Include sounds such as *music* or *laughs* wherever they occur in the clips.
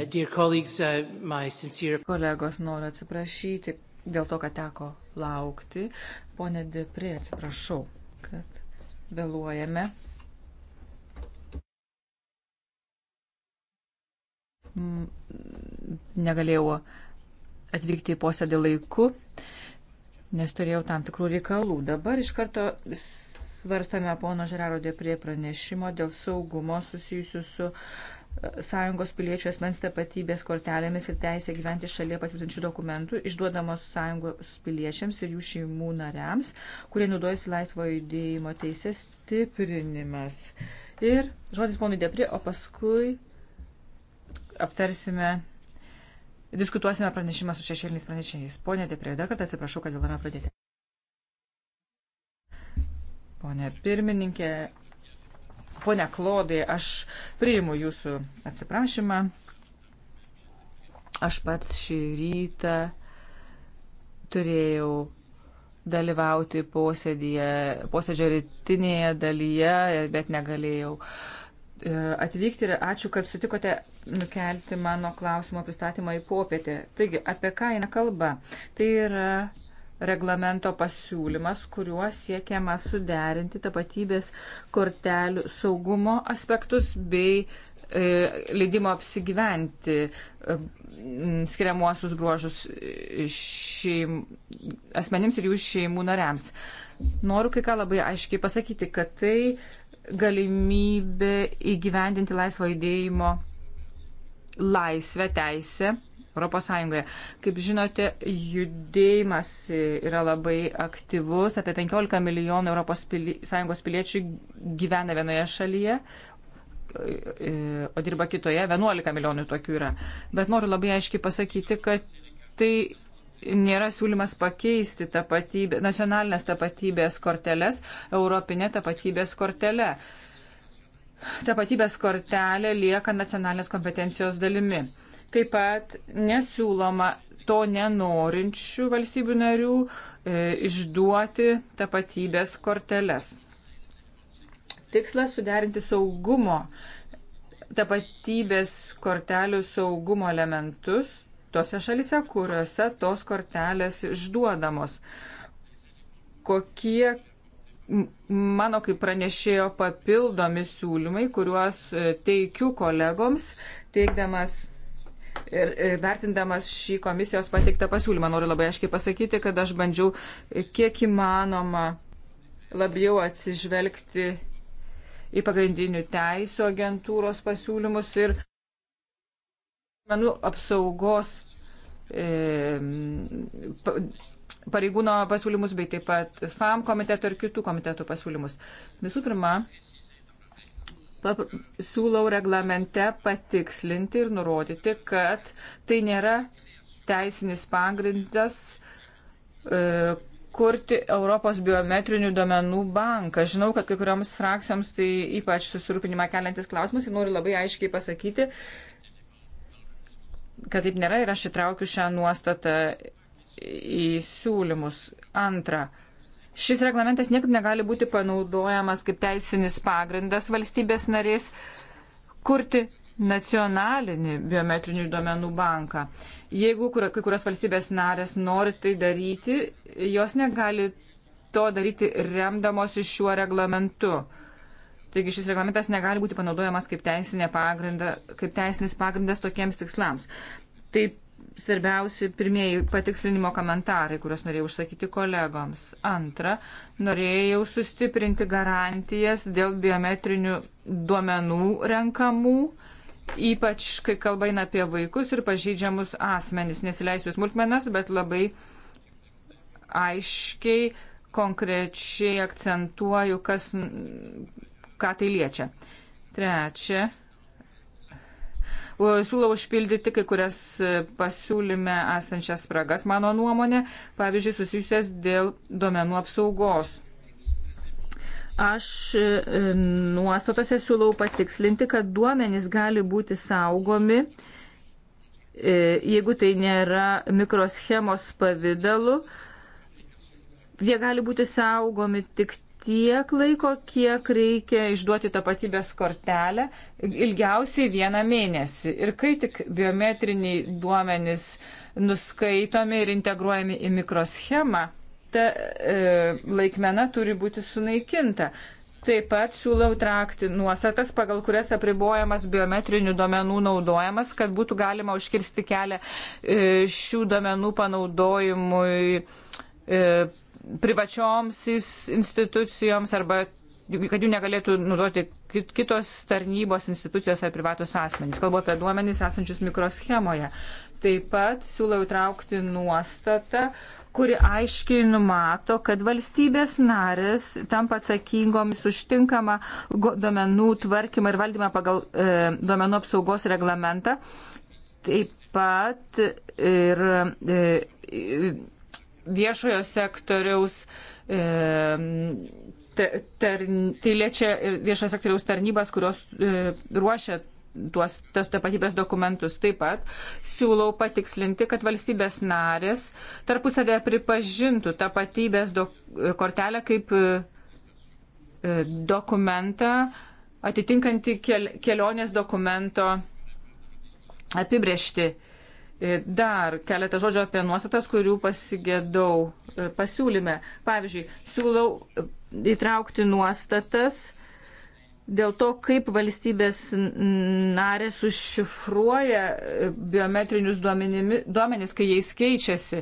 Uh, uh, sincere... Kolegos, noriu atsiprašyti dėl to, kad teko laukti. Pone Depri, atsiprašau, kad vėluojame. Mm, negalėjau atvykti į posėdį laiku, nes turėjau tam tikrų reikalų. Dabar iš karto svarstame pono Žeraro Deprie pranešimo dėl saugumo susijusiu su sąjungos piliečių asmens tapatybės kortelėmis ir teisė gyventi šalia patvirtinčių dokumentų išduodamos sąjungos piliečiams ir jų šeimų nariams, kurie naudojasi laisvo judėjimo teisės stiprinimas. Ir žodis ponui Depri, o paskui aptarsime, diskutuosime pranešimą su šešėliniais pranešėjais. Pone Depri, dar kartą atsiprašau, kad vėlame pradėti. Pone pirmininkė, Pone Klodai, aš priimu jūsų atsiprašymą. Aš pats šį rytą turėjau dalyvauti posėdėje, posėdžio rytinėje dalyje, bet negalėjau e, atvykti ir ačiū, kad sutikote nukelti mano klausimo pristatymą į popietę. Taigi, apie ką eina kalba? Tai yra reglamento pasiūlymas, kuriuo siekiama suderinti tapatybės kortelių saugumo aspektus bei e, leidimo apsigyventi e, skiriamuosius bruožus e, šeim, asmenims ir jų šeimų nariams. Noriu kai ką labai aiškiai pasakyti, kad tai galimybė įgyvendinti laisvo judėjimo laisvę teisę Europos Sąjungoje. Kaip žinote, judėjimas yra labai aktyvus. Apie 15 milijonų Europos pili, Sąjungos piliečių gyvena vienoje šalyje, e, o dirba kitoje. 11 milijonų tokių yra. Bet noriu labai aiškiai pasakyti, kad tai nėra siūlymas pakeisti tapatybė, nacionalinės tapatybės korteles Europinė tapatybės kortelė. Tapatybės kortelė lieka nacionalinės kompetencijos dalimi. Taip pat nesiūloma to nenorinčių valstybių narių e, išduoti tapatybės korteles. Tikslas suderinti saugumo, tapatybės kortelių saugumo elementus tose šalise, kuriuose tos kortelės išduodamos. Kokie mano kaip pranešėjo papildomi siūlymai, kuriuos e, teikiu kolegoms, teikdamas Ir, ir vertindamas šį komisijos pateiktą pasiūlymą, noriu labai aiškiai pasakyti, kad aš bandžiau kiek įmanoma labiau atsižvelgti į pagrindinių teisų agentūros pasiūlymus ir menų apsaugos e, pa, pareigūno pasiūlymus, bei taip pat FAM komiteto ir kitų komitetų pasiūlymus. Visų pirma, siūlau reglamente patikslinti ir nurodyti, kad tai nėra teisinis pagrindas e, kurti Europos biometrinių duomenų banką. Žinau, kad kai kurioms frakcijoms tai ypač susirūpinimą keliantis klausimas ir noriu labai aiškiai pasakyti, kad taip nėra ir aš įtraukiu šią nuostatą į siūlymus. Antra, Šis reglamentas niekaip negali būti panaudojamas kaip teisinis pagrindas valstybės narės kurti nacionalinį biometrinių duomenų banką. Jeigu kur, kai kurios valstybės narės nori tai daryti, jos negali to daryti remdamosi šiuo reglamentu. Taigi šis reglamentas negali būti panaudojamas kaip, pagrinda, kaip teisinis pagrindas tokiems tikslams. Taip svarbiausi pirmieji patikslinimo komentarai, kuriuos norėjau užsakyti kolegoms. Antra, norėjau sustiprinti garantijas dėl biometrinių duomenų renkamų, ypač kai kalba eina apie vaikus ir pažydžiamus asmenys. Nesileisiu smulkmenas, bet labai aiškiai, konkrečiai akcentuoju, kas, ką tai liečia. Trečia, Siūlau užpildyti kai kurias e, pasiūlyme esančias spragas, mano nuomonė, pavyzdžiui, susijusias dėl duomenų apsaugos. Aš e, e, nuostatose siūlau patikslinti, kad duomenys gali būti saugomi, jeigu tai nėra mikroschemos pavydalu, jie gali būti saugomi tik tiek laiko, kiek reikia išduoti tapatybės kortelę, ilgiausiai vieną mėnesį. Ir kai tik biometriniai duomenys nuskaitomi ir integruojami į mikroschemą, ta e, laikmena turi būti sunaikinta. Taip pat siūlau trakti nuostatas, pagal kurias apribojamas biometrinių duomenų naudojimas, kad būtų galima užkirsti kelią e, šių duomenų panaudojimui e, privačioms institucijoms arba kad jų negalėtų naudoti kitos tarnybos institucijos ar privatus asmenys. Kalbu apie duomenys esančius mikroschemoje. Taip pat siūlau įtraukti nuostatą, kuri aiškiai numato, kad valstybės narės tampa atsakingomis užtinkamą duomenų tvarkymą ir valdymą pagal e, duomenų apsaugos reglamentą. Taip pat ir. E, e, viešojo sektoriaus. E, Tar, tai liečia ir viešo sektoriaus tarnybas, kurios e, ruošia tuos tas tapatybės dokumentus. Taip pat siūlau patikslinti, kad valstybės narės tarpusavėje pripažintų tapatybės do, kortelę kaip e, e, dokumentą atitinkantį kel, kelionės dokumento apibriešti. E, E, dar keletą žodžių apie nuostatas, kurių pasigėdau e, pasiūlyme. Pavyzdžiui, siūlau e, įtraukti nuostatas dėl to, kaip valstybės narės užšifruoja biometrinius duomenis, kai jais keičiasi.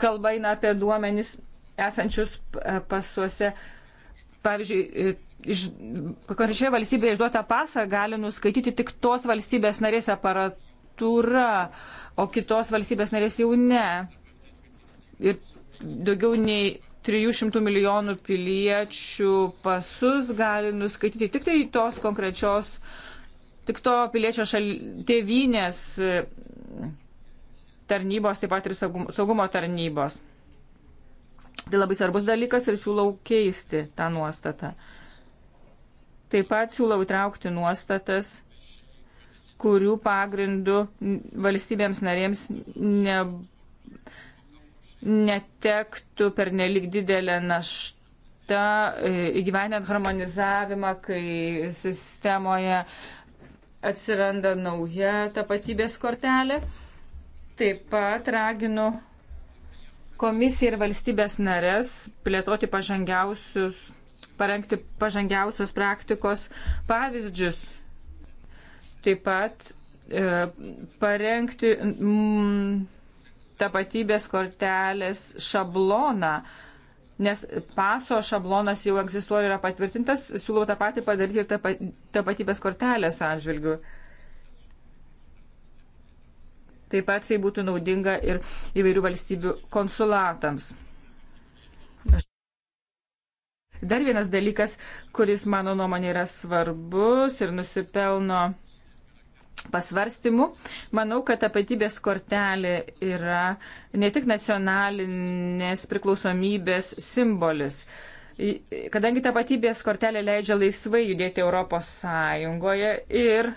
Kalba eina apie duomenis esančius pasuose. Pavyzdžiui, iš konkrečioje valstybėje išduotą pasą gali nuskaityti tik tos valstybės narės aparat struktūra, o kitos valstybės narės jau ne. Ir daugiau nei 300 milijonų piliečių pasus gali nuskaityti tik tai tos konkrečios, tik to piliečio šal, tėvynės e, tarnybos, taip pat ir saugumo, saugumo tarnybos. Tai labai svarbus dalykas ir siūlau keisti tą nuostatą. Taip pat siūlau įtraukti nuostatas kurių pagrindų valstybėms narėms ne, netektų per nelik didelę naštą e, įgyvenant harmonizavimą, kai sistemoje atsiranda nauja tapatybės kortelė. Taip pat raginu komisiją ir valstybės narės plėtoti pažangiausius parengti pažangiausios praktikos pavyzdžius taip pat e, parengti mm, tapatybės kortelės šabloną, nes paso šablonas jau egzistuoja ir yra patvirtintas, siūlau tą patį padaryti ir tapatybės kortelės atžvilgių. Taip pat tai būtų naudinga ir įvairių valstybių konsulatams. Dar vienas dalykas, kuris mano nuomonė yra svarbus ir nusipelno pasvarstymų. Manau, kad tapatybės kortelė yra ne tik nacionalinės priklausomybės simbolis. Kadangi tapatybės kortelė leidžia laisvai judėti Europos Sąjungoje ir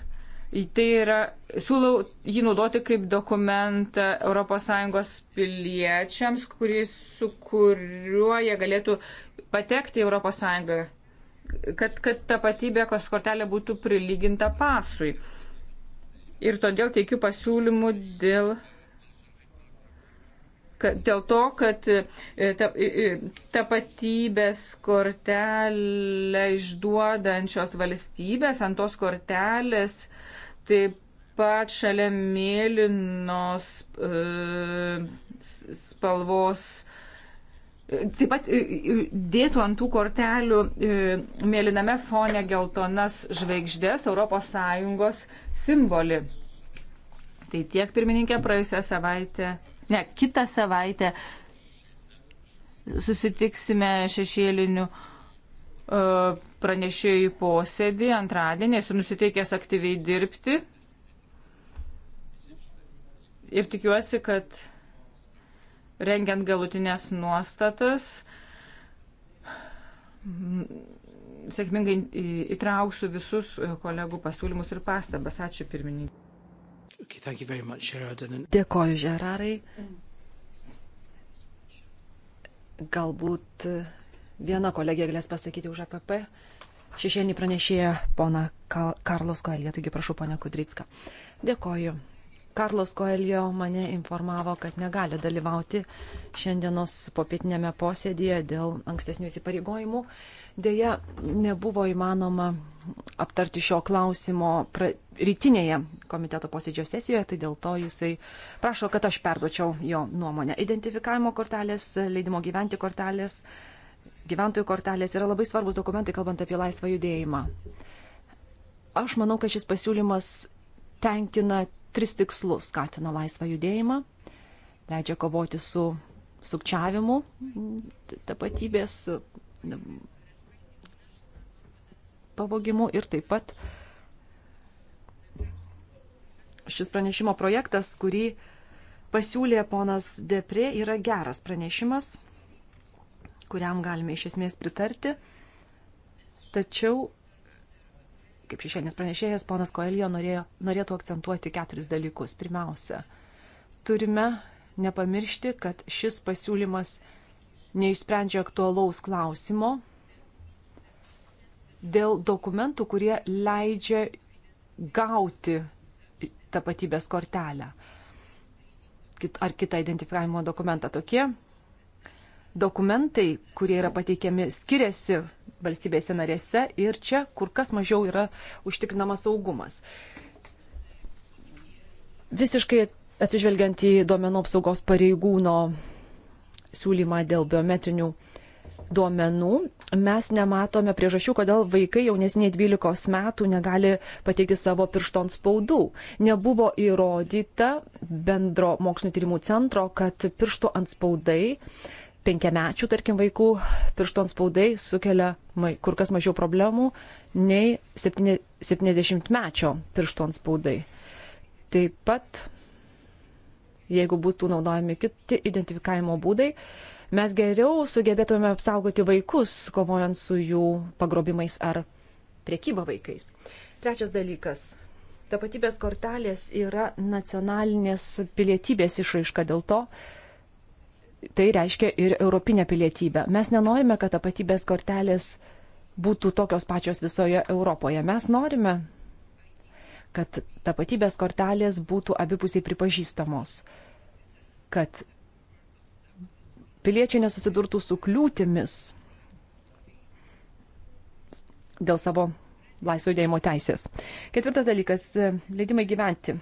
tai yra, siūlau jį naudoti kaip dokumentą ES piliečiams, kuris, su kuriuo jie galėtų patekti į ES, kad, kad tapatybės kortelė būtų prilyginta pasui. Uh, ir todėl teikiu pasiūlymų dėl, kad, dėl to, kad e, e, e, tapatybės ta kortelę išduodančios valstybės ant tos kortelės taip pat šalia mėlynos e, spalvos Taip pat e, e, dėtų ant tų kortelių e, mėlyname fone geltonas žvaigždės ES simbolį. Tai tiek pirmininkė praėjusią savaitę, ne, kitą savaitę susitiksime šešėlinių pranešėjų posėdį antradienį, esu nusiteikęs aktyviai dirbti ir tikiuosi, kad rengiant galutinės nuostatas, sėkmingai įtrauksiu visus kolegų pasiūlymus ir pastabas. Ačiū pirmininkai. Okay, much, Gerard. Dėkoju, Žerarai. Galbūt viena kolegė galės pasakyti už APP. Šešėlinį pranešėją pona Karlos Koelė, taigi prašau, ponia Kudrytska. Dėkoju. Karlos Koelio mane informavo, kad negali dalyvauti šiandienos popietinėme posėdėje dėl ankstesnių įsipareigojimų. Deja, nebuvo įmanoma aptarti šio klausimo pra... rytinėje komiteto posėdžio sesijoje, tai dėl to jisai prašo, kad aš perduočiau jo nuomonę. Identifikavimo kortelės, leidimo gyventi kortelės, gyventojų kortelės yra labai svarbus dokumentai, kalbant apie laisvą judėjimą. Aš manau, kad šis pasiūlymas tenkina tris tikslus - skatina laisvą judėjimą, leidžia kovoti su sukčiavimu tapatybės pavogimu ir taip pat šis pranešimo projektas, kurį pasiūlė ponas Deprė, yra geras pranešimas, kuriam galime iš esmės pritarti, tačiau kaip šešėlis pranešėjas, ponas Koelio norėjo, norėtų akcentuoti keturis dalykus. Pirmiausia, turime nepamiršti, kad šis pasiūlymas neišsprendžia aktualaus klausimo dėl dokumentų, kurie leidžia gauti tapatybės kortelę ar kitą identifikavimo dokumentą. Tokie dokumentai, kurie yra pateikiami, skiriasi valstybėse narėse ir čia kur kas mažiau yra užtikrinamas saugumas. Visiškai atsižvelgiant į duomenų apsaugos pareigūno siūlymą dėl biometrinių duomenų, mes nematome priežasčių, kodėl vaikai jaunesniai 12 metų negali pateikti savo pirštons spaudų. Nebuvo įrodyta bendro mokslinio tyrimų centro, kad piršto ant spaudai uh, penkiamečių, tarkim, vaikų pirštų spaudai sukelia kur kas mažiau problemų nei 70-mečio pirštų spaudai. Taip pat, jeigu būtų naudojami kiti identifikavimo būdai, mes geriau sugebėtume apsaugoti vaikus, kovojant su jų pagrobimais ar priekyba vaikais. Trečias dalykas. Tapatybės kortelės yra nacionalinės pilietybės išraiška dėl to, tai reiškia ir europinę pilietybę. Mes nenorime, kad tapatybės kortelės būtų tokios pačios visoje Europoje. Mes norime, kad tapatybės kortelės būtų abipusiai pripažįstamos, kad piliečiai nesusidurtų su kliūtimis dėl savo laisvo judėjimo teisės. Ketvirtas dalykas - leidimai gyventi.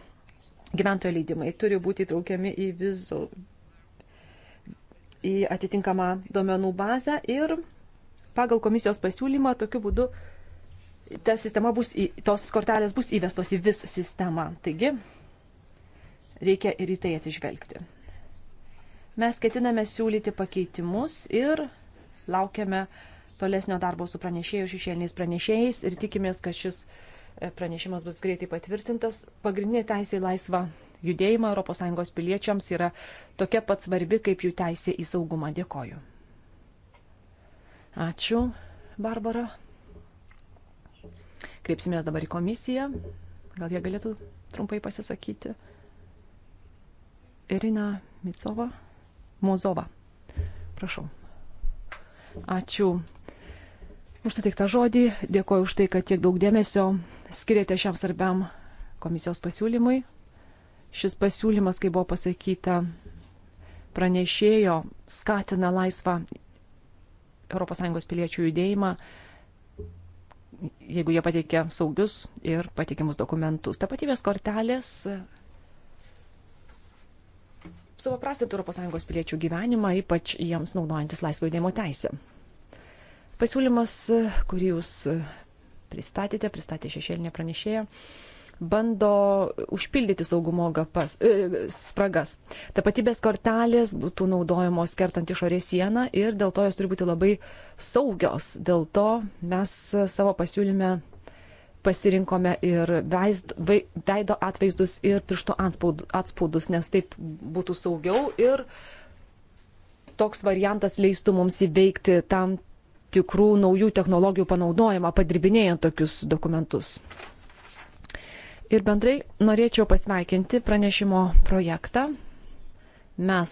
Gyventojo leidimai turi būti įtraukiami į vizų, į atitinkamą duomenų bazę ir pagal komisijos pasiūlymą tokiu būdu ta sistema bus, į, tos kortelės bus įvestos į vis sistemą. Taigi, reikia ir į tai atsižvelgti. Mes ketiname siūlyti pakeitimus ir laukiame tolesnio darbo su pranešėjų šešėliniais pranešėjais ir tikimės, kad šis e, pranešimas bus greitai patvirtintas. Pagrindinė teisė į laisvą judėjimą ES piliečiams yra tokia pat svarbi kaip jų teisė į saugumą. Dėkoju. Ačiū, Barbara. Kreipsime dabar į komisiją. Gal jie galėtų trumpai pasisakyti. Irina Micova, Mozova. Prašau. Ačiū už suteiktą žodį, dėkoju už tai, kad tiek daug dėmesio skiriate šiam svarbiam komisijos pasiūlymui. Šis pasiūlymas, kaip buvo pasakyta, pranešėjo, skatina laisvą ES piliečių judėjimą, jeigu jie pateikia saugius ir patikimus dokumentus. Tapatybės kortelės supaprastintų ES piliečių gyvenimą, ypač jiems naudojantis laisvo judėjimo teisę. Pasiūlymas, kurį jūs pristatėte, pristatė šešėlinė pranešėja, bando užpildyti saugumo gapas, e, spragas. Tapatybės kortelės būtų naudojamos kertant išorės sieną ir dėl to jos turi būti labai saugios. Dėl to mes savo pasiūlyme pasirinkome ir veizd, veido atvaizdus ir piršto atspaudus, nes taip būtų saugiau ir toks variantas leistų mums įveikti tam tikrų naujų technologijų panaudojimą, padirbinėjant tokius dokumentus. Ir bendrai norėčiau pasveikinti pranešimo projektą. Mes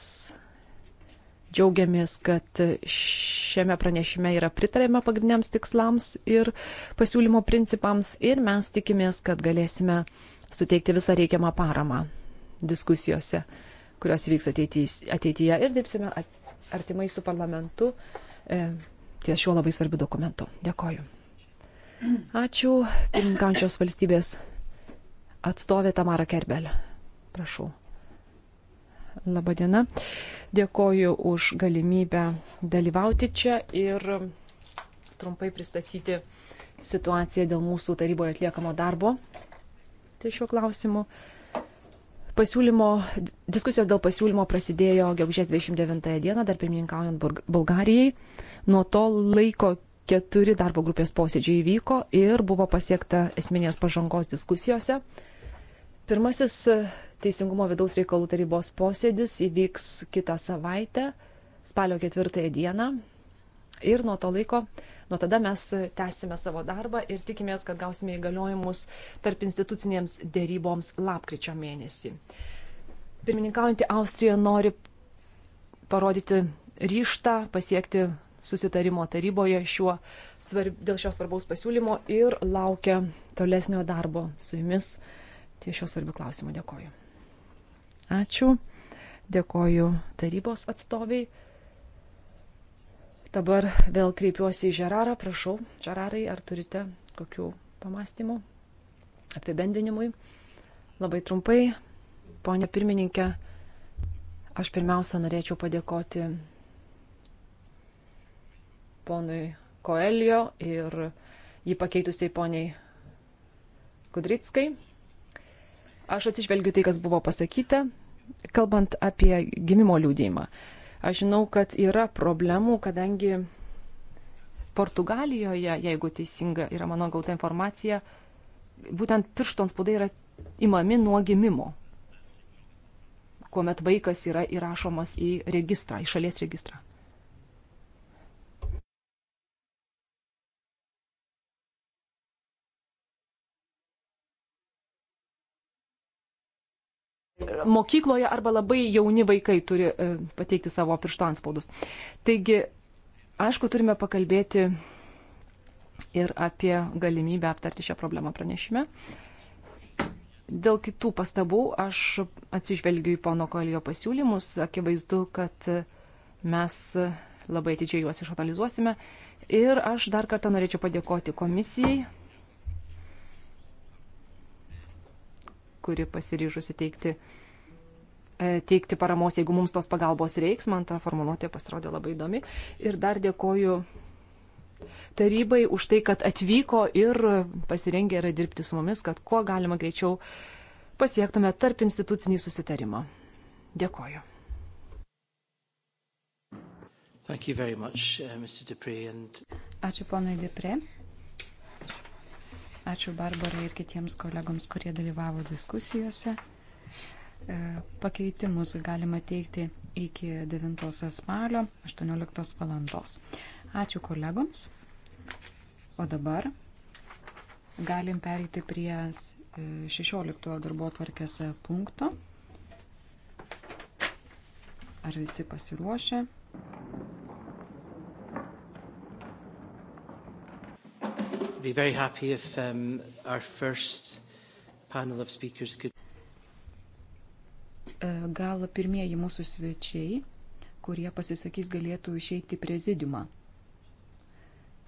džiaugiamės, kad šiame pranešime yra pritarėme pagrindiniams tikslams ir pasiūlymo principams ir mes tikimės, kad galėsime suteikti visą reikiamą paramą diskusijose, kurios vyks ateityje ir dirbsime artimai su parlamentu e, ties šiuo labai svarbiu dokumentu. Dėkoju. Ačiū pirmininkančios valstybės atstovė Tamara Kerbelė. Prašau. Labadiena. Dėkoju už galimybę dalyvauti čia ir trumpai pristatyti situaciją dėl mūsų taryboje atliekamo darbo. Tai šiuo klausimu. Pasiūlymo, diskusijos dėl pasiūlymo prasidėjo gegužės 29 dieną, dar pirmininkaujant Bulgarijai. Nuo to laiko keturi darbo grupės posėdžiai įvyko ir buvo pasiekta esminės pažangos diskusijose. Pirmasis e, Teisingumo vidaus reikalų tarybos posėdis įvyks kitą savaitę, spalio ketvirtąją dieną. Ir nuo to laiko, nuo tada mes tęsime savo darbą ir tikimės, kad gausime įgaliojimus tarp institucinėms dėryboms lapkričio mėnesį. Pirmininkaujantį Austriją nori parodyti ryštą pasiekti susitarimo taryboje šiuo, svarb, dėl šio svarbaus pasiūlymo ir laukia tolesnio darbo su jumis ties šios svarbių klausimų. Dėkoju. Ačiū. Dėkoju tarybos atstoviai. Dabar vėl kreipiuosi į Žerarą. Prašau, Žerarai, ar turite kokių pamastymų apibendrinimui? Labai trumpai, ponė pirmininkė, aš pirmiausia norėčiau padėkoti ponui Koelio ir jį pakeitusiai poniai Kudrickai Aš atsižvelgiu tai, kas buvo pasakyta, kalbant apie gimimo liūdėjimą. Aš žinau, kad yra problemų, kadangi Portugalijoje, jeigu teisinga yra mano gauta informacija, būtent piršto spaudai yra imami nuo gimimo, kuomet vaikas yra įrašomas į registrą, į šalies registrą. mokykloje arba labai jauni vaikai turi e, pateikti savo piršto anspaudus. Taigi, aišku, turime pakalbėti ir apie galimybę aptarti šią problemą pranešime. Dėl kitų pastabų aš atsižvelgiu į pono Koelio pasiūlymus. Akivaizdu, kad mes labai atidžiai juos išanalizuosime. Ir aš dar kartą norėčiau padėkoti komisijai, kuri pasiryžusi teikti E, teikti paramos, jeigu mums tos pagalbos reiks. Man ta formuluotė pasirodė labai įdomi. Ir dar dėkoju tarybai už tai, kad atvyko ir pasirengė yra dirbti su mumis, kad kuo galima greičiau pasiektume tarp institucinį susitarimą. Dėkoju. Much, uh, and... Ačiū ponui Depre. Ačiū Barbarai ir kitiems kolegoms, kurie dalyvavo diskusijose. E, pakeitimus galima teikti iki 9 spalio 18 valandos. Ačiū kolegoms. O dabar galim pereiti prie 16 e, darbo tvarkės punkto. Ar visi pasiruošę? Be very happy if um, our first panel of speakers could. E, gal pirmieji mūsų svečiai, kurie pasisakys, galėtų išeiti į prezidiumą.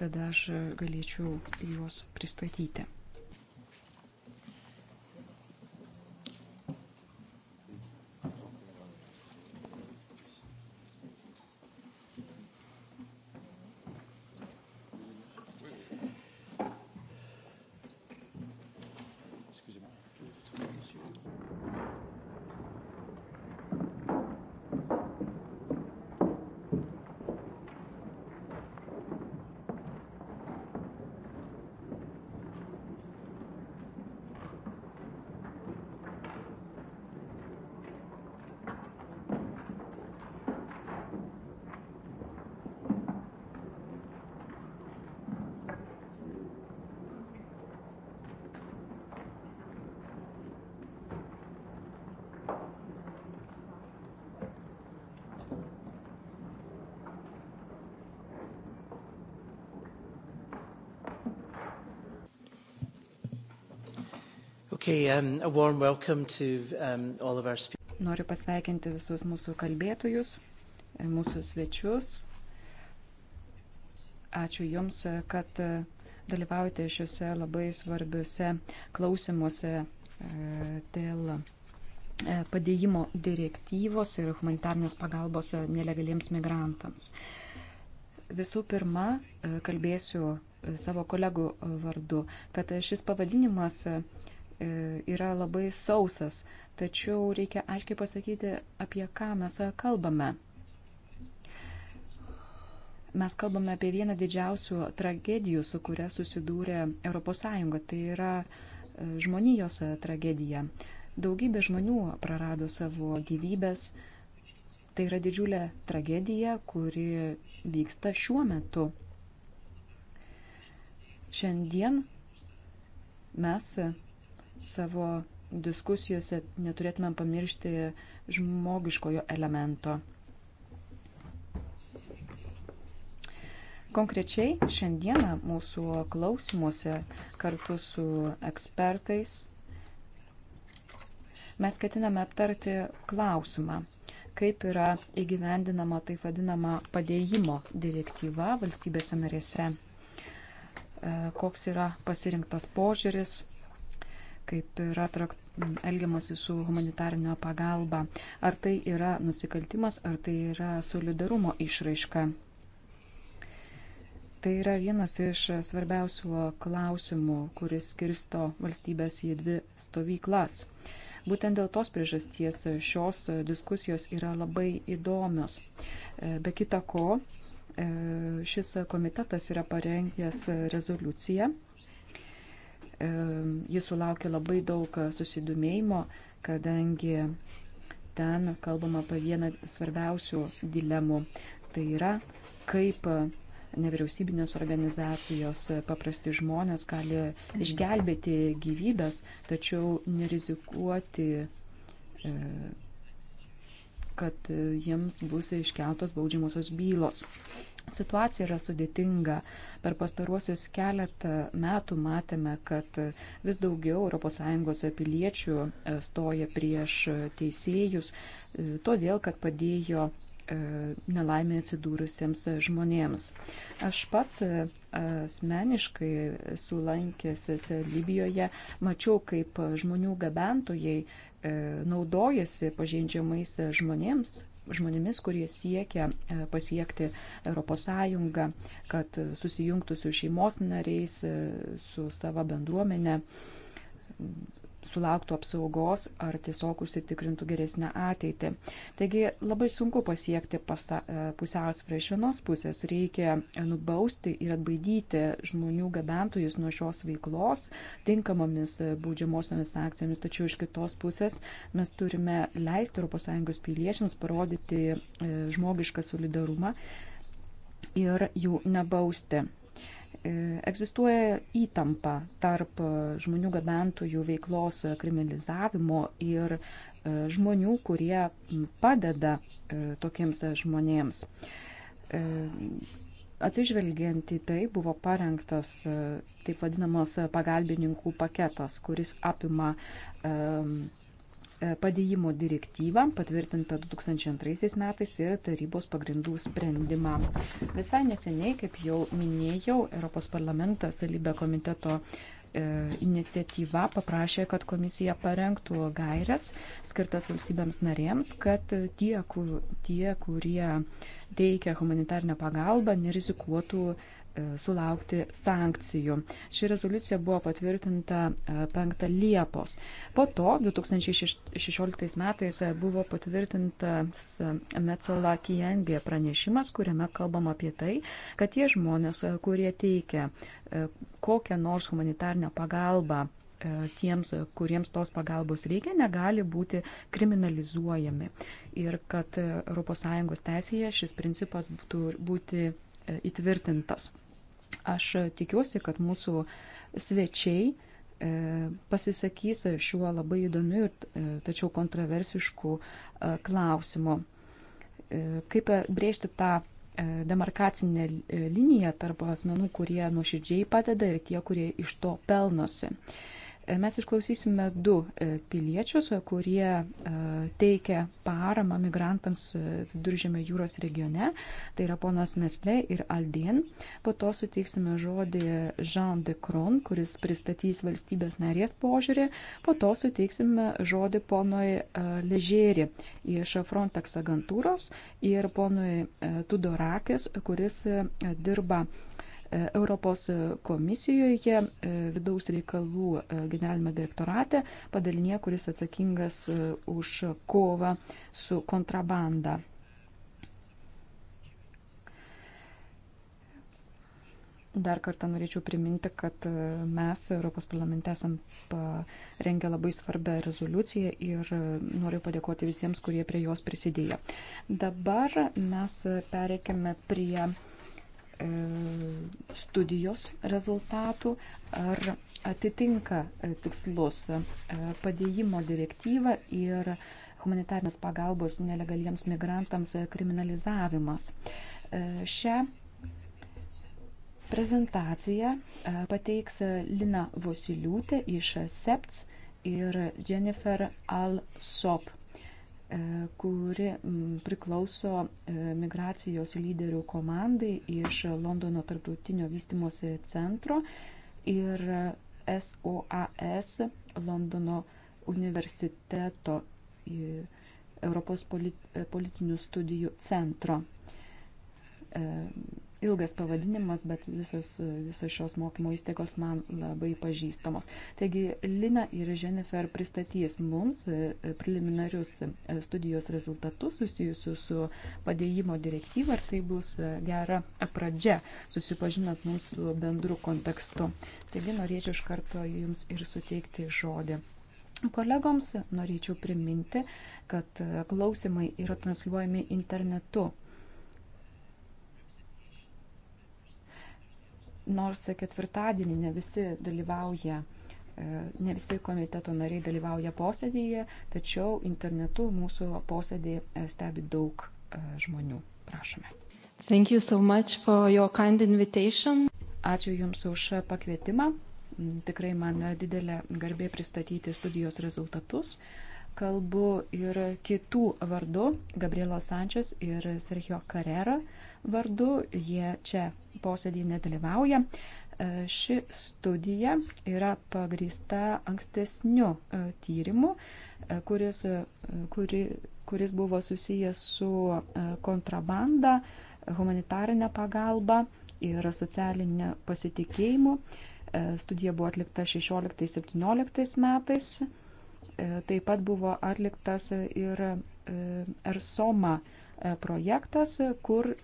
Tada aš galėčiau juos pristatyti. Okay, um, a warm welcome to um, all of our speakers. Noriu pasveikinti visus mūsų kalbėtojus, mūsų svečius. Ačiū Jums, kad dalyvaujate šiuose labai svarbiuose klausimuose e, dėl e, padėjimo direktyvos ir humanitarnės pagalbos nelegaliems migrantams. Visų pirma, e, kalbėsiu savo kolegų vardu, kad šis pavadinimas E, yra labai sausas, tačiau reikia aiškiai pasakyti, apie ką mes kalbame. Mes kalbame apie vieną didžiausių tragedijų, su kuria susidūrė ES, tai yra e, žmonijos tragedija. Daugybė žmonių prarado savo gyvybės. Tai yra didžiulė tragedija, kuri vyksta šiuo metu. Šiandien mes savo diskusijose neturėtumėm pamiršti žmogiškojo elemento. Konkrečiai šiandieną mūsų klausimuose kartu su ekspertais mes ketiname aptarti klausimą, kaip yra įgyvendinama taip vadinama padėjimo direktyva valstybėse narėse, e, koks yra pasirinktas požiūris kaip yra trakt, elgiamasi su humanitarinio pagalba. Ar tai yra nusikaltimas, ar tai yra solidarumo išraiška. Tai yra vienas iš svarbiausių klausimų, kuris skirsto valstybės į dvi stovyklas. Būtent dėl tos priežasties šios diskusijos yra labai įdomios. Be kita ko, šis komitetas yra parengęs rezoliuciją Jis sulaukė labai daug susidomėjimo, kadangi ten kalbama apie vieną svarbiausių dilemų. Tai yra, kaip nevyriausybinės organizacijos, paprasti žmonės gali išgelbėti gyvybės, tačiau nerizikuoti, e, kad jiems bus iškeltos baudžiamosios bylos. Situacija yra sudėtinga. Per pastaruosius keletą metų matėme, kad vis daugiau ES piliečių e, stoja prieš e, teisėjus, e, todėl, kad padėjo nelaimė atsidūrusiems žmonėms. Aš pats asmeniškai sulankęsis Libijoje mačiau, kaip žmonių gabentojai naudojasi pažeidžiamais žmonėms žmonėmis, kurie siekia e, pasiekti ES, kad susijungtų su šeimos nariais, e, su savo bendruomenė sulauktų apsaugos ar tiesiog užsitikrintų geresnę ateitį. Taigi labai sunku pasiekti e, pusiausvyrą. Iš vienos pusės reikia nubausti ir atbaidyti žmonių gabentojus nuo šios veiklos tinkamomis e, baudžiamosiomis akcijomis, tačiau iš kitos pusės mes turime leisti ES piliečiams parodyti e, žmogišką solidarumą ir jų nebausti. E, egzistuoja įtampa tarp e, žmonių gabentojų veiklos kriminalizavimo ir e, žmonių, kurie padeda tokiems žmonėms. Atsižvelgiant į tai buvo parengtas taip vadinamas pagalbininkų paketas, kuris apima E, padėjimo direktyvą, patvirtintą 2002 metais ir tarybos pagrindų sprendimą. Visai neseniai, kaip jau minėjau, Europos parlamentas Libe komiteto e, iniciatyva paprašė, kad komisija parengtų gairias skirtas valstybėms narėms, kad tie, kur, tie kurie teikia humanitarnę pagalbą, nerizikuotų uh, E, sulaukti sankcijų. Ši rezoliucija buvo patvirtinta 5 e, Liepos. Po to 2016 metais e, buvo patvirtintas Metzola Kijengė pranešimas, kuriame kalbam apie tai, kad tie žmonės, kurie teikia kokią nors humanitarnę pagalbą tiems, kuriems tos pagalbos reikia, negali būti kriminalizuojami. Ir kad ES teisėje šis principas būtų būti įtvirtintas. Aš tikiuosi, kad mūsų svečiai e, pasisakys šiuo labai įdomiu ir e, tačiau kontroversišku e, klausimu. Kaip brėžti tą demarkacinę liniją tarp asmenų, kurie nuoširdžiai padeda ir tie, kurie iš to pelnosi. Uh, Mes išklausysime du e, piliečius, e, kurie e, teikia paramą migrantams viduržėme jūros regione. Tai yra ponas Nesle ir Aldien. Po to suteiksime žodį Jean de Cron, kuris pristatys valstybės narės požiūrį. Po to suteiksime žodį ponui Ležėri iš Frontex agentūros ir ponui Tudorakis, kuris dirba Europos komisijoje e, vidaus reikalų e, generalinėme direktorate padalinė, kuris atsakingas e, už kovą su kontrabanda. Dar kartą norėčiau priminti, kad mes Europos parlamente esam parengę labai svarbę rezoliuciją ir noriu padėkoti visiems, kurie prie jos prisidėjo. Dabar mes pereikime prie E, studijos rezultatų, ar atitinka e, tikslus e, padėjimo direktyva ir humanitarnės pagalbos nelegaliems migrantams kriminalizavimas. Šią prezentaciją pateiks Lina Vosiliūtė iš SEPTS ir Jennifer Al-Sop E, kuri priklauso e, migracijos lyderių komandai iš Londono tarptautinio vystimosi centro ir SOAS Londono universiteto Europos politinių studijų centro e, ilgas pavadinimas, bet visos, visos šios mokymo įstaigos man labai pažįstamos. Taigi Lina ir Jennifer pristatys mums e, e, preliminarius e, studijos rezultatus susijusius su padėjimo direktyva ir tai bus gera pradžia, susipažinant mūsų bendru kontekstu. Taigi norėčiau iš karto jums ir suteikti žodį. Kolegoms norėčiau priminti, kad klausimai yra transliuojami internetu nors ketvirtadienį ne visi dalyvauja, e, ne visi komiteto nariai dalyvauja posėdėje, tačiau internetu mūsų posėdį e, stebi daug e, žmonių. Prašome. Thank you so much for your kind invitation. Ačiū Jums už pakvietimą. Mm, tikrai man didelė garbė pristatyti studijos rezultatus. Kalbu ir kitų vardu, Gabrielo Sančias ir Sergio Carrera vardu. Jie čia posėdį nedalyvauja. E, ši studija yra pagrįsta ankstesniu e, tyrimu, e, kuris, kuri, kuris buvo susijęs su kontrabanda, humanitarinė pagalba ir socialinė pasitikėjimu. Studija buvo atlikta 16-17 metais. Taip pat buvo atliktas ir ERSOMA projektas, kur e,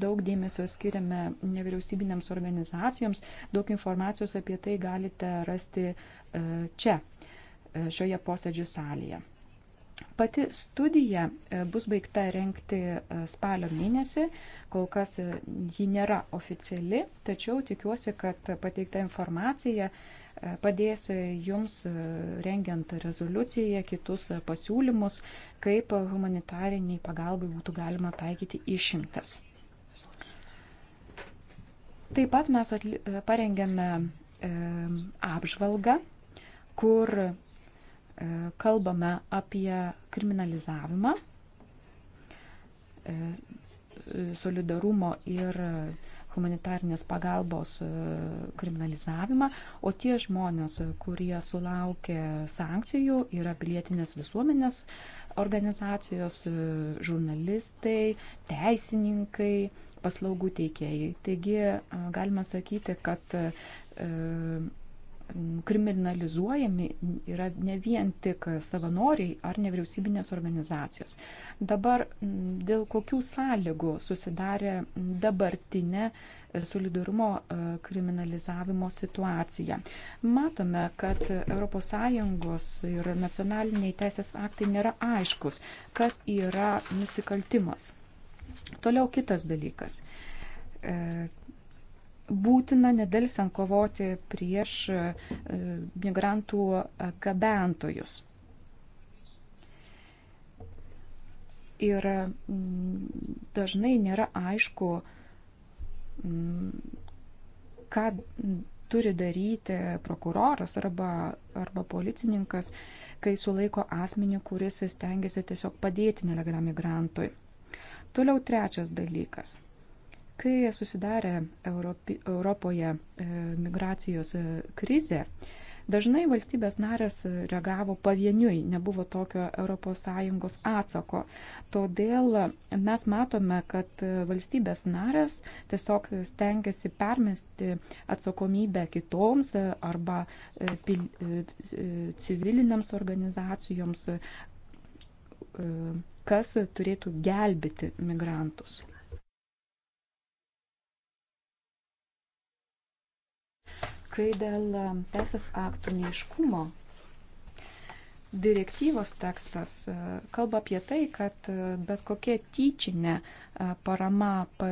daug dėmesio skiriame nevyriausybinėms organizacijoms. Daug informacijos apie tai galite rasti e, čia, e, šioje posėdžių salėje. Pati studija bus baigta renkti spalio mėnesį, kol kas ji nėra oficiali, tačiau tikiuosi, kad pateikta informacija padės jums e, rengiant rezoliuciją, kitus e, pasiūlymus, kaip humanitariniai pagalbai būtų galima taikyti išimtas. Taip pat mes atli, e, parengėme e, apžvalgą, kur e, kalbame apie kriminalizavimą e, solidarumo ir e, humanitarnės pagalbos e, kriminalizavimą, o tie žmonės, kurie sulaukė sankcijų, yra pilietinės visuomenės organizacijos, e, žurnalistai, teisininkai, paslaugų teikėjai. Taigi galima sakyti, kad e, kriminalizuojami yra ne vien tik savanoriai ar nevyriausybinės organizacijos. Dabar dėl kokių sąlygų susidarė dabartinė e, solidarumo e, kriminalizavimo situacija. Matome, kad ES ir nacionaliniai teisės aktai nėra aiškus, kas yra nusikaltimas. Toliau kitas dalykas e, būtina nedelsiant kovoti prieš e, migrantų gabentojus. Ir mm, dažnai nėra aišku, mm, ką turi daryti prokuroras arba, arba policininkas, kai sulaiko asmenį, kuris stengiasi tiesiog padėti nelegaliam migrantui. Toliau trečias dalykas Kai susidarė Europi, Europoje e, migracijos e, krizė, dažnai valstybės narės e, reagavo pavieniui, nebuvo tokio ES atsako. Todėl mes matome, kad e, valstybės narės tiesiog stengiasi permesti atsakomybę kitoms arba pil, civiliniams organizacijoms, kas turėtų gelbėti migrantus. kai dėl e, teisės aktų neiškumo direktyvos tekstas e, kalba apie tai, kad e, bet kokia tyčinė parama pa,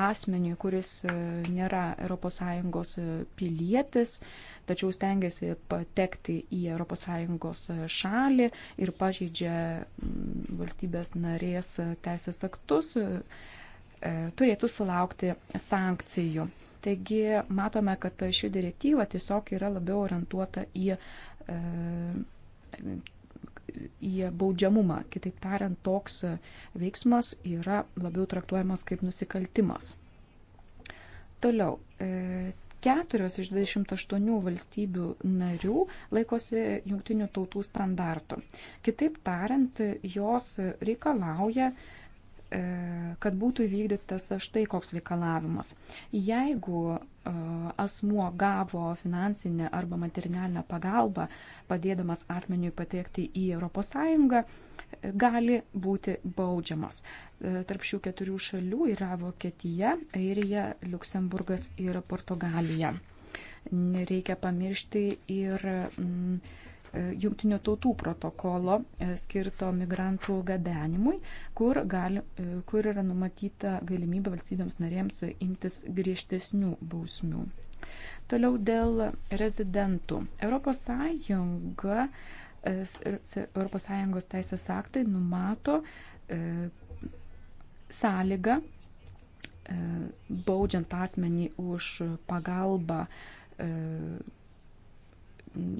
asmeniui, kuris nėra ES pilietis, tačiau stengiasi patekti į ES šalį ir pažeidžia mm, valstybės narės teisės aktus, turėtų sulaukti sankcijų. Taigi matome, kad ši direktyva tiesiog yra labiau orientuota į, e, į baudžiamumą. Kitaip tariant, toks veiksmas yra labiau traktuojamas kaip nusikaltimas. Toliau. E, keturios iš 28 valstybių narių laikosi jungtinių tautų standartų. Kitaip tariant, jos reikalauja uh, E, kad būtų įvykdytas štai koks reikalavimas. Jeigu e, asmuo gavo finansinę arba materialinę pagalbą, padėdamas asmeniui patekti į ES, e, gali būti baudžiamas. Tarp šių keturių šalių yra Vokietija, Airija, Luksemburgas ir Portugalija. Nereikia pamiršti ir. Mm, E, jungtinių tautų protokolo e, skirto migrantų gabenimui, kur, gali, e, kur yra numatyta galimybė valstybėms narėms imtis griežtesnių bausmių. Toliau dėl rezidentų. ES ES teisės aktai numato sąlygą baudžiant asmenį už pagalbą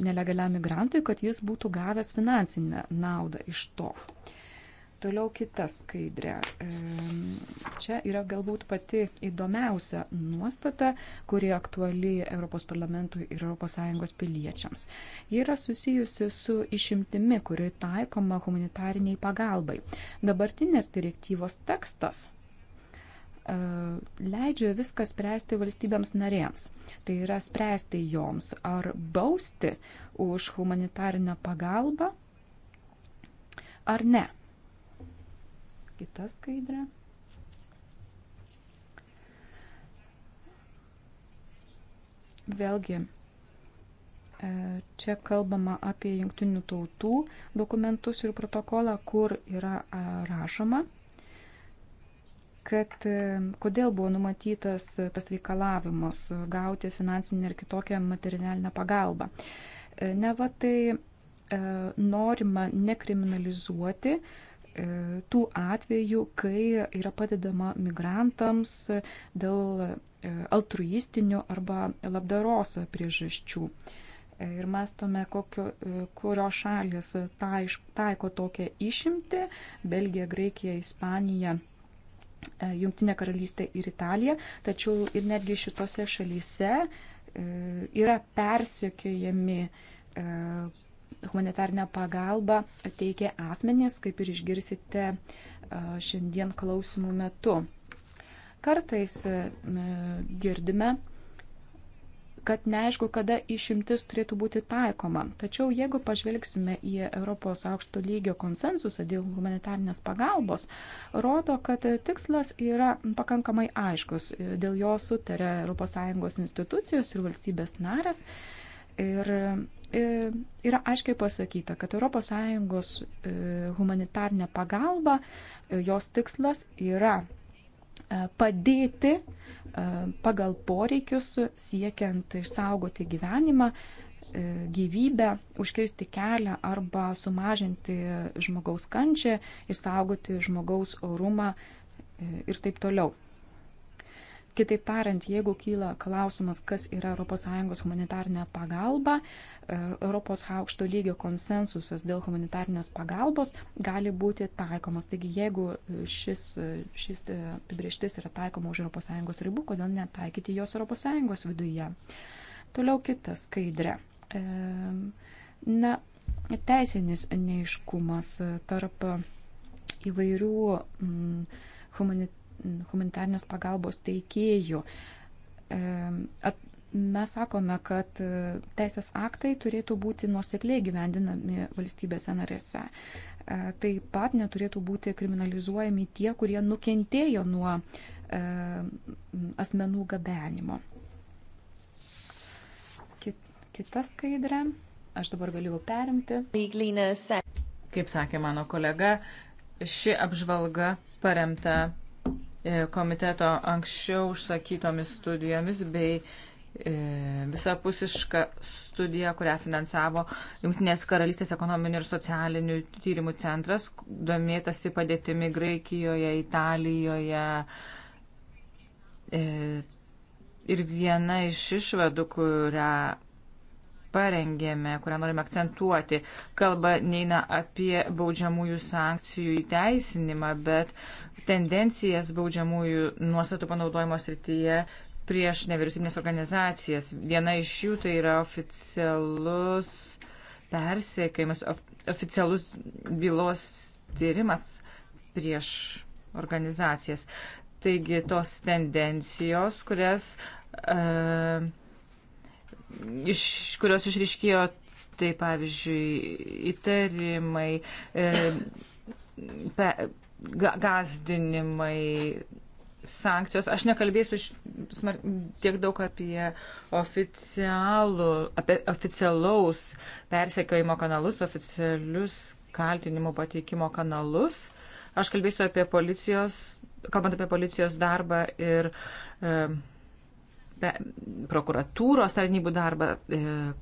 nelegaliam migrantui, kad jis būtų gavęs finansinę naudą iš to. Toliau kita skaidrė. Čia yra galbūt pati įdomiausia nuostata, kuri aktuali Europos parlamentui ir ES piliečiams. Ji yra susijusi su išimtimi, kuri taikoma humanitariniai pagalbai. Dabartinės direktyvos tekstas E, leidžia viską spręsti valstybėms narėms. Tai yra spręsti joms ar bausti už humanitarinę pagalbą ar ne. Kita skaidrė. Vėlgi, e, čia kalbama apie jungtinių tautų dokumentus ir protokolą, kur yra e, rašoma, kad e, kodėl buvo numatytas e, tas reikalavimas gauti finansinę ir kitokią materialinę pagalbą. E, ne va tai norima nekriminalizuoti tų atvejų, kai yra padedama migrantams dėl altruistinių arba labdaros priežasčių. Ir mastome, kokio, kurio šalis tai taiko tokią išimtį - Belgija, Graikija, Ispanija E, Jungtinė karalystė ir Italija, tačiau ir netgi šitose šalyse e, yra persiekiojami e, humanitarnę pagalbą teikia asmenys, kaip ir išgirsite šiandien klausimų metu. Kartais girdime kad neaišku, kada išimtis turėtų būti taikoma. Tačiau jeigu pažvelgsime į Europos aukšto lygio konsensusą dėl humanitarnės pagalbos, rodo, kad tikslas yra pakankamai aiškus. Dėl jo sutarė ES institucijos ir valstybės narės. Ir e, yra aiškiai pasakyta, kad ES e, humanitarnė pagalba, e, jos tikslas yra E, padėti e, pagal poreikius, siekiant išsaugoti gyvenimą, e, gyvybę, užkirsti kelią arba sumažinti žmogaus kančią, išsaugoti žmogaus orumą ir taip toliau. Kitaip tariant, jeigu kyla klausimas, kas yra ES humanitarinė pagalba, ES aukšto lygio konsensusas dėl humanitarinės pagalbos gali būti taikomas. Taigi, jeigu e, šis, e, šis e, apibrieštis yra taikoma už ES ribų, kodėl netaikyti jos ES viduje? Toliau kita skaidrė. Na, teisinis neiškumas tarp įvairių mm, humanitarinės humanitarnės pagalbos teikėjų. E, mes sakome, kad e, teisės aktai turėtų būti nuosekliai gyvendinami valstybėse narėse. E, taip pat neturėtų būti kriminalizuojami tie, kurie nukentėjo nuo asmenų gabenimo. Kita skaidrė. Aš dabar galiu perimti. Kaip sakė mano kolega, ši apžvalga paremta E, komiteto anksčiau užsakytomis studijomis bei e, visapusišką studiją, kurią finansavo Junktinės karalystės ekonominių ir socialinių tyrimų centras, domėtasi padėtimi Graikijoje, Italijoje. E, ir viena iš išvadų, kurią parengėme, kurią norime akcentuoti, kalba neina apie baudžiamųjų sankcijų įteisinimą, bet tendencijas baudžiamųjų nuostatų panaudojimo srityje prieš nevyriausybinės organizacijas. Viena iš jų tai yra oficialus persiekimas, of, oficialus bylos tyrimas prieš organizacijas. Taigi tos tendencijos, kurias, uh, iš, kurios išriškėjo, tai pavyzdžiui, įtarimai, uh, pe, gazdinimai, sankcijos. Aš nekalbėsiu smar, tiek daug apie, oficialų, apie oficialaus persekiojimo kanalus, oficialius kaltinimų pateikimo kanalus. Aš kalbėsiu apie policijos, kalbant apie policijos darbą ir e, be, prokuratūros tarnybų darbą e,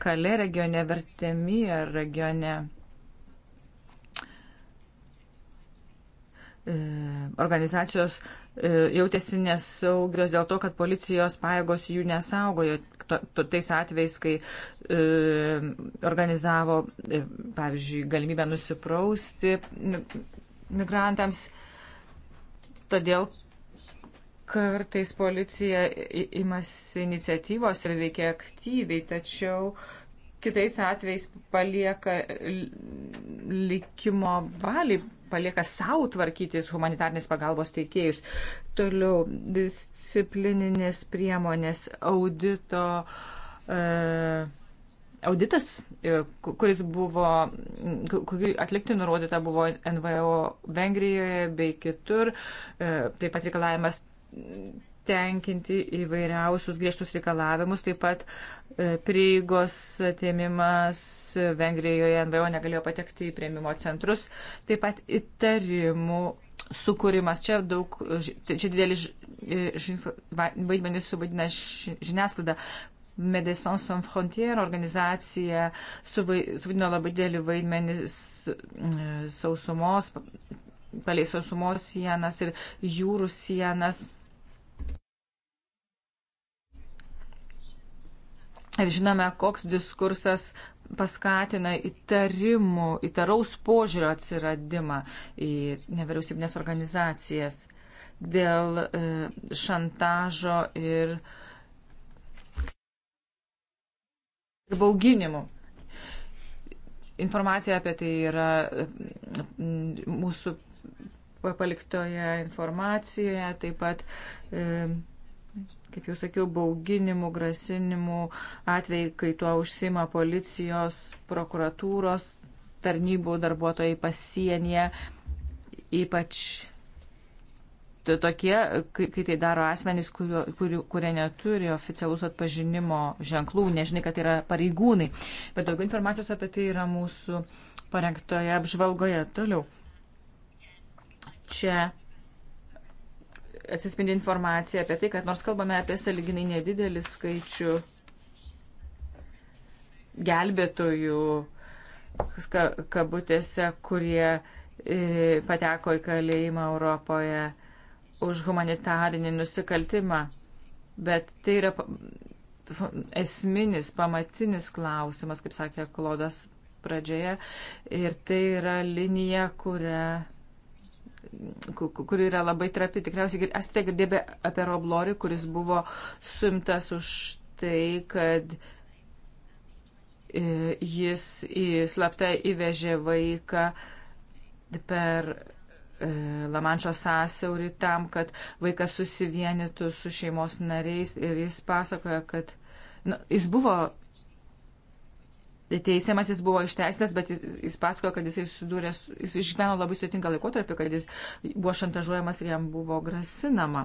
Kale regione, Vertemi regione. E, organizacijos e, jautėsi nesaugios dėl to, kad policijos paėgos jų nesaugojo tais atvejais, kai e, organizavo, pavyzdžiui, galimybę nusiprausti migrantams. Todėl kartais policija imasi iniciatyvos ir veikia aktyviai, tačiau kitais atvejais palieka likimo valiai palieka savo tvarkytis humanitarnės pagalbos teikėjus. Toliau disciplininės priemonės audito. Uh, Auditas, e, kuris buvo, kurį atlikti nurodyta buvo NVO Vengrijoje bei kitur, e, taip pat reikalavimas tenkinti įvairiausius griežtus reikalavimus, taip pat e, prieigos atėmimas Vengrijoje NVO negalėjo patekti į prieimimo centrus, taip pat įtarimų sukūrimas. Čia daug, čia didelis e, vaidmenis suvaidina žiniasklaida. Medecins Sans Frontier organizacija suvaidino labai didelį vaidmenį e, sausumos, palei sausumos sienas ir jūrų sienas ir žinome, koks diskursas paskatina įtarimų, įtaraus požiūrio atsiradimą į nevyriausybinės organizacijas dėl e, šantažo ir, ir bauginimų. Informacija apie tai yra mūsų paliktoje informacijoje, taip pat e, kaip jau sakiau, bauginimų, grasinimų atvejai, kai tuo užsima policijos, prokuratūros, tarnybų darbuotojai pasienyje, ypač tokie, kai tai daro asmenys, kurio, kurio, kurie neturi oficialus atpažinimo ženklų, nežinai, kad tai yra pareigūnai. Bet daugiau informacijos apie tai yra mūsų parengtoje apžvalgoje. Toliau. Čia atsispindi informacija apie tai, kad nors kalbame apie saliginai nedidelį skaičių gelbėtojų, kabutėse, kurie e, pateko į kalėjimą Europoje už humanitarinį nusikaltimą. Bet tai yra esminis, pamatinis klausimas, kaip sakė Klodas pradžioje. Ir tai yra linija, kurią kuri yra labai trapi. Tikriausiai esate girdėję apie Roblori, kuris buvo suimtas už tai, kad e, jis slapta įvežė vaiką per e, Lamančio sąsiaurį tam, kad vaikas susivienytų su šeimos nariais ir jis pasakoja, kad nu, jis buvo teisiamas jis buvo išteisintas, bet jis, jis pasakojo, kad jisai sudūrė, jis išgyveno labai sudėtingą laikotarpį, kad jis buvo šantažuojamas ir jam buvo grasinama.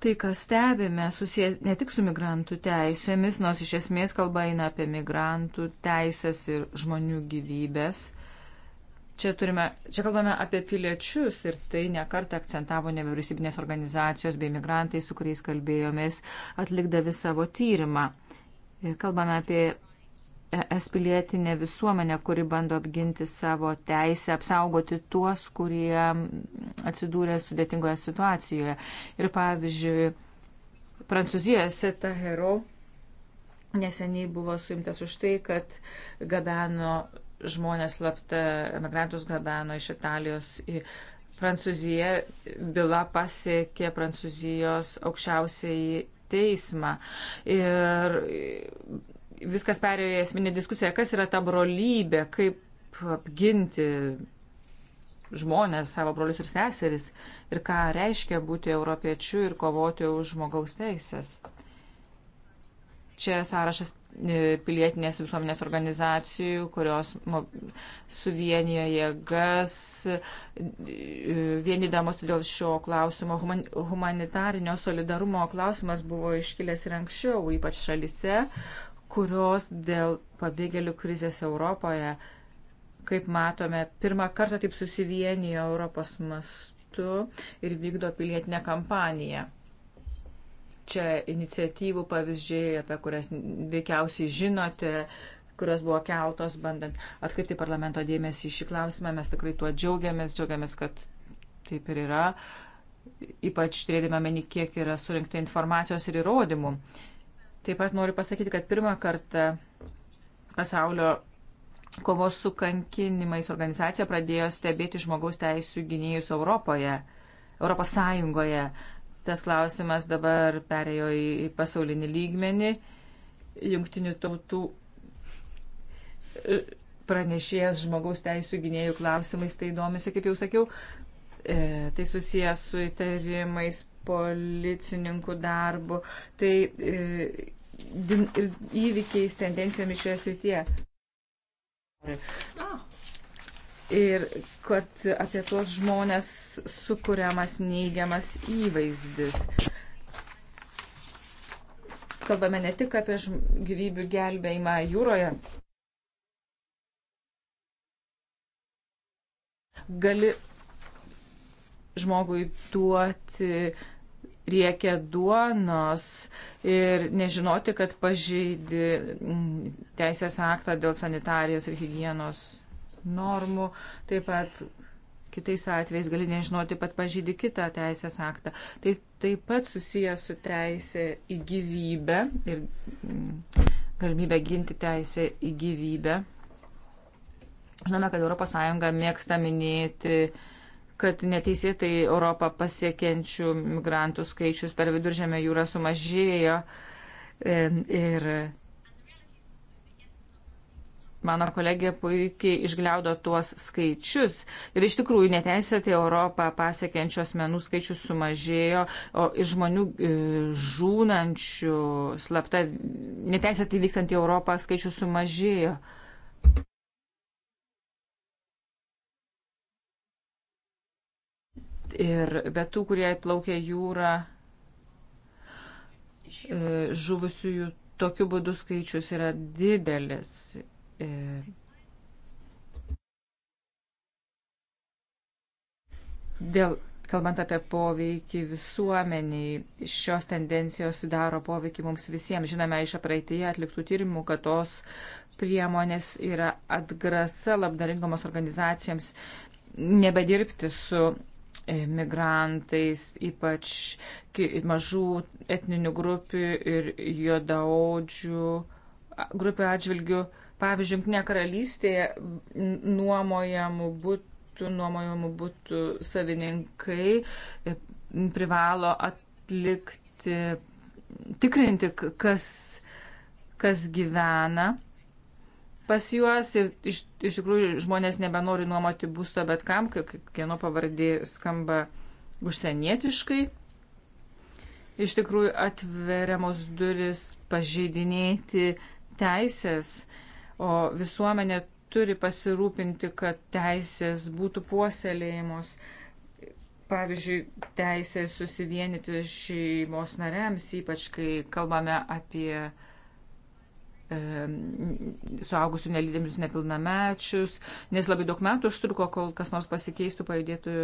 Tai, ką stebime, susijęs ne tik su migrantų teisėmis, nors iš esmės kalba eina apie migrantų teisės ir žmonių gyvybės. Čia, turime, čia kalbame apie piliečius ir tai nekart akcentavo nevyriausybinės organizacijos bei migrantai, su kuriais kalbėjomės, atlikdami savo tyrimą. Ir kalbame apie es pilietinė visuomenė, kuri bando apginti savo teisę, apsaugoti tuos, kurie mm, atsidūrė sudėtingoje situacijoje. Ir pavyzdžiui, Prancūzijoje Seta Hero neseniai buvo suimtas už tai, kad gabeno žmonės slapta, emigrantus gabeno iš Italijos į Prancūziją. Byla pasiekė Prancūzijos aukščiausiai teismą. Ir viskas perėjo į esminę diskusiją, kas yra ta brolybė, kaip apginti žmonės, savo brolius ir seseris ir ką reiškia būti europiečiu ir kovoti už žmogaus teisės. Čia sąrašas e, pilietinės visuomenės organizacijų, kurios suvienijo jėgas, e, vienydamos dėl šio klausimo. Humanitarinio solidarumo klausimas buvo iškilęs ir anksčiau, ypač šalise, kurios dėl pabėgėlių krizės Europoje, kaip matome, pirmą kartą taip susivienijo Europos mastu ir vykdo pilietinę kampaniją. Čia iniciatyvų pavyzdžiai, apie kurias veikiausiai žinote, kurios buvo keltos, bandant atkreipti parlamento dėmesį į šį klausimą. Mes tikrai tuo džiaugiamės, džiaugiamės, kad taip ir yra. Ypač turėdami meni, kiek yra surinkta informacijos ir įrodymų. Uh, Taip pat noriu pasakyti, kad pirmą kartą pasaulio kovos su kankinimais organizacija pradėjo stebėti žmogaus teisų gynėjus Europoje, Europos Sąjungoje. Tas klausimas dabar perėjo į pasaulinį lygmenį. Jungtinių tautų e, pranešėjas žmogaus teisų gynėjų klausimais, tai domisi, kaip jau sakiau, e, tai susijęs su įtarimais, policininkų darbu, tai e, ir įvykiais, tendencijomis šioje srityje. Ah. Ir kad apie tuos žmonės sukūriamas neigiamas įvaizdis. Kalbame ne tik apie gyvybių gelbėjimą jūroje. Gali žmogui duoti riekia duonos ir nežinoti, kad pažeidi teisės aktą dėl sanitarijos ir hygienos normų, taip pat kitais atvejais gali nežinoti, pat pažydį kitą teisės aktą. Tai taip pat susijęs su teisė į gyvybę ir galimybę ginti teisę į gyvybę. Žinome, kad ES mėgsta minėti uh, kad neteisėtai Europą pasiekiančių migrantų skaičius per viduržėmę jūrą sumažėjo e, ir mano kolegė puikiai išgliaudo tuos skaičius. Ir iš tikrųjų neteisėtai Europą pasiekiančių asmenų skaičius sumažėjo, o iš žmonių e, žūnančių slapta neteisėtai vykstant į Europą skaičius sumažėjo. Ir be tų, kurie atplaukė jūrą, e, žuvusiųjų tokiu būdu skaičius yra didelis. E, dėl, kalbant apie poveikį visuomeniai, šios tendencijos daro poveikį mums visiems. Žinome iš apraeityje atliktų tyrimų, kad tos priemonės yra atgrasa labdaringoms organizacijoms nebedirbti su migrantais, ypač mažų etninių grupių ir juodaodžių grupių atžvilgių. Pavyzdžiui, Junktinė karalystėje nuomojamų būtų, nuomojamų būtų savininkai e, privalo atlikti, tikrinti, kas, kas gyvena pas juos ir iš, iš tikrųjų žmonės nebenori nuomoti būsto bet kam, kai kieno pavardė skamba užsienietiškai. Iš tikrųjų atveriamos duris pažeidinėti teisės, o visuomenė turi pasirūpinti, kad teisės būtų puoselėjimos. Pavyzdžiui, teisė susivienyti šeimos nariams, ypač kai kalbame apie uh, suaugusių nelydėmius nepilnamečius, nes labai daug metų užtruko, kol kas nors pasikeistų, pajudėtų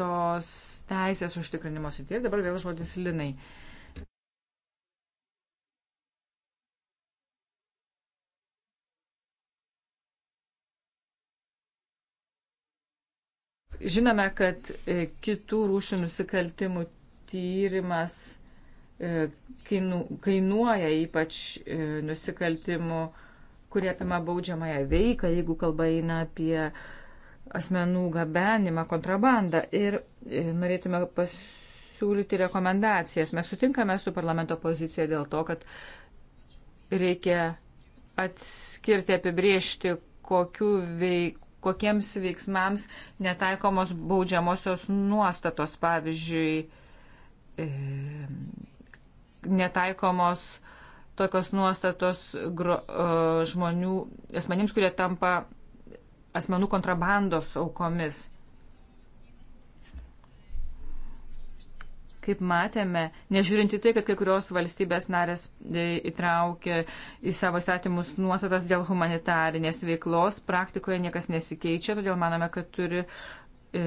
tos teisės užtikrinimo srityje. Dabar vėl žodis linai. Žinome, kad e, kitų rūšių nusikaltimų tyrimas E, kainu, kainuoja ypač e, nusikaltimų, kurie apima baudžiamąją veiką, jeigu kalba eina apie asmenų gabenimą, kontrabandą. Ir e, norėtume pasiūlyti rekomendacijas. Mes sutinkame su parlamento pozicija dėl to, kad reikia atskirti, apibriežti, veik, kokiems veiksmams netaikomos baudžiamosios nuostatos, pavyzdžiui, e, netaikomos tokios nuostatos gro, uh, žmonių, asmenims, kurie tampa asmenų kontrabandos aukomis. Kaip matėme, nežiūrinti tai, kad kai kurios valstybės narės e, įtraukė į savo statymus nuostatas dėl humanitarinės veiklos, praktikoje niekas nesikeičia, todėl manome, kad turi e,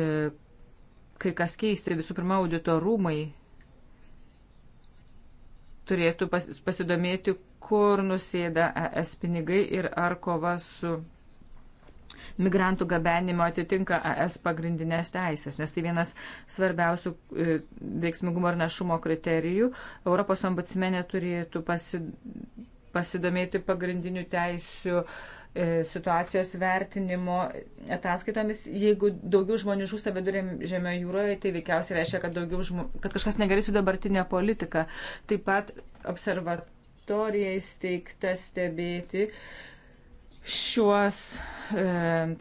kai kas keisti. Visų pirma, auditorumai turėtų pasidomėti, kur nusėda ES pinigai ir ar kova su migrantų gabenimo atitinka ES pagrindinės teisės, nes tai vienas svarbiausių e, veiksmingumo ir našumo kriterijų. Europos ombudsmenė turėtų pasidomėti pagrindinių teisių uh, E, situacijos vertinimo ataskaitomis. Jeigu daugiau žmonių žūsta vidurėm žemio jūroje, tai veikiausiai reiškia, kad, žmo, kad kažkas negerai su dabartinė politika. Taip pat observatorija įsteigta stebėti šiuos e,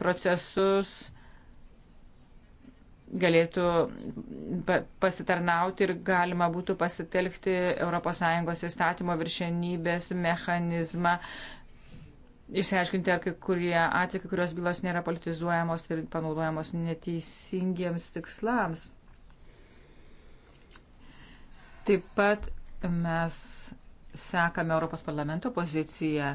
procesus galėtų pasitarnauti ir galima būtų pasitelkti ES įstatymo viršenybės mechanizmą, išsiaiškinti, ar kai kurie atveju, kai kurios bylos nėra politizuojamos ir panaudojamos neteisingiems tikslams. Taip pat mes sekame Europos parlamento poziciją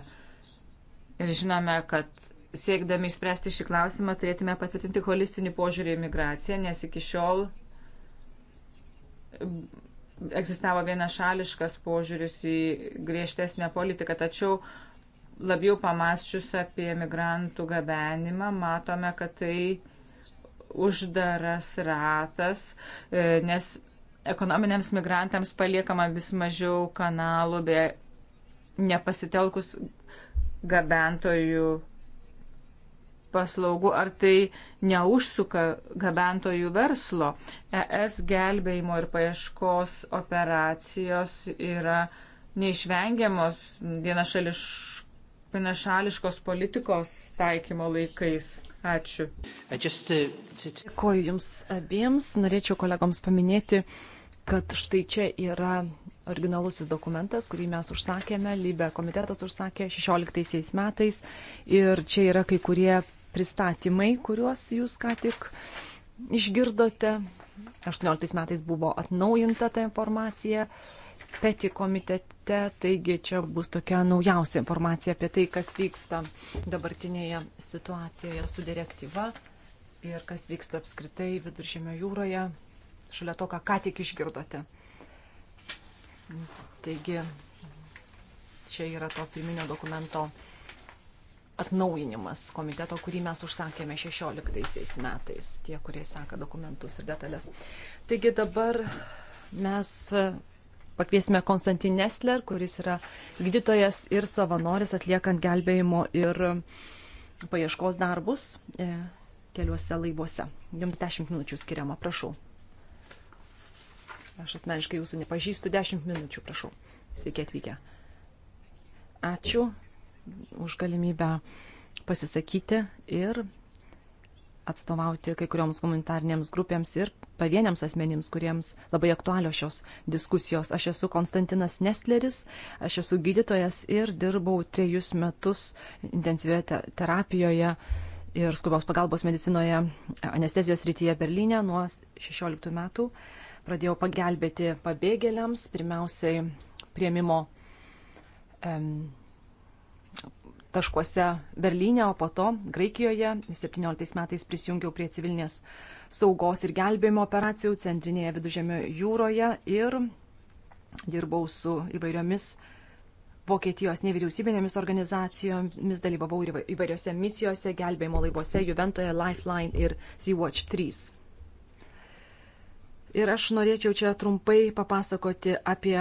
ir žinome, kad siekdami išspręsti šį klausimą turėtume patvirtinti holistinį požiūrį į migraciją, nes iki šiol egzistavo vienašališkas požiūris į griežtesnę politiką, tačiau uh, labiau pamastčius apie migrantų gabenimą, matome, kad tai uždaras ratas, e, nes ekonominiams migrantams paliekama vis mažiau kanalų, be nepasitelkus gabentojų paslaugų, ar tai neužsuka gabentojų verslo. ES gelbėjimo ir paieškos operacijos yra neišvengiamos vienašališkų vienašališkos politikos taikymo laikais. Ačiū. Uh, Dėkoju Jums abiems. Norėčiau kolegoms paminėti, kad štai čia yra originalusis dokumentas, kurį mes užsakėme, Lybe komitetas užsakė 16 metais. Ir čia yra kai kurie pristatymai, kuriuos Jūs ką tik išgirdote. 18 metais buvo atnaujinta ta informacija peti komitete, taigi čia bus tokia naujausia informacija apie tai, kas vyksta dabartinėje situacijoje su direktyva ir kas vyksta apskritai viduržėmio jūroje, šalia to, ką ką tik išgirdote. Taigi, čia yra to pirminio dokumento atnaujinimas komiteto, kurį mes užsakėme 16 metais, tie, kurie seka dokumentus ir detalės. Taigi dabar mes pakviesime Konstantin Nestler, kuris yra gydytojas ir savanoris atliekant gelbėjimo ir paieškos darbus e, keliuose laivuose. Jums 10 minučių skiriama, prašau. Aš asmeniškai jūsų nepažįstu, 10 minučių, prašau. Sveiki atvykę. Ačiū už galimybę pasisakyti ir atstovauti kai kurioms humanitarnėms grupėms ir pavieniams asmenims, kuriems labai aktualios šios diskusijos. Aš esu Konstantinas Nestleris, aš esu gydytojas ir dirbau trejus metus intensyvioje terapijoje ir skubios pagalbos medicinoje anestezijos rytyje Berlyne nuo 16 metų. Pradėjau pagelbėti pabėgėliams, pirmiausiai prieimimo. Um, taškuose Berlyne, o po to Graikijoje. 17 metais prisijungiau prie civilinės saugos ir gelbėjimo operacijų Centrinėje Vidužėmio jūroje ir dirbau su įvairiomis Vokietijos nevyriausybinėmis organizacijomis, dalyvavau įvairiose misijose, gelbėjimo laivuose Juventoje, Lifeline ir Sea-Watch 3. Ir aš norėčiau čia trumpai papasakoti apie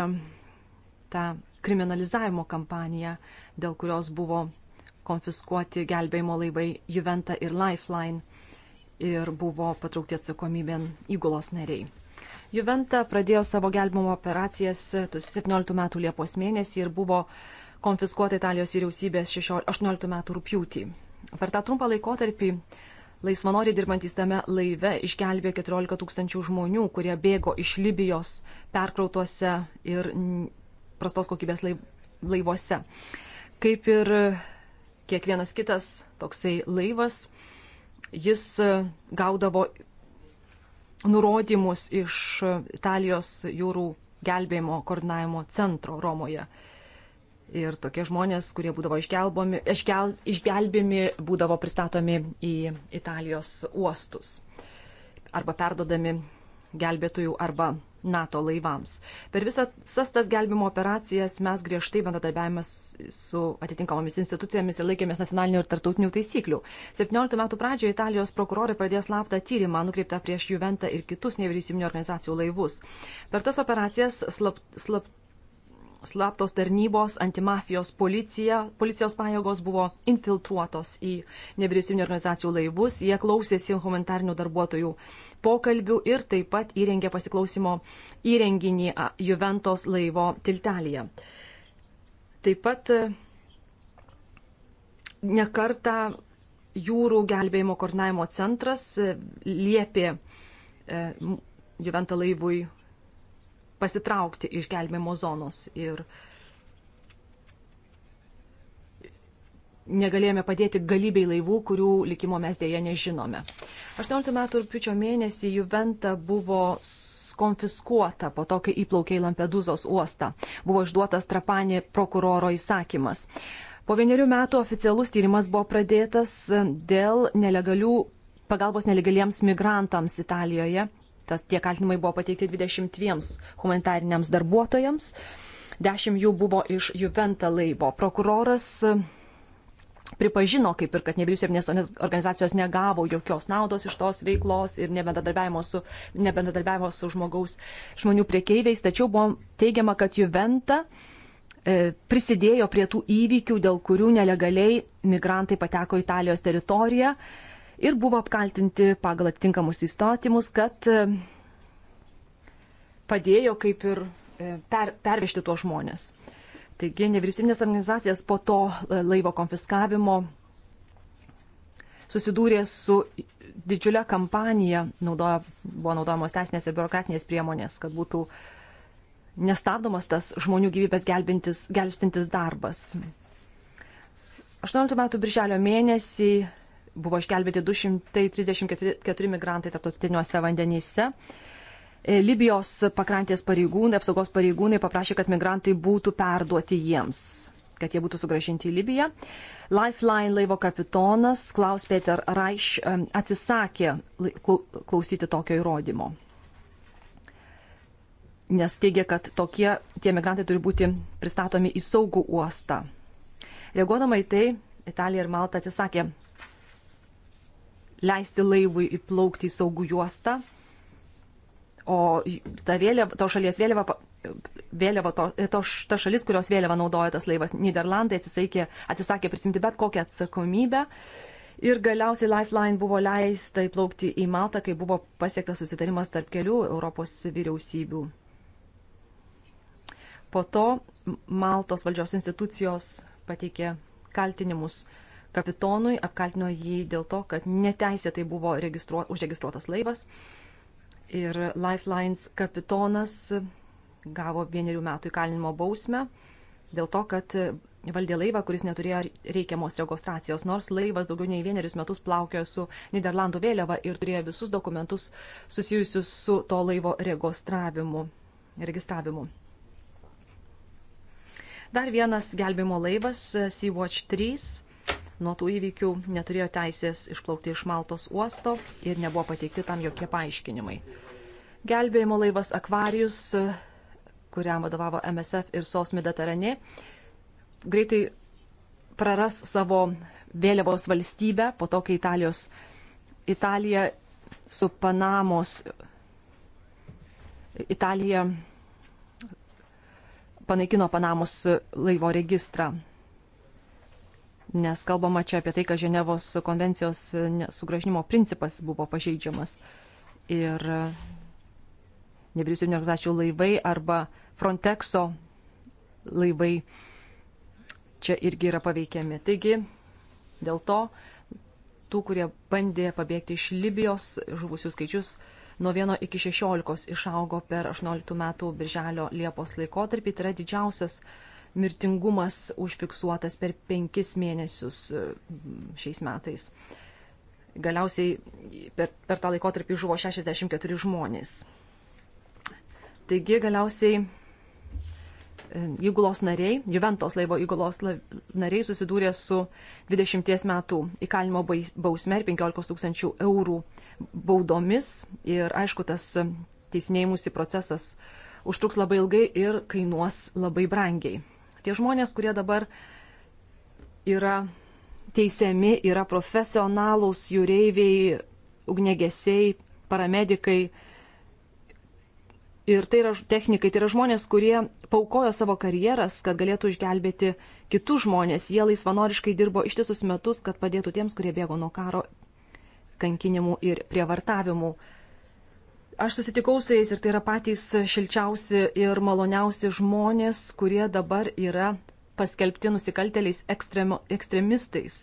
tą kriminalizavimo kampaniją, dėl kurios buvo konfiskuoti gelbėjimo laivai Juventa ir Lifeline ir buvo patraukti atsakomybėn įgulos nariai. Juventa pradėjo savo gelbimo operacijas 17 e, metų Liepos mėnesį ir buvo konfiskuota Italijos vyriausybės 18 metų rūpjūtį. Per tą trumpą laikotarpį laisvanoriai dirbantys tame laive išgelbėjo 14 tūkstančių žmonių, kurie bėgo iš Libijos perkrautuose ir prastos kokybės laivuose. Kaip ir kiekvienas kitas toksai laivas, jis e, gaudavo nurodymus iš e, Italijos jūrų gelbėjimo koordinavimo centro Romoje. Ir tokie žmonės, kurie būdavo išgelbomi, išgel, išgelbimi, būdavo pristatomi į Italijos uostus arba perdodami gelbėtojų arba NATO laivams. Per visas tas gelbimo operacijas mes griežtai bendradarbiavime su atitinkamomis institucijomis ir laikėmės nacionalinių ir tartautinių taisyklių. 17 metų pradžioje Italijos prokurorai pradėjo slaptą tyrimą nukreiptą prieš Juventą ir kitus nevyriausybinio organizacijų laivus. Per tas operacijas slap, slap, slaptos tarnybos, antimafijos policija, policijos pajėgos buvo infiltruotos į nevyriausybinio organizacijų laivus, jie klausėsi humanitarinių darbuotojų pokalbių ir taip pat įrengė pasiklausimo įrenginį Juventos laivo tiltelėje. Taip pat e, nekarta jūrų gelbėjimo koordinavimo centras e, liepė e, Juventą laivui pasitraukti iš gelbėjimo zonos ir uh, negalėjome padėti galybei laivų, kurių likimo mes dėje nežinome. 18 metų rūpiučio mėnesį Juventa buvo konfiskuota po to, kai įplaukė į Lampedūzos uostą. Buvo išduotas Trapanė prokuroro įsakymas. Po vienerių metų oficialus tyrimas buvo pradėtas dėl nelegalių pagalbos nelegaliems migrantams Italijoje. Tas tie kaltinimai buvo pateikti 22 humanitariniams darbuotojams. Dešimt jų buvo iš Juventa laivo. Prokuroras pripažino kaip ir kad nevyriausybinės organizacijos negavo jokios naudos iš tos veiklos ir nebendradarbiavimo su, nebendradarbiavimo su žmogaus, žmonių priekeiviais, tačiau buvo teigiama, kad Juventa e, prisidėjo prie tų įvykių, dėl kurių nelegaliai migrantai pateko Italijos teritoriją ir buvo apkaltinti pagal atitinkamus įstatymus, kad e, padėjo kaip ir e, per, pervežti tuos žmonės. Taigi nevyriausybinės organizacijas po to e, laivo konfiskavimo susidūrė su didžiulė kampanija, naudoja, buvo naudojamos teisinės ir biurokratinės priemonės, kad būtų nestabdomas tas žmonių gyvybės gelbstintis darbas. 18 metų birželio mėnesį buvo išgelbėti 234 migrantai tarptautiniuose vandenyse. E, Libijos pakrantės pareigūnai, apsaugos pareigūnai paprašė, kad migrantai būtų perduoti jiems, kad jie būtų sugražinti į Libiją. Lifeline laivo kapitonas Klaus Peter Reich e, atsisakė klausyti tokio įrodymo, nes teigia, kad tokie tie migrantai turi būti pristatomi į saugų uostą. Reaguodama į tai, Italija ir Malta atsisakė leisti laivui įplaukti į saugų uostą O ta, vėliava, to šalies vėliava, vėliava to, to, ta šalis, kurios vėliava naudoja tas laivas, Niderlandai atsisakė, atsisakė prisimti bet kokią atsakomybę. Ir galiausiai Lifeline buvo leista įplaukti į Maltą, kai buvo pasiektas susitarimas tarp kelių Europos vyriausybių. Po to Maltos valdžios institucijos pateikė kaltinimus kapitonui, apkaltino jį dėl to, kad neteisėtai buvo užregistruotas laivas ir Lifelines kapitonas gavo vienerių metų įkalinimo bausmę dėl to, kad valdė laivą, kuris neturėjo reikiamos registracijos, nors laivas daugiau nei vienerius metus plaukėjo su Niderlandų vėliava ir turėjo visus dokumentus susijusius su to laivo registravimu. registravimu. Dar vienas gelbimo laivas, Sea-Watch 3, nuo tų įvykių neturėjo teisės išplaukti iš Maltos uosto ir nebuvo pateikti tam jokie paaiškinimai. Gelbėjimo laivas Akvarijus, kuriam vadovavo MSF ir SOS Mediterane, greitai praras savo vėliavos valstybę po to, kai Italijos, Italija su Panamos, Italija panaikino Panamos laivo registrą nes kalbama čia apie tai, kad Ženevos konvencijos sugražinimo principas buvo pažeidžiamas. Ir e, nevyriausybinio organizacijų laivai arba Frontexo laivai čia irgi yra paveikiami. Taigi dėl to tų, kurie bandė pabėgti iš Libijos, žuvusių skaičius nuo 1 iki 16 išaugo per 18 metų birželio Liepos laikotarpį. Tai yra didžiausias uh, mirtingumas užfiksuotas per penkis mėnesius e, šiais metais. Galiausiai per, per tą laikotarpį žuvo 64 žmonės. Taigi galiausiai e, įgulos nariai, Juventos laivo įgulos nariai susidūrė su 20 metų įkalinimo bausme ir 15 tūkstančių eurų baudomis. Ir aišku, tas teisinėjimusi procesas užtruks labai ilgai ir kainuos labai brangiai. Tie žmonės, kurie dabar yra teisiami, yra profesionalūs jūreiviai, ugnegesiai, paramedikai. Ir tai yra technikai, tai yra žmonės, kurie paukojo savo karjeras, kad galėtų išgelbėti kitus žmonės. Jie laisvanoriškai dirbo ištisus metus, kad padėtų tiems, kurie bėgo nuo karo, kankinimų ir prievartavimų. Aš susitikau su jais ir tai yra patys šilčiausi ir maloniausi žmonės, kurie dabar yra paskelbti nusikalteliais ekstremo, ekstremistais.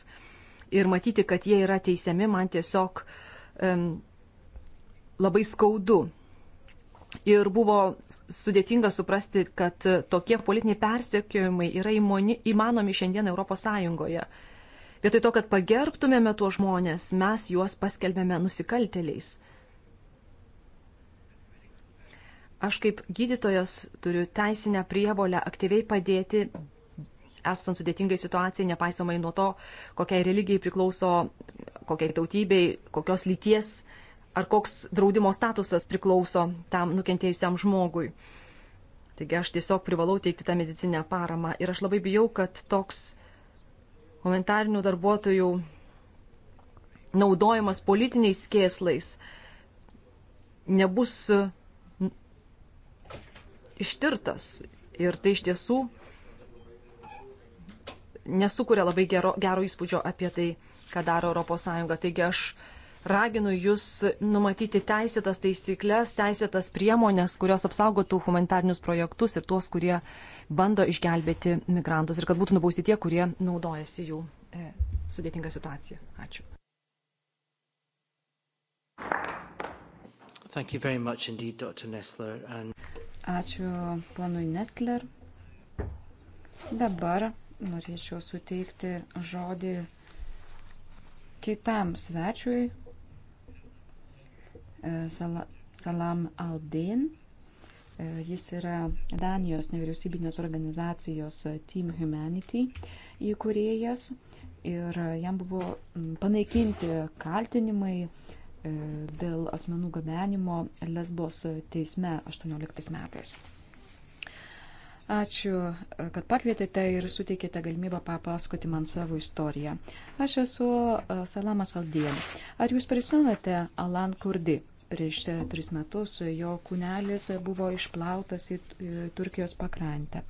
Ir matyti, kad jie yra teisiami, man tiesiog um, labai skaudu. Ir buvo sudėtinga suprasti, kad tokie politiniai persekiojimai yra įmoni, įmanomi šiandien ES. Vietoj to, kad pagerbtumėme tuos žmonės, mes juos paskelbėme nusikalteliais. Aš kaip gydytojas turiu teisinę prievolę aktyviai padėti, esant sudėtingai situacijai, nepaisomai nuo to, kokiai religijai priklauso, kokiai tautybei, kokios lyties ar koks draudimo statusas priklauso tam nukentėjusiam žmogui. Taigi aš tiesiog privalau teikti tą medicinę paramą ir aš labai bijau, kad toks humanitarinių darbuotojų naudojimas politiniais kėslais nebus ištirtas ir tai iš tiesų nesukuria labai gero, gero įspūdžio apie tai, ką daro ES. Taigi aš raginu jūs numatyti teisėtas taisyklės, teisėtas priemonės, kurios apsaugotų humanitarnius projektus ir tuos, kurie bando išgelbėti migrantus ir kad būtų nubausti tie, kurie naudojasi jų e, sudėtinga situacija. Ačiū. Indeed, And... Ačiū ponui Nestler. Dabar norėčiau suteikti žodį kitam svečiui, e, Salam Aldin. E, jis yra Danijos nevyriausybinės organizacijos Team Humanity įkūrėjas ir jam buvo panaikinti kaltinimai E, dėl asmenų gabenimo Lesbos teisme 18 metais. Ačiū, e, kad pakvietėte ir suteikėte galimybę papasakoti man savo istoriją. Aš esu e, Salamas Aldien. Ar jūs prisimnate Alan Kurdi? Prieš e, tris metus e, jo kūnelis e, buvo išplautas į Turkijos pakrantę.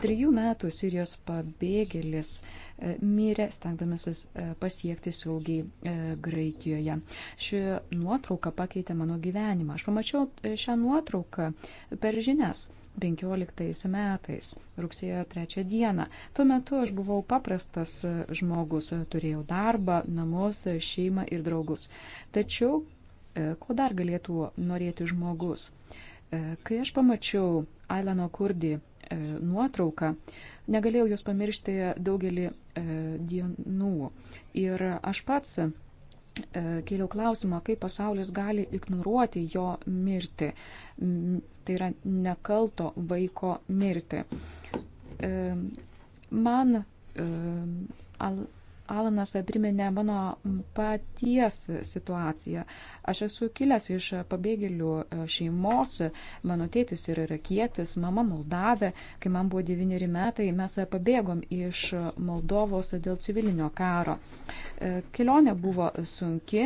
Trijų metų Sirijos pabėgėlis mirė, stengdamasis pasiekti saugiai Graikijoje. Ši nuotrauka pakeitė mano gyvenimą. Aš pamačiau šią nuotrauką per žinias. 15 metais, rugsėjo 3 dieną. Tuo metu aš buvau paprastas žmogus, turėjau darbą, namus, šeimą ir draugus. Tačiau E, ko dar galėtų norėti žmogus? E, kai aš pamačiau Ailano Kurdi e, nuotrauką, negalėjau jos pamiršti daugelį dienų. Ir aš pats kėliau klausimą, kaip pasaulis gali ignoruoti jo mirtį. Tai yra nekalto vaiko mirtį. Man Alanas priminė mano paties situaciją. Aš esu kilęs iš pabėgėlių e, šeimos, mano tėtis yra irakietis, mama Moldavė, kai man buvo devyneri metai, mes pabėgom iš Moldovos dėl civilinio karo. E, kelionė buvo sunki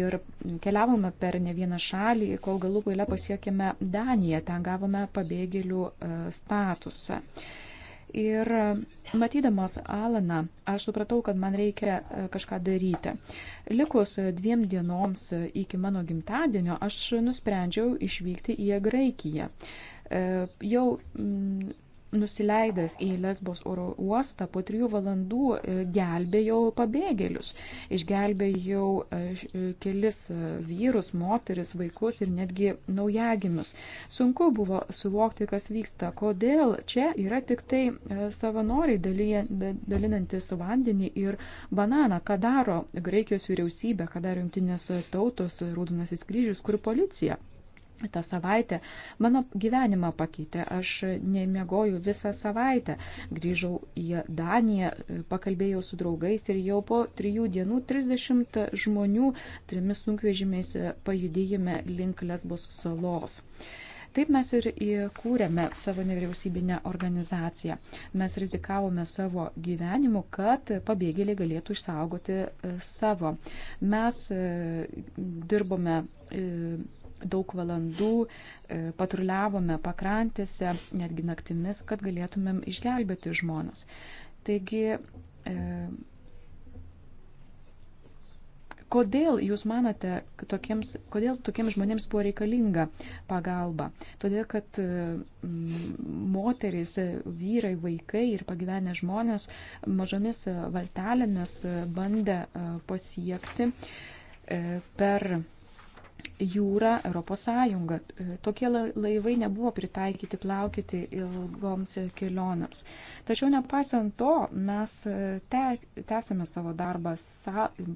ir keliavome per ne vieną šalį, kol galų galia pasiekėme Daniją, ten gavome pabėgėlių e, statusą. Ir e, matydamas Alaną, aš supratau, kad man reikia e, kažką daryti. Likus e, dviem dienoms iki mano gimtadienio, aš nusprendžiau išvykti į Graikiją. Jau nusileidęs į Lesbos oro uostą po trijų valandų e, gelbėjau pabėgėlius. Išgelbėjau e, e, kelis vyrus, moteris, vaikus ir netgi naujagimius. Sunku buvo suvokti, kas vyksta, kodėl čia yra tik tai savanoriai dalinantis vandenį ir bananą, ką daro Graikijos vyriausybė, ką daro jungtinės tautos, Rūdunasis kryžius, kur policija tą savaitę mano gyvenimą pakeitė. Aš nemiegoju visą savaitę. Grįžau į Daniją, pakalbėjau su draugais ir jau po trijų dienų 30 žmonių trimis sunkvežimiais pajudėjome link Lesbos salos. Taip mes ir įkūrėme savo nevyriausybinę organizaciją. Mes rizikavome savo gyvenimu, kad pabėgėliai galėtų išsaugoti savo. Mes e, dirbome e, daug valandų e, patruliavome pakrantėse, netgi naktimis, kad galėtumėm išgelbėti žmonės. Taigi, e, kodėl jūs manote, tokiems, kodėl tokiems žmonėms buvo reikalinga pagalba? Todėl, kad e, moteris, vyrai, vaikai ir pagyvenę žmonės mažomis valtelėmis bandė pasiekti per jūrą Europos Sąjungą. Tokie laivai nebuvo pritaikyti plaukyti ilgoms kelionėms. Tačiau nepaisant to, mes e, tęsėme savo darbą,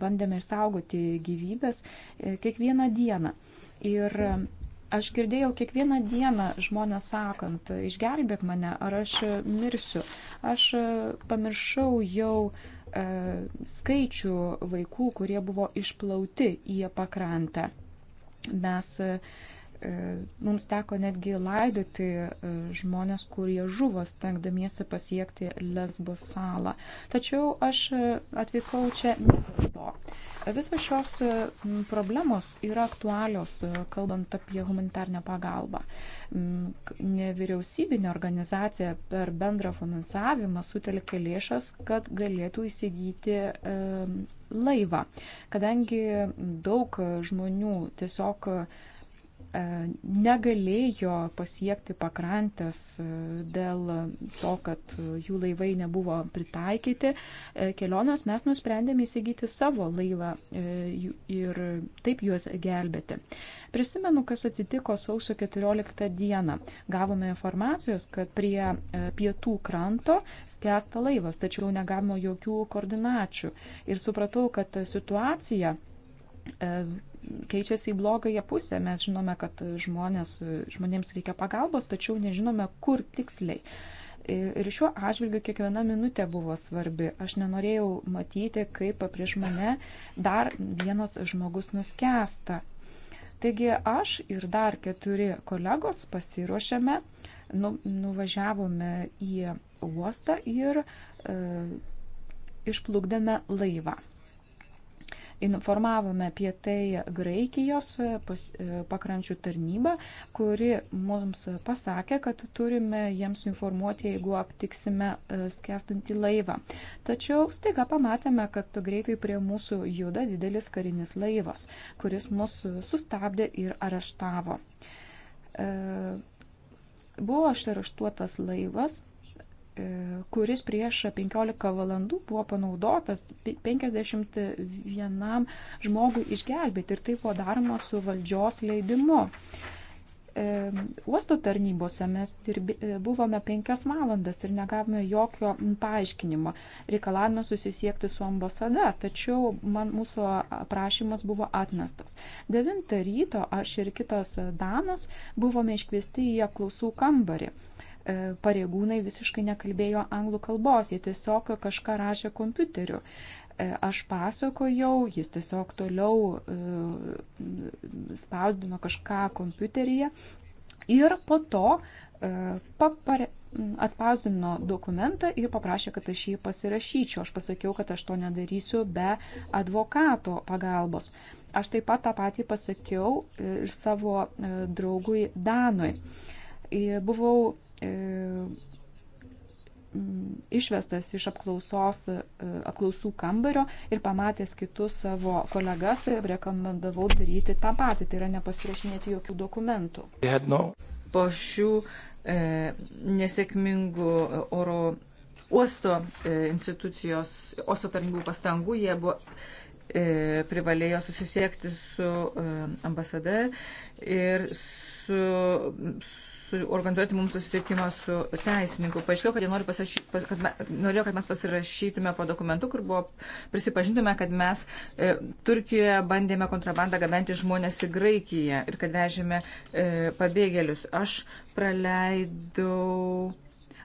bandėme išsaugoti gyvybės e, kiekvieną dieną. Ir e, aš girdėjau kiekvieną dieną žmonės sakant, išgelbėk mane, ar aš mirsiu. Aš pamiršau jau e, skaičių vaikų, kurie buvo išplauti į pakrantę. Mes, e, e, mums teko netgi laidoti e, žmonės, kurie žuvo, stengdamiesi pasiekti Lesbo salą. Tačiau aš atvykau čia ne dėl to. Visos šios problemos yra aktualios, kalbant apie humanitarnę pagalbą. Nevyriausybinė organizacija per bendrą finansavimą sutelkė lėšas, kad galėtų įsigyti laivą, kadangi daug žmonių tiesiog E, negalėjo pasiekti pakrantės e, dėl to, kad e, jų laivai nebuvo pritaikyti kelionės, mes nusprendėme įsigyti savo laivą ir taip juos gelbėti. Prisimenu, kas atsitiko sausio 14 dieną. Gavome informacijos, kad prie pietų kranto skęsta laivas, tačiau negavome jokių koordinačių. Ir supratau, kad situacija keičiasi į blogąją pusę. Mes žinome, kad žmonės, žmonėms reikia pagalbos, tačiau nežinome, kur tiksliai. Ir šiuo atžvilgiu kiekviena minutė buvo svarbi. Aš nenorėjau matyti, kaip prieš mane dar vienas žmogus nuskęsta. Taigi aš ir dar keturi kolegos pasiruošėme, nu, nuvažiavome į uostą ir e, išplukdėme laivą informavome apie tai Graikijos e, pas, e, pakrančių tarnybą, kuri mums pasakė, kad turime jiems informuoti, jeigu aptiksime e, skestantį laivą. Tačiau staiga pamatėme, kad greitai prie mūsų juda didelis karinis laivas, kuris mus sustabdė ir areštavo. Buvo ašareštuotas laivas E, kuris prieš 15 valandų buvo panaudotas 51 žmogui išgelbėti ir tai buvo daroma su valdžios leidimu. E, uosto tarnybose mes dirbi, e, buvome penkias valandas ir negavome jokio paaiškinimo. Reikalavome susisiekti su ambasada, tačiau man mūsų prašymas buvo atmestas. 9 ryto aš ir kitas Danas buvome iškviesti į apklausų kambarį. E, pareigūnai visiškai nekalbėjo anglų kalbos, jie tiesiog kažką rašė kompiuteriu. E, aš pasakojau, jis tiesiog toliau e, spausdino kažką kompiuteryje ir po to papare, atspausdino dokumentą ir paprašė, kad aš jį pasirašyčiau. Aš pasakiau, kad aš to nedarysiu be advokato pagalbos. Aš taip pat tą patį pasakiau ir savo draugui Danui buvau e, išvestas iš apklausos, e, apklausų kambario ir pamatęs kitus savo kolegas rekomendavau daryti tą patį, tai yra nepasirašinėti jokių dokumentų. Po šių e, nesėkmingų oro uosto e, institucijos, oso tarnybų pastangų, jie buvo e, privalėjo susisiekti su e, ambasada ir su, su organizuoti mums susitikimą su teisininku. Paaiškėjo, kad jie nori pasirašyti, kad me, norėjo, kad mes pasirašytume po dokumentu, kur buvo prisipažintume, kad mes e, Turkijoje bandėme kontrabandą gabenti žmonės į Graikiją ir kad vežėme e, pabėgėlius. Aš praleidau.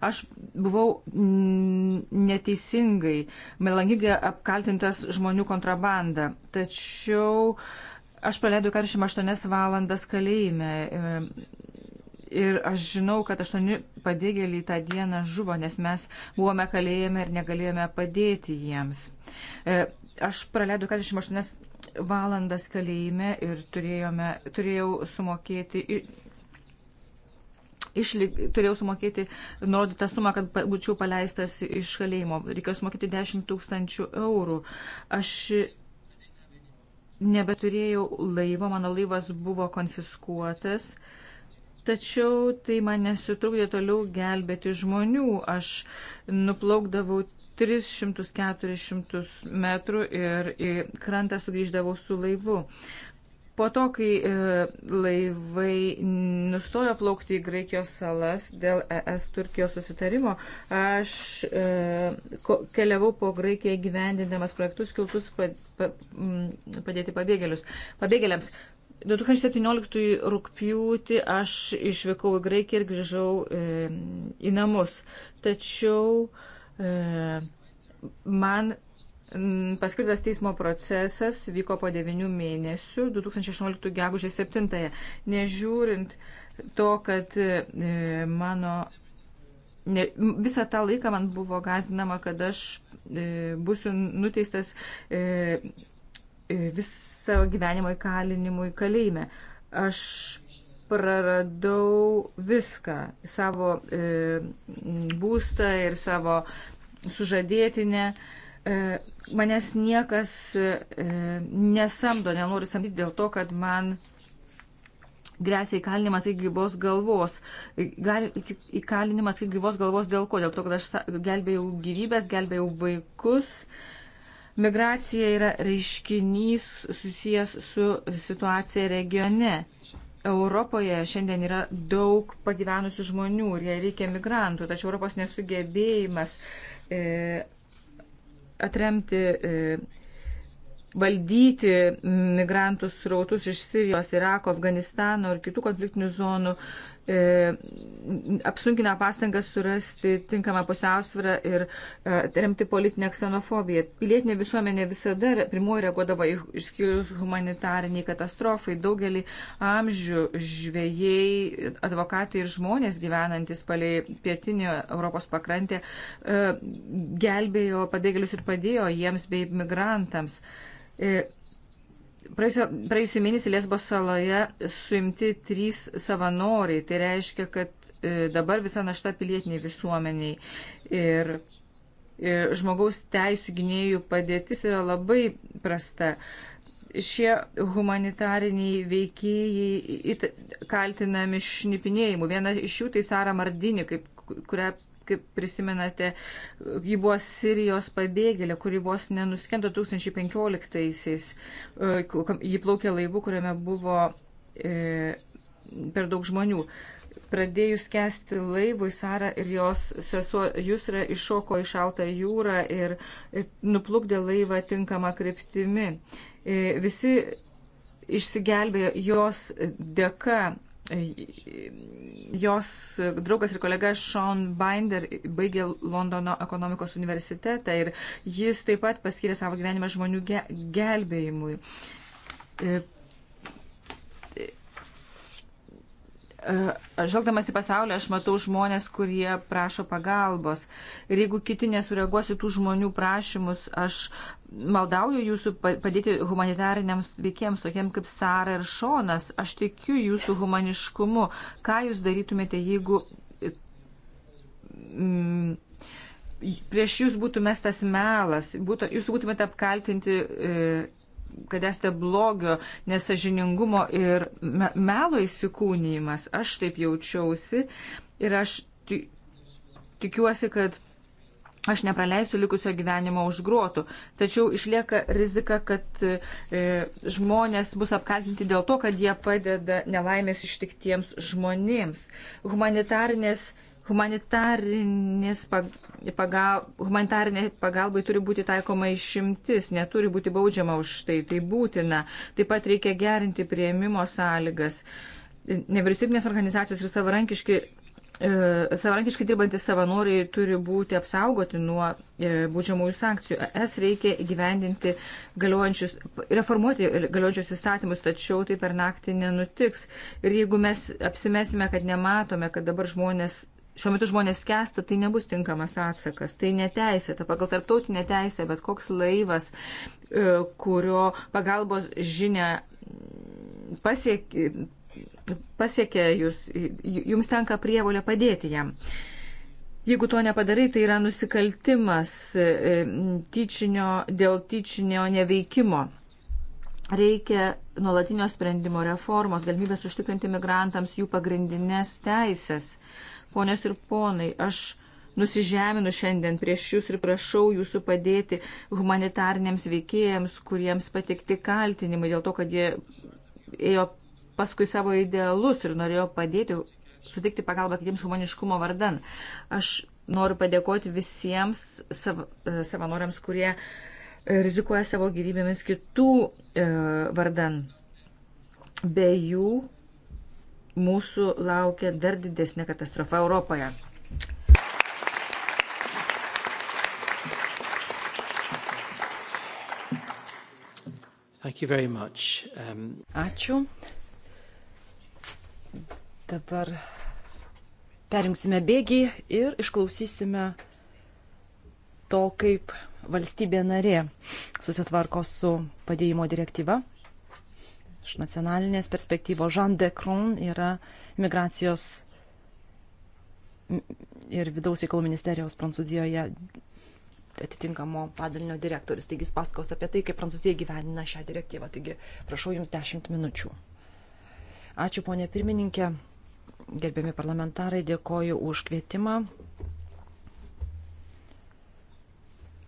Aš buvau neteisingai, melangingai apkaltintas žmonių kontrabandą. Tačiau Aš praleidau 48 valandas kalėjime. E, Ir aš žinau, kad aštuoni pabėgėliai tą dieną žuvo, nes mes buvome kalėjime ir negalėjome padėti jiems. E, aš praleidau 48 valandas kalėjime ir turėjome, turėjau sumokėti. Išlyg, turėjau sumokėti nurodytą sumą, kad būčiau paleistas iš kalėjimo. Reikėjo sumokėti 10 tūkstančių eurų. Aš nebeturėjau laivo, mano laivas buvo konfiskuotas. Uh, Tačiau tai mane sutrukdė toliau gelbėti žmonių. Aš nuplaukdavau 300-400 metrų ir į krantą sugrįždavau su laivu. Po to, kai e, laivai nustojo plaukti į Graikijos salas dėl ES Turkijos susitarimo, aš e, keliavau po Graikiją gyvendindamas projektus skiltus padėti pabėgėlius. pabėgėliams. 2017 rūpjūtį aš išvykau į Graikiją ir grįžau e, į namus. Tačiau e, man paskirtas teismo procesas vyko po 9 mėnesių 2018 gegužės 7-ąją. Nežiūrint to, kad e, mano. Ne, visą tą laiką man buvo gazinama, kad aš e, būsiu nuteistas e, e vis savo gyvenimo įkalinimui kalėjime. Aš praradau viską - savo e, būstą ir savo sužadėtinę. E, manęs niekas e, nesamdo, nenori samdyti dėl to, kad man grėsia įkalinimas iki gyvos galvos. Gal, įkalinimas iki gyvos galvos dėl ko? Dėl to, kad aš gelbėjau gyvybės, gelbėjau vaikus. E, Migracija yra reiškinys susijęs su situacija regione. Europoje šiandien yra daug pagyvenusių žmonių ir jie reikia migrantų, tačiau Europos nesugebėjimas e, atremti, e, valdyti migrantus srautus iš Sirijos, Irako, Afganistano ir kitų konfliktinių zonų e, apsunkina pastangas surasti tinkamą pusiausvyrą ir e, remti politinę ksenofobiją. Pilietinė visuomenė visada pirmoji reaguodavo į iškilus humanitariniai katastrofai. Daugelį amžių žvėjai, advokatai ir žmonės gyvenantis palei pietinio Europos pakrantę e, gelbėjo pabėgėlius ir padėjo jiems bei migrantams. E, Praėjusią mėnesį Lesbos saloje suimti trys savanoriai. Tai reiškia, kad e, dabar visa našta pilietiniai visuomeniai. Ir, ir e, žmogaus teisų gynėjų padėtis yra labai prasta. Šie humanitariniai veikėjai kaltinami šnipinėjimu. Viena iš jų tai Sara Mardini, kaip, kurią kaip prisimenate, ji buvo Sirijos pabėgėlė, kuri vos nenuskendo 2015-aisiais. E, ji plaukė laivu, kuriame buvo e, per daug žmonių. Pradėjus kesti laivui, Sara ir jos sesuo Jusra iššoko išautą jūrą ir nuplukdė laivą tinkamą kryptimi. E, visi išsigelbėjo jos dėka Jos draugas ir kolega Sean Binder baigė Londono ekonomikos universitetą ir jis taip pat paskyrė savo gyvenimą žmonių gelbėjimui. E, Žvelgdamas į pasaulį, aš matau žmonės, kurie prašo pagalbos. Ir jeigu kiti nesureaguosi tų žmonių prašymus, aš maldauju jūsų padėti humanitariniams veikiems, tokiem kaip Sara ir Šonas. Aš tikiu jūsų humaniškumu. Ką jūs darytumėte, jeigu mm, prieš jūs būtų mestas melas, būtų, jūs būtumėte apkaltinti. E, kad esate blogio, nesažiningumo ir me melo įsikūnymas. Aš taip jaučiausi ir aš tikiuosi, kad aš nepraleisiu likusio gyvenimo už grotų. Tačiau išlieka rizika, kad e, žmonės bus apkaltinti dėl to, kad jie padeda nelaimės ištiktiems žmonėms. Humanitarinės Pag, pagal, humanitarinė pagalbai turi būti taikoma išimtis, neturi būti baudžiama už tai, tai būtina. Taip pat reikia gerinti prieimimo sąlygas. Nevyriausybinės organizacijos ir savarankiški, e, savarankiškai dirbantis savanoriai turi būti apsaugoti nuo e, būdžiamųjų sankcijų. Es reikia įgyvendinti galiojančius, reformuoti galiojančius įstatymus, tačiau tai per naktį nenutiks. Ir jeigu mes apsimesime, kad nematome, kad dabar žmonės šiuo metu žmonės kesta, tai nebus tinkamas atsakas. Tai neteisėta. Pagal tarptautinę teisę, bet koks laivas, e, kurio pagalbos žinia pasiekė, pasiekė jūs, jums tenka prievolė padėti jam. Jeigu to nepadarai, tai yra nusikaltimas e, tyčinio, dėl tyčinio neveikimo reikia nuolatinio sprendimo reformos, galimybės užtikrinti migrantams jų pagrindinės teisės. Ponės ir ponai, aš nusižeminu šiandien prieš jūs ir prašau jūsų padėti humanitariniams veikėjams, kuriems patikti kaltinimai dėl to, kad jie ėjo paskui savo idealus ir norėjo padėti, sutikti pagalbą kitiems humaniškumo vardan. Aš noriu padėkoti visiems sav, e, savanoriams, kurie e, rizikuoja savo gyvybėmis kitų e, vardan. Be jų mūsų laukia dar didesnė katastrofa Europoje. Um... Ačiū. Dabar perimsime bėgį ir išklausysime to, kaip valstybė narė susitvarko su padėjimo direktyva iš nacionalinės perspektyvos. Jean de Cron yra migracijos ir vidaus reikalų ministerijos Prancūzijoje atitinkamo padalinio direktorius. Taigi jis pasakos apie tai, kaip Prancūzija gyvenina šią direktyvą. Taigi prašau Jums 10 minučių. Ačiū, ponė pirmininkė. Gerbiami parlamentarai, dėkoju už kvietimą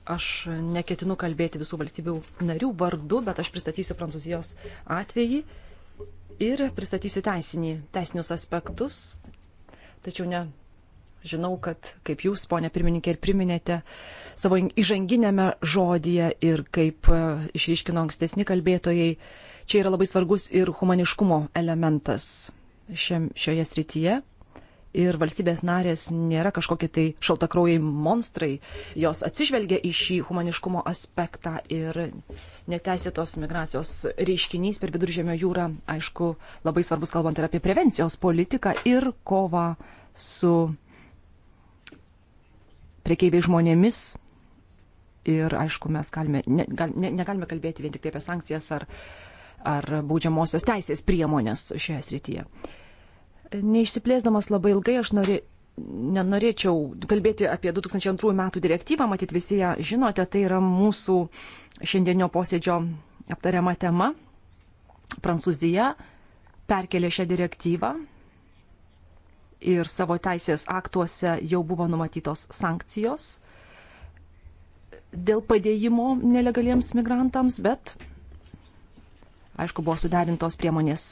Aš neketinu kalbėti visų valstybių narių vardu, bet aš pristatysiu Prancūzijos atvejį ir pristatysiu teisinį, teisinius aspektus. Tačiau ne, žinau, kad kaip jūs, ponė pirmininkė, ir priminėte savo įžanginėme žodyje ir kaip e, išryškino ankstesni kalbėtojai, čia yra labai svarbus ir humaniškumo elementas šiam, šioje srityje ir valstybės narės nėra kažkokie tai šaltakraujai monstrai, jos atsižvelgia į šį humaniškumo aspektą ir neteisėtos migracijos reiškinys per viduržėmio jūrą, aišku, labai svarbus kalbant ir apie prevencijos politiką ir kovą su priekeiviai žmonėmis. Ir aišku, mes galime, ne, gal, ne, negalime kalbėti vien tik tai apie sankcijas ar, ar baudžiamosios teisės priemonės šioje srityje. Uh, Neišsiplėsdamas labai ilgai, aš nori, nenorėčiau kalbėti apie 2002 metų direktyvą, matyt visi ją žinote, tai yra mūsų šiandienio posėdžio aptariama tema. Prancūzija perkelė šią direktyvą ir savo teisės aktuose jau buvo numatytos sankcijos dėl padėjimo nelegaliems migrantams, bet aišku, buvo sudarintos priemonės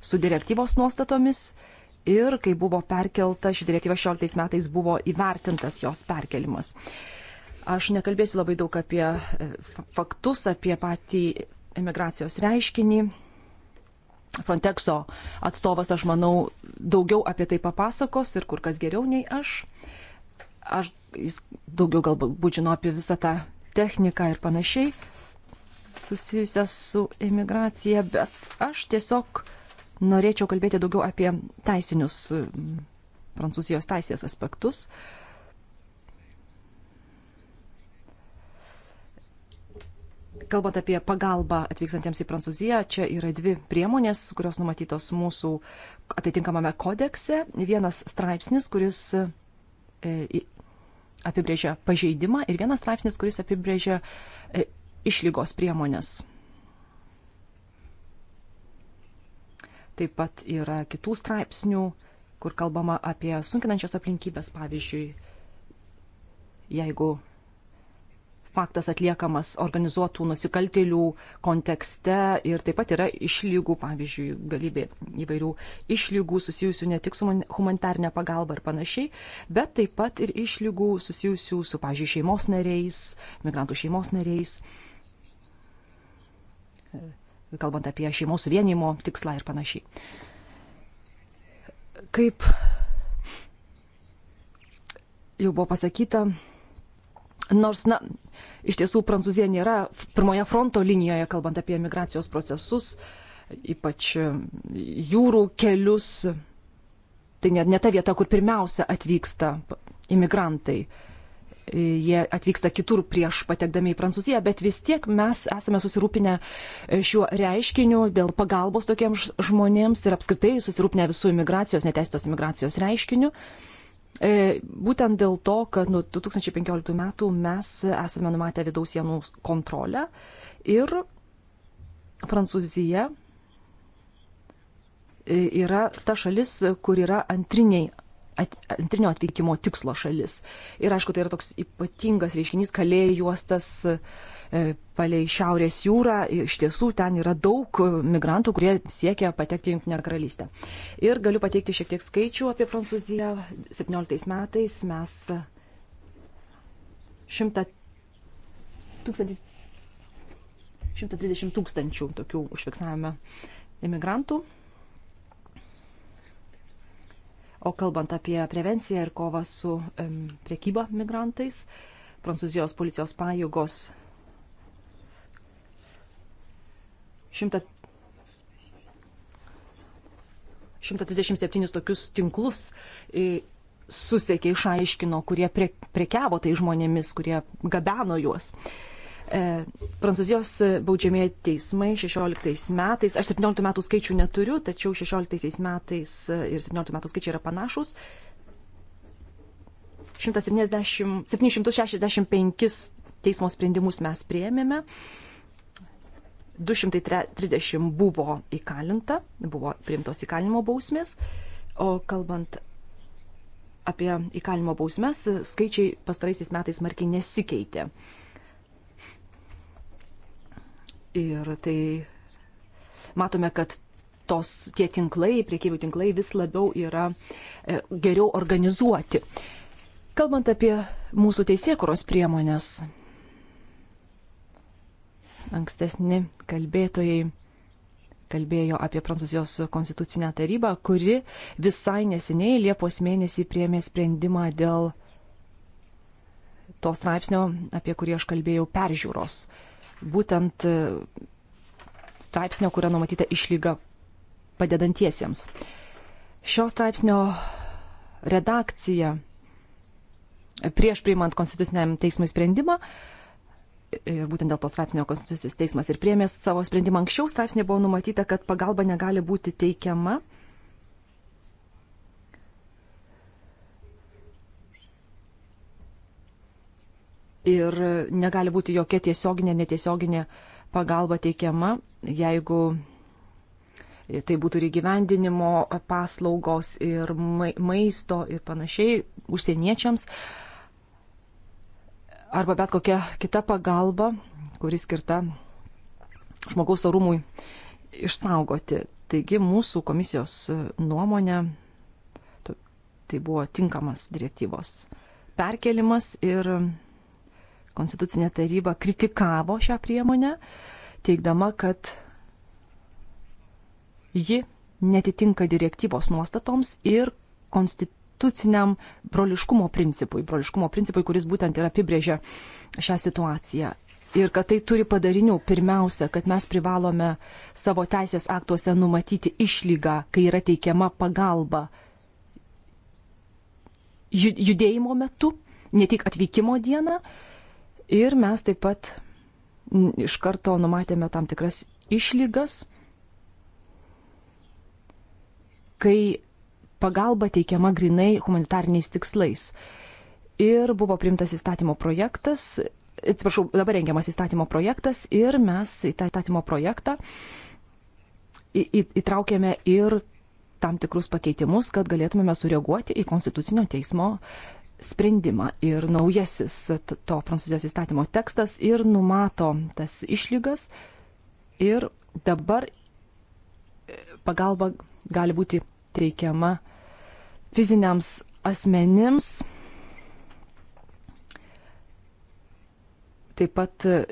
su direktyvos nuostatomis ir kai buvo perkelta ši direktyva 16 metais buvo įvertintas jos perkelimas. Aš nekalbėsiu labai daug apie e, faktus, apie patį emigracijos reiškinį. Frontexo atstovas, aš manau, daugiau apie tai papasakos ir kur kas geriau nei aš. Aš jis daugiau galbūt žino apie visą tą techniką ir panašiai susijusią su imigracija, bet aš tiesiog norėčiau kalbėti daugiau apie teisinius mm, Prancūzijos teisės aspektus. Kalbant apie pagalbą atvykstantiems į Prancūziją, čia yra dvi priemonės, kurios numatytos mūsų atitinkamame kodekse. Vienas straipsnis, kuris e, apibrėžia pažeidimą ir vienas straipsnis, kuris apibrėžia e, išlygos priemonės Taip pat yra kitų straipsnių, kur kalbama apie sunkinančias aplinkybės, pavyzdžiui, jeigu faktas atliekamas organizuotų nusikaltėlių kontekste ir taip pat yra išlygų, pavyzdžiui, galybė įvairių išlygų susijusių ne tik su humanitarnė pagalba ir panašiai, bet taip pat ir išlygų susijusių su, pavyzdžiui, šeimos nariais, migrantų šeimos nariais kalbant apie šeimos suvienimo tikslą ir panašiai. Kaip jau buvo pasakyta, nors, na, iš tiesų Prancūzija nėra pirmoje fronto linijoje, kalbant apie migracijos procesus, ypač e, jūrų kelius, tai ne, ne ta vieta, kur pirmiausia atvyksta imigrantai. Uh, jie atvyksta kitur prieš patekdami į Prancūziją, bet vis tiek mes esame susirūpinę e, šiuo reiškiniu dėl pagalbos tokiems žmonėms ir apskritai susirūpinę visų imigracijos, neteisėtos imigracijos reiškiniu. E, būtent dėl to, kad nuo 2015 metų mes esame numatę vidaus sienų kontrolę ir Prancūzija e, yra ta šalis, kur yra antriniai at, antrinio atvykimo tikslo šalis. Ir aišku, tai yra toks ypatingas reiškinys, kalėjų juostas e, palei Šiaurės jūrą. Iš tiesų, ten yra daug migrantų, kurie siekia patekti į Junktinę karalystę. Ir galiu pateikti šiek tiek skaičių apie Prancūziją. 17 metais mes 100 tūkstantį. 130 tūkstančių tokių užfiksavome imigrantų O kalbant apie prevenciją ir kovą su um, priekyba migrantais, Prancūzijos policijos pajėgos 100 137 tokius tinklus susekė, išaiškino, kurie prie, prekiavo tai žmonėmis, kurie gabeno juos. Uh, E, Prancūzijos baudžiamieji teismai 16 metais, aš 17 metų skaičių neturiu, tačiau 16 metais ir 17 metų skaičiai yra panašus. 170, 765 teismo sprendimus mes prieėmėme, 230 buvo įkalinta, buvo priimtos įkalinimo bausmės, o kalbant apie įkalinimo bausmes, skaičiai pastaraisiais metais markiai nesikeitė. Ir tai matome, kad tos, tie tinklai, priekybių tinklai vis labiau yra e, geriau organizuoti. Kalbant apie mūsų teisėkuros priemonės, ankstesni kalbėtojai kalbėjo apie Prancūzijos konstitucinę tarybą, kuri visai neseniai Liepos mėnesį priemė sprendimą dėl to straipsnio, apie kurį aš kalbėjau, peržiūros. E, būtent e, straipsnio, kurio numatyta išlyga padedantiesiems. Šio straipsnio redakcija prieš priimant konstituciniam teismui sprendimą ir būtent dėl to straipsnio konstitucinis teismas ir priemė savo sprendimą. Anksčiau straipsnė buvo numatyta, kad pagalba negali būti teikiama ir negali būti jokia tiesioginė, netiesioginė pagalba teikiama, jeigu tai būtų ir įgyvendinimo paslaugos ir maisto ir panašiai užsieniečiams arba bet kokia kita pagalba, kuri skirta žmogaus orumui išsaugoti. Taigi mūsų komisijos nuomonė tai buvo tinkamas direktyvos perkelimas ir Konstitucinė taryba kritikavo šią priemonę, teikdama, kad ji netitinka direktyvos nuostatoms ir konstituciniam broliškumo principui, broliškumo principui, kuris būtent ir apibrėžia šią situaciją. Ir kad tai turi padarinių, pirmiausia, kad mes privalome savo teisės aktuose numatyti išlygą, kai yra teikiama pagalba judėjimo metu, ne tik atvykimo dieną, Ir mes taip pat iš karto numatėme tam tikras išlygas, kai pagalba teikiama grinai humanitariniais tikslais. Ir buvo primtas įstatymo projektas, atsiprašau, dabar rengiamas įstatymo projektas ir mes į tą įstatymo projektą į, į, įtraukėme ir tam tikrus pakeitimus, kad galėtumėme sureaguoti į Konstitucinio teismo sprendimą. Ir naujasis to prancūzijos įstatymo tekstas ir numato tas išlygas. Ir dabar e, pagalba gali būti teikiama fiziniams asmenims. Taip pat e,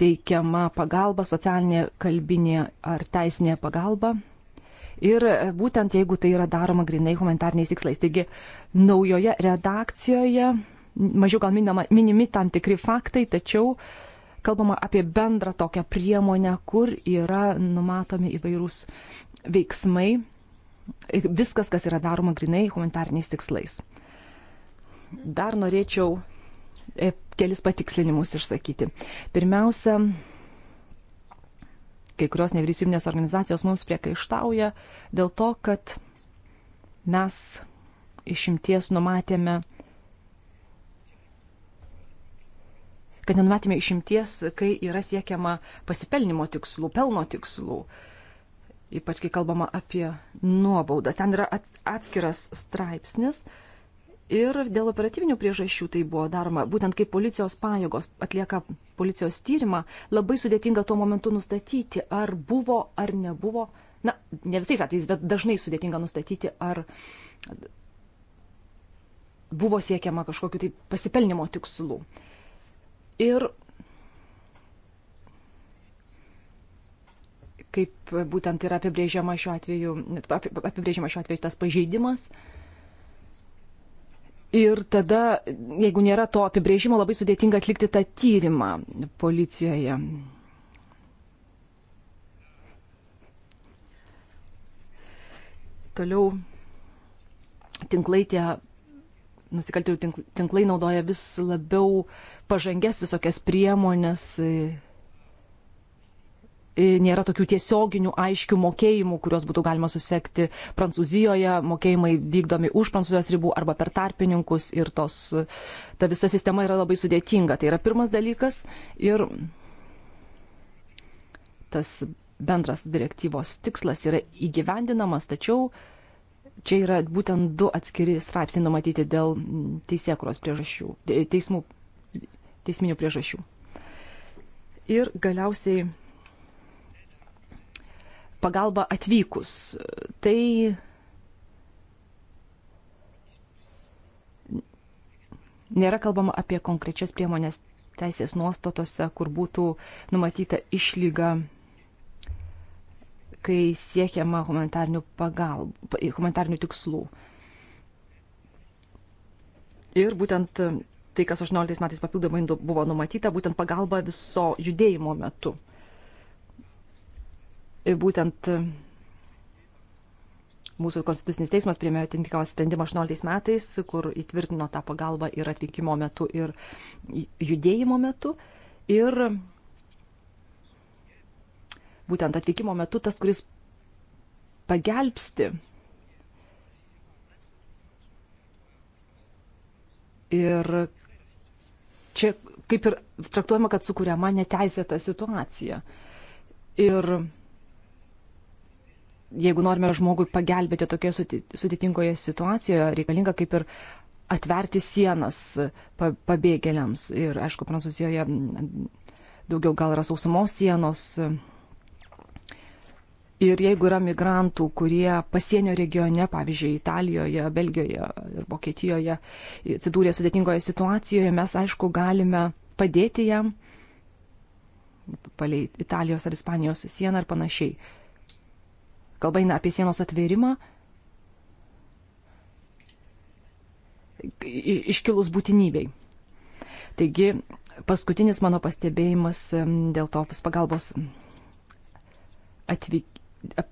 teikiama pagalba, socialinė, kalbinė ar teisinė pagalba ir e, būtent jeigu tai yra daroma grinai humanitarniais tikslais. Taigi naujoje redakcijoje mažiau gal minama, minimi tam tikri faktai, tačiau kalbama apie bendrą tokią priemonę, kur yra numatomi įvairūs veiksmai, viskas, kas yra daroma grinai humanitarniais tikslais. Dar norėčiau e, kelis patikslinimus išsakyti. Pirmiausia, kai kurios nevyriausybinės organizacijos mums priekaištauja dėl to, kad mes išimties numatėme, kad nenumatėme išimties, kai yra siekiama pasipelnimo tikslų, pelno tikslų, ypač kai kalbama apie nuobaudas. Ten yra atskiras straipsnis, ir dėl operatyvinių priežasčių tai buvo daroma. Būtent kai policijos pajėgos atlieka policijos tyrimą, labai sudėtinga tuo momentu nustatyti, ar buvo ar nebuvo. Na, ne visais atvejais, bet dažnai sudėtinga nustatyti, ar buvo siekiama kažkokiu tai pasipelnimo tikslu. Ir kaip būtent yra apibrėžiama šiuo atveju, apibrėžiama šiuo atveju tas pažeidimas, uh, Ir tada, jeigu nėra to apibrėžimo, labai sudėtinga atlikti tą tyrimą policijoje. Toliau tinklai tie nusikaltėlių tinklai naudoja vis labiau pažangės visokias priemonės, E, nėra tokių tiesioginių aiškių mokėjimų, kuriuos būtų galima susekti Prancūzijoje, mokėjimai vykdomi už Prancūzijos ribų arba per tarpininkus ir tos, ta visa sistema yra labai sudėtinga. Tai yra pirmas dalykas ir tas bendras direktyvos tikslas yra įgyvendinamas, tačiau čia yra būtent du atskiri straipsniai numatyti dėl teisėkuros priežasčių, teismų, teisminių priežasčių. Ir galiausiai pagalba atvykus. Tai nėra kalbama apie konkrečias priemonės teisės nuostatose, kur būtų numatyta išlyga, kai siekiama humanitarnių, pagalb, humanitarnių tikslų. Ir būtent tai, kas 18 metais papildomai nu-, buvo numatyta, būtent pagalba viso judėjimo metu būtent e, mūsų konstitucinis teismas priėmė atitinkamą sprendimą 18 metais, kur įtvirtino tą pagalbą ir atvykimo metu, ir judėjimo metu. Ir būtent atvykimo metu tas, kuris pagelbsti Ir čia kaip ir traktuojama, kad sukūriama neteisėta situacija. Ir jeigu norime žmogui pagelbėti tokioje sudėtingoje situacijoje, reikalinga kaip ir atverti sienas pabėgėliams. Ir aišku, Prancūzijoje daugiau gal yra sausumos sienos. Ir jeigu yra migrantų, kurie pasienio regione, pavyzdžiui, Italijoje, Belgijoje ir Vokietijoje atsidūrė sudėtingoje situacijoje, mes aišku galime padėti jam palei Italijos ar Ispanijos sieną ar panašiai kalba eina apie sienos atvėrimą, iškilus būtinybei. Taigi, paskutinis mano pastebėjimas dėl to pagalbos, atvyk,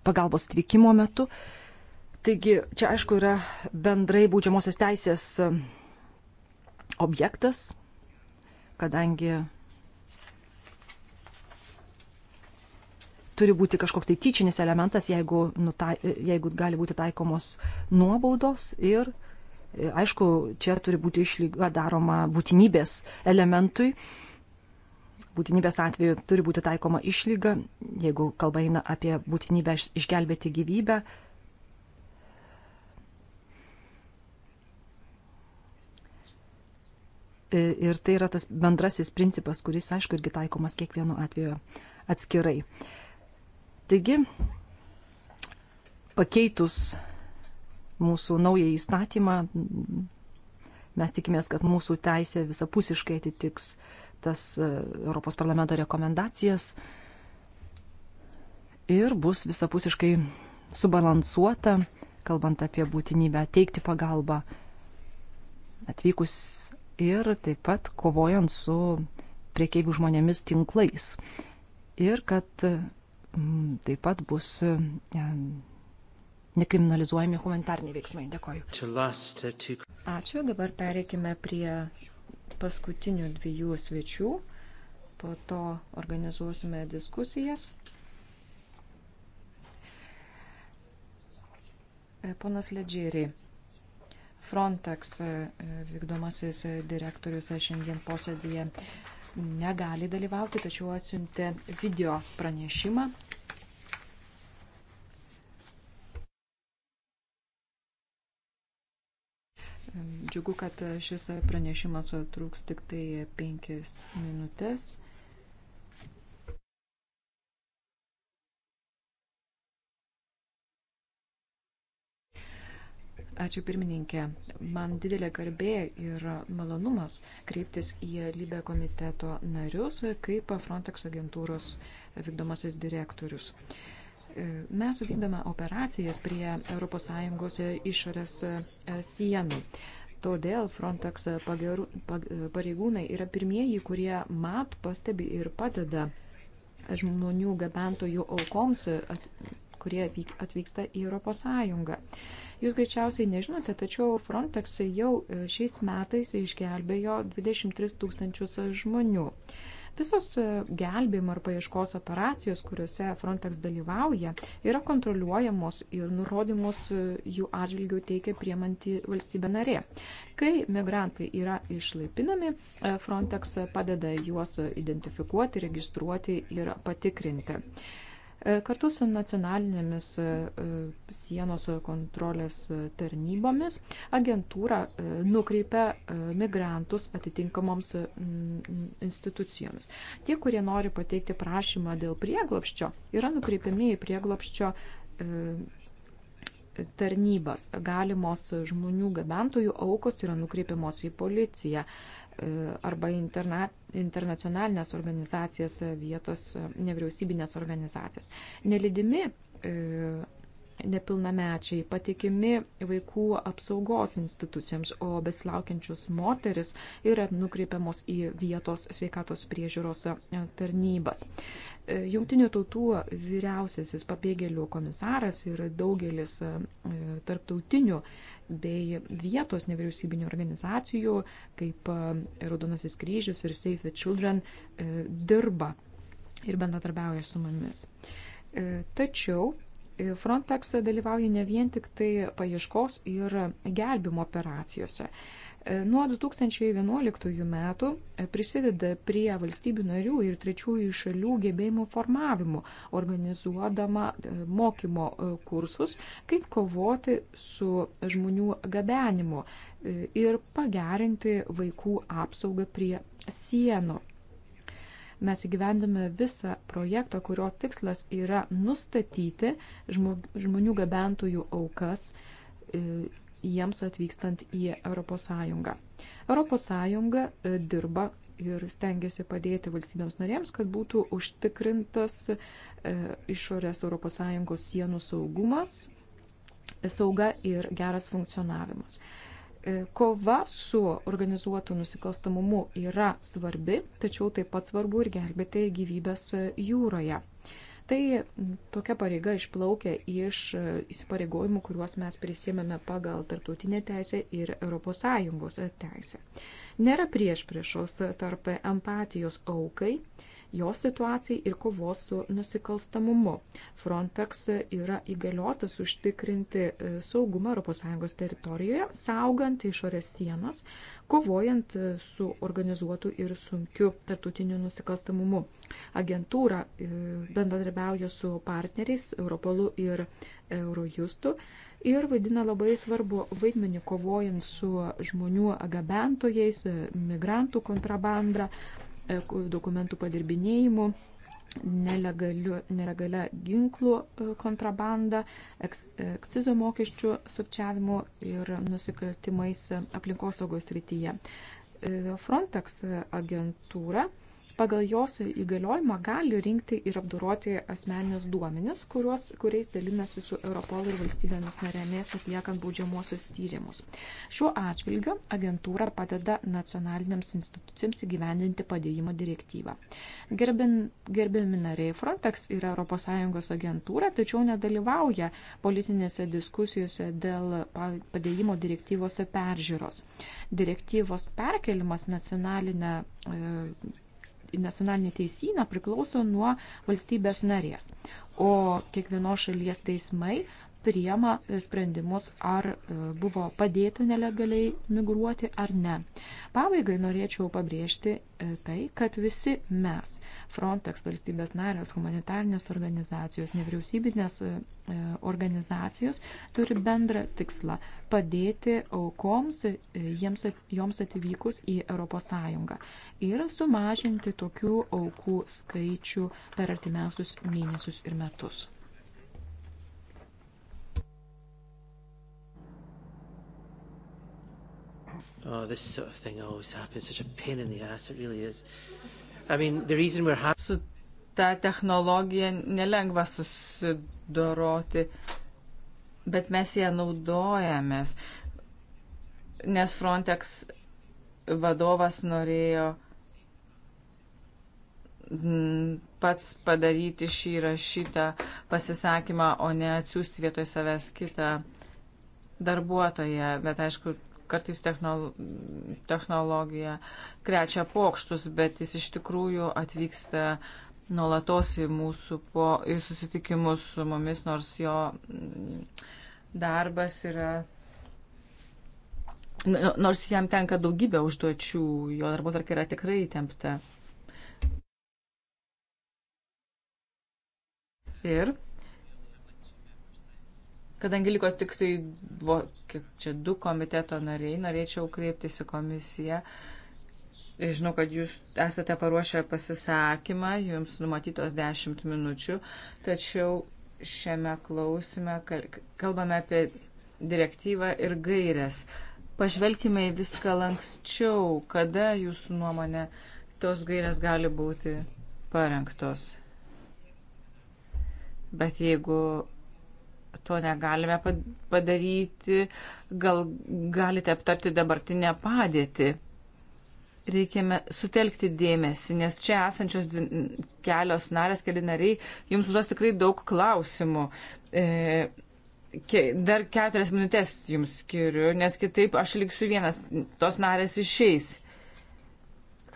pagalbos atvykimo metu. Taigi, čia aišku yra bendrai būdžiamosios teisės objektas, kadangi turi būti kažkoks tai tyčinis elementas, jeigu, nu, ta, jeigu gali būti taikomos nuobaudos ir e, aišku, čia turi būti išlyga daroma būtinybės elementui. Būtinybės atveju turi būti taikoma išlyga, jeigu kalba eina apie būtinybę išgelbėti gyvybę. E, ir tai yra tas bendrasis principas, kuris, aišku, irgi taikomas kiekvienu atveju atskirai. Uh, Taigi, pakeitus mūsų naują įstatymą, mes tikimės, kad mūsų teisė visapusiškai atitiks tas e, Europos parlamento rekomendacijas ir bus visapusiškai subalansuota, kalbant apie būtinybę teikti pagalbą atvykus ir taip pat kovojant su priekeivių žmonėmis tinklais. Ir kad Mm, taip pat bus e, nekriminalizuojami humanitarniai veiksmai. Dėkoju. Uh, Ačiū, dabar pereikime prie paskutinių dviejų svečių, po to organizuosime diskusijas. E, ponas Ledžėri, Frontex e, vykdomasis direktorius šiandien posėdėje negali dalyvauti, tačiau atsiuntė video pranešimą. Džiugu, kad šis pranešimas truks tik tai penkias minutės. Ačiū pirmininkė. Man didelė garbė ir malonumas kreiptis į Libę komiteto narius kaip Frontex agentūros vykdomasis direktorius. Mes vykdome operacijas prie ES išorės sienų. Todėl Frontex pagerų, pareigūnai yra pirmieji, kurie mat, pastebi ir padeda žmonių gabentojų aukoms, kurie atvyksta į ES. Jūs greičiausiai nežinote, tačiau Frontex jau e, šiais metais išgelbėjo 23 tūkstančius žmonių. Visos e, gelbėjimo ir paieškos operacijos, kuriuose Frontex dalyvauja, yra kontroliuojamos ir nurodymus e, jų atžvilgių teikia priemanti valstybė narė. Kai migrantai yra išlaipinami, Frontex padeda juos identifikuoti, registruoti ir patikrinti. E, kartu su nacionalinėmis e, e, sienos kontrolės tarnybomis agentūra nukreipia migrantus atitinkamoms institucijoms. Tie, kurie nori pateikti prašymą dėl prieglopščio, yra nukreipiami į prieglopščio tarnybas. Galimos žmonių gabentojų aukos yra nukreipiamos į policiją arba interna, internacionalinės organizacijas, vietos nevyriausybinės organizacijas. Nelidimi e, nepilnamečiai patikimi vaikų apsaugos institucijoms, o besilaukiančius moteris yra nukreipiamos į vietos sveikatos priežiūros e, tarnybas. E, Jungtinių tautų vyriausiasis pabėgėlių komisaras ir daugelis e, tarptautinių bei vietos nevyriausybinių organizacijų, kaip Raudonasis kryžius ir Save the Children, dirba ir bendradarbiauja su mumis. Tačiau Frontex dalyvauja ne vien tik tai paieškos ir gelbimo operacijose. E, nuo 2011 metų prisideda prie valstybių narių ir trečiųjų šalių gebėjimų formavimo, organizuodama e, mokymo e, kursus, kaip kovoti su žmonių gabenimu ir pagerinti vaikų apsaugą prie sienų mes įgyvendame visą projektą, kurio tikslas yra nustatyti žmonių gabentojų aukas e, jiems atvykstant į ES. ES e, dirba ir stengiasi padėti valstybėms narėms, kad būtų užtikrintas e, išorės ES sienų saugumas, sauga ir geras funkcionavimas. E, kova su organizuotu nusikalstamumu yra svarbi, tačiau taip pat svarbu ir gelbėti gyvybės jūroje. Tai tokia pareiga išplaukia iš e, įsipareigojimų, kuriuos mes prisėmėme pagal tarptautinę teisę ir ES teisę. Nėra prieš priešos tarp empatijos aukai jos situacijai ir kovos su nusikalstamumu. Frontex yra įgaliotas užtikrinti e, saugumą ES teritorijoje, saugant išorės sienas, kovojant e, su organizuotu ir sunkiu tartutiniu nusikalstamumu. Agentūra e, bendradarbiauja su partneriais Europolu ir Eurojustu ir vaidina labai svarbu vaidmenį kovojant su žmonių gabentojais, migrantų kontrabanda, E, dokumentų padirbinėjimu, nelegalia ginklų e, kontrabanda, akcizo mokesčių sukčiavimu ir nusikaltimais aplinkosaugos rytyje. E, Frontex agentūra pagal jos įgaliojimą gali rinkti ir apdoroti asmeninius duomenis, kuriuos, kuriais dalinasi su Europol ir valstybėmis narėmis atliekant baudžiamuosius tyrimus. Šiuo atžvilgiu agentūra padeda nacionalinėms institucijams įgyvendinti padėjimo direktyvą. Gerbin, gerbimi nariai, Frontex yra ES agentūra, tačiau nedalyvauja politinėse diskusijose dėl padėjimo direktyvos peržiūros. Direktyvos perkelimas nacionalinę e, nacionalinį teisyną priklauso nuo valstybės narės, o kiekvienos šalies teismai priema sprendimus, ar e, buvo padėta nelegaliai migruoti ar ne. Pabaigai norėčiau pabrėžti e, tai, kad visi mes, Frontex valstybės narės, humanitarnės organizacijos, nevyriausybinės e, organizacijos, turi bendrą tikslą - padėti aukoms, jiems, joms atvykus į ES ir sumažinti tokių aukų skaičių per artimiausius mėnesius ir metus. Oh, this sort of thing always happens. Such a pain in the ass, it really is. I mean, the reason we're happy... Su ta technologija nelengva susidoroti, bet mes ją naudojamės, nes Frontex vadovas norėjo mm, pats padaryti šį rašytą pasisakymą, o ne atsiųsti vietoj savęs kitą darbuotoją, bet aišku, kartais technolo, technologija krečia pokštus, bet jis iš tikrųjų atvyksta nuolatos į mūsų po, į susitikimus su mumis, nors jo mm, darbas yra. Nors jam tenka daugybė užduočių, jo darbo tarka yra tikrai įtempta. Ir Kadangi liko tik tai, vo, kaip čia, du komiteto nariai, norėčiau kreiptis į komisiją. Žinau, kad jūs esate paruošę pasisakymą, jums numatytos 10 minučių, tačiau šiame klausime kalbame apie direktyvą ir gairias. Pažvelkime į viską lankščiau, kada jūsų nuomonė tos gairias gali būti parengtos. Bet jeigu to negalime padaryti, gal galite aptarti dabartinę padėtį. Reikime sutelkti dėmesį, nes čia esančios kelios narės, keli nariai, jums užduos tikrai daug klausimų. E, dar keturias minutės jums skiriu, nes kitaip aš liksiu vienas, tos narės išeis.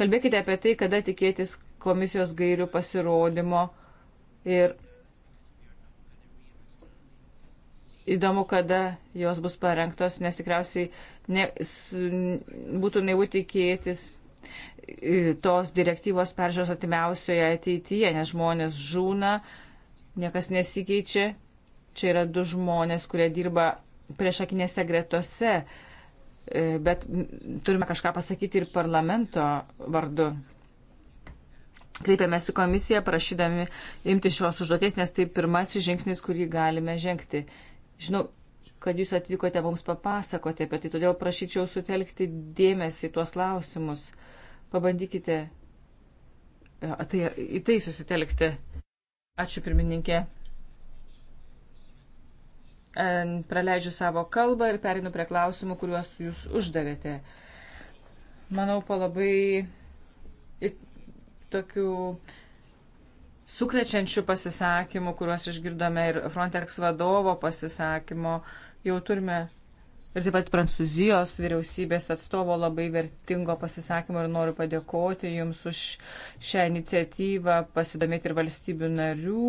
Kalbėkite apie tai, kada tikėtis komisijos gairių pasirodymo ir įdomu, kada jos bus parengtos, nes tikriausiai ne, s, būtų naivu tikėtis e, tos direktyvos peržiūros atimiausioje ateityje, nes žmonės žūna, niekas nesikeičia. Čia yra du žmonės, kurie dirba prieš akinėse gretose, e, bet turime kažką pasakyti ir parlamento vardu. Kreipiamės į komisiją prašydami imti šios užduoties, nes tai pirmasis žingsnis, kurį galime žengti. Žinau, kad jūs atvykote mums papasakoti apie tai, todėl prašyčiau sutelkti dėmesį tuos klausimus. Pabandykite e, tai, į tai susitelkti. Ačiū pirmininkė. Praleidžiu savo kalbą ir perinu prie klausimų, kuriuos jūs uždavėte. Manau, po labai tokių uh, sukrečiančių pasisakymų, kuriuos išgirdome ir Frontex vadovo pasisakymo, jau turime ir taip pat Prancūzijos vyriausybės atstovo labai vertingo pasisakymo ir noriu padėkoti Jums už šią iniciatyvą, pasidomėti ir valstybių narių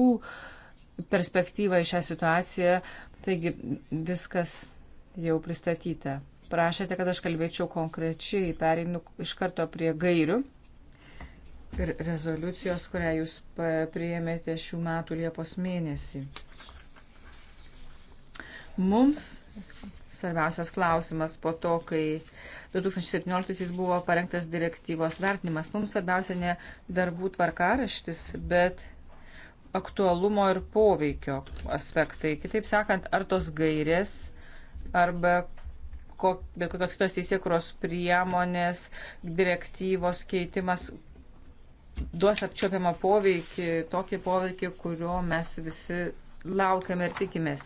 perspektyvą į šią situaciją. Taigi viskas jau pristatyta. Prašėte, kad aš kalbėčiau konkrečiai, pereinu iš karto prie gairių ir rezoliucijos, kurią jūs priėmėte šių metų Liepos mėnesį. Mums svarbiausias klausimas po to, kai 2017-aisiais buvo parengtas direktyvos vertinimas. Mums svarbiausia ne darbų tvarkaraštis, bet aktualumo ir poveikio aspektai. Kitaip sakant, ar tos gairės, arba bet kokios kitos teisėkuros priemonės, direktyvos keitimas duos apčiopiamą poveikį, tokį poveikį, kurio mes visi laukiame ir tikimės.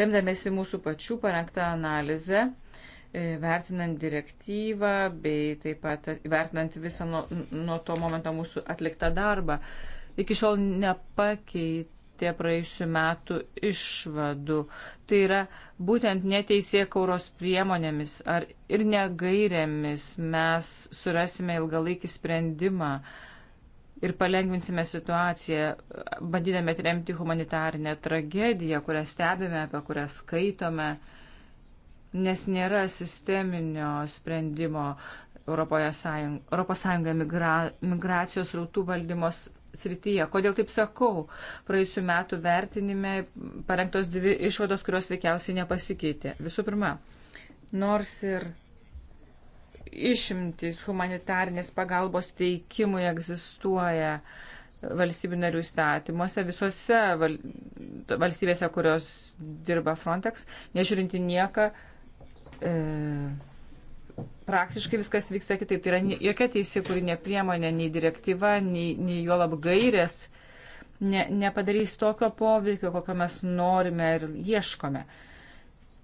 Remdamėsi mūsų pačių parengtą analizę, e, vertinant direktyvą bei taip pat vertinant visą nuo, nuo to momento mūsų atliktą darbą, iki šiol nepakeitė praėjusiu metu išvadų. Tai yra būtent neteisėkauros priemonėmis ar ir negairėmis mes surasime ilgalaikį sprendimą uh, ir palengvinsime situaciją, bandydami atremti humanitarinę tragediją, kurią stebime, apie kurią skaitome, nes nėra sisteminio sprendimo Europoje sąjung, Europos Sąjunga migra, migracijos rautų valdymos srityje. Kodėl taip sakau? Praėjusiu metu vertinime parengtos dvi išvados, kurios veikiausiai nepasikeitė. Visų pirma, nors ir išimtys humanitarnės pagalbos teikimui egzistuoja valstybių narių įstatymuose, visose val, valstybėse, kurios dirba Frontex, nežiūrinti nieką, e, praktiškai viskas vyksta kitaip. Tai yra jokia teisė, kuri nepriemonė, nei direktyva, nei, nei jo lab gairės ne, nepadarys tokio poveikio, kokio mes norime ir ieškome.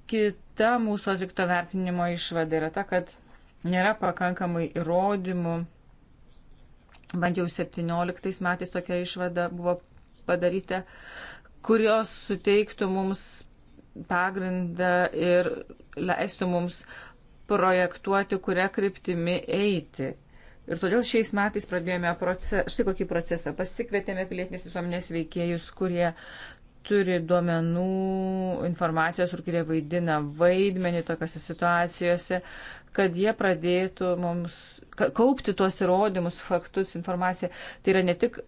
Kita mūsų atlikto vertinimo išvada yra ta, kad Nėra pakankamai įrodymų. Bent jau 17 metais tokia išvada buvo padaryta, kurios suteiktų mums pagrindą ir leistų mums projektuoti, kurią kryptimi eiti. Ir todėl šiais metais pradėjome procesą, štai kokį procesą, pasikvietėme pilietinės visuomenės veikėjus, kurie turi duomenų, informacijos ir kurie vaidina vaidmenį tokiose situacijose, kad jie pradėtų mums kaupti tuos įrodymus, faktus, informaciją. Tai yra ne tik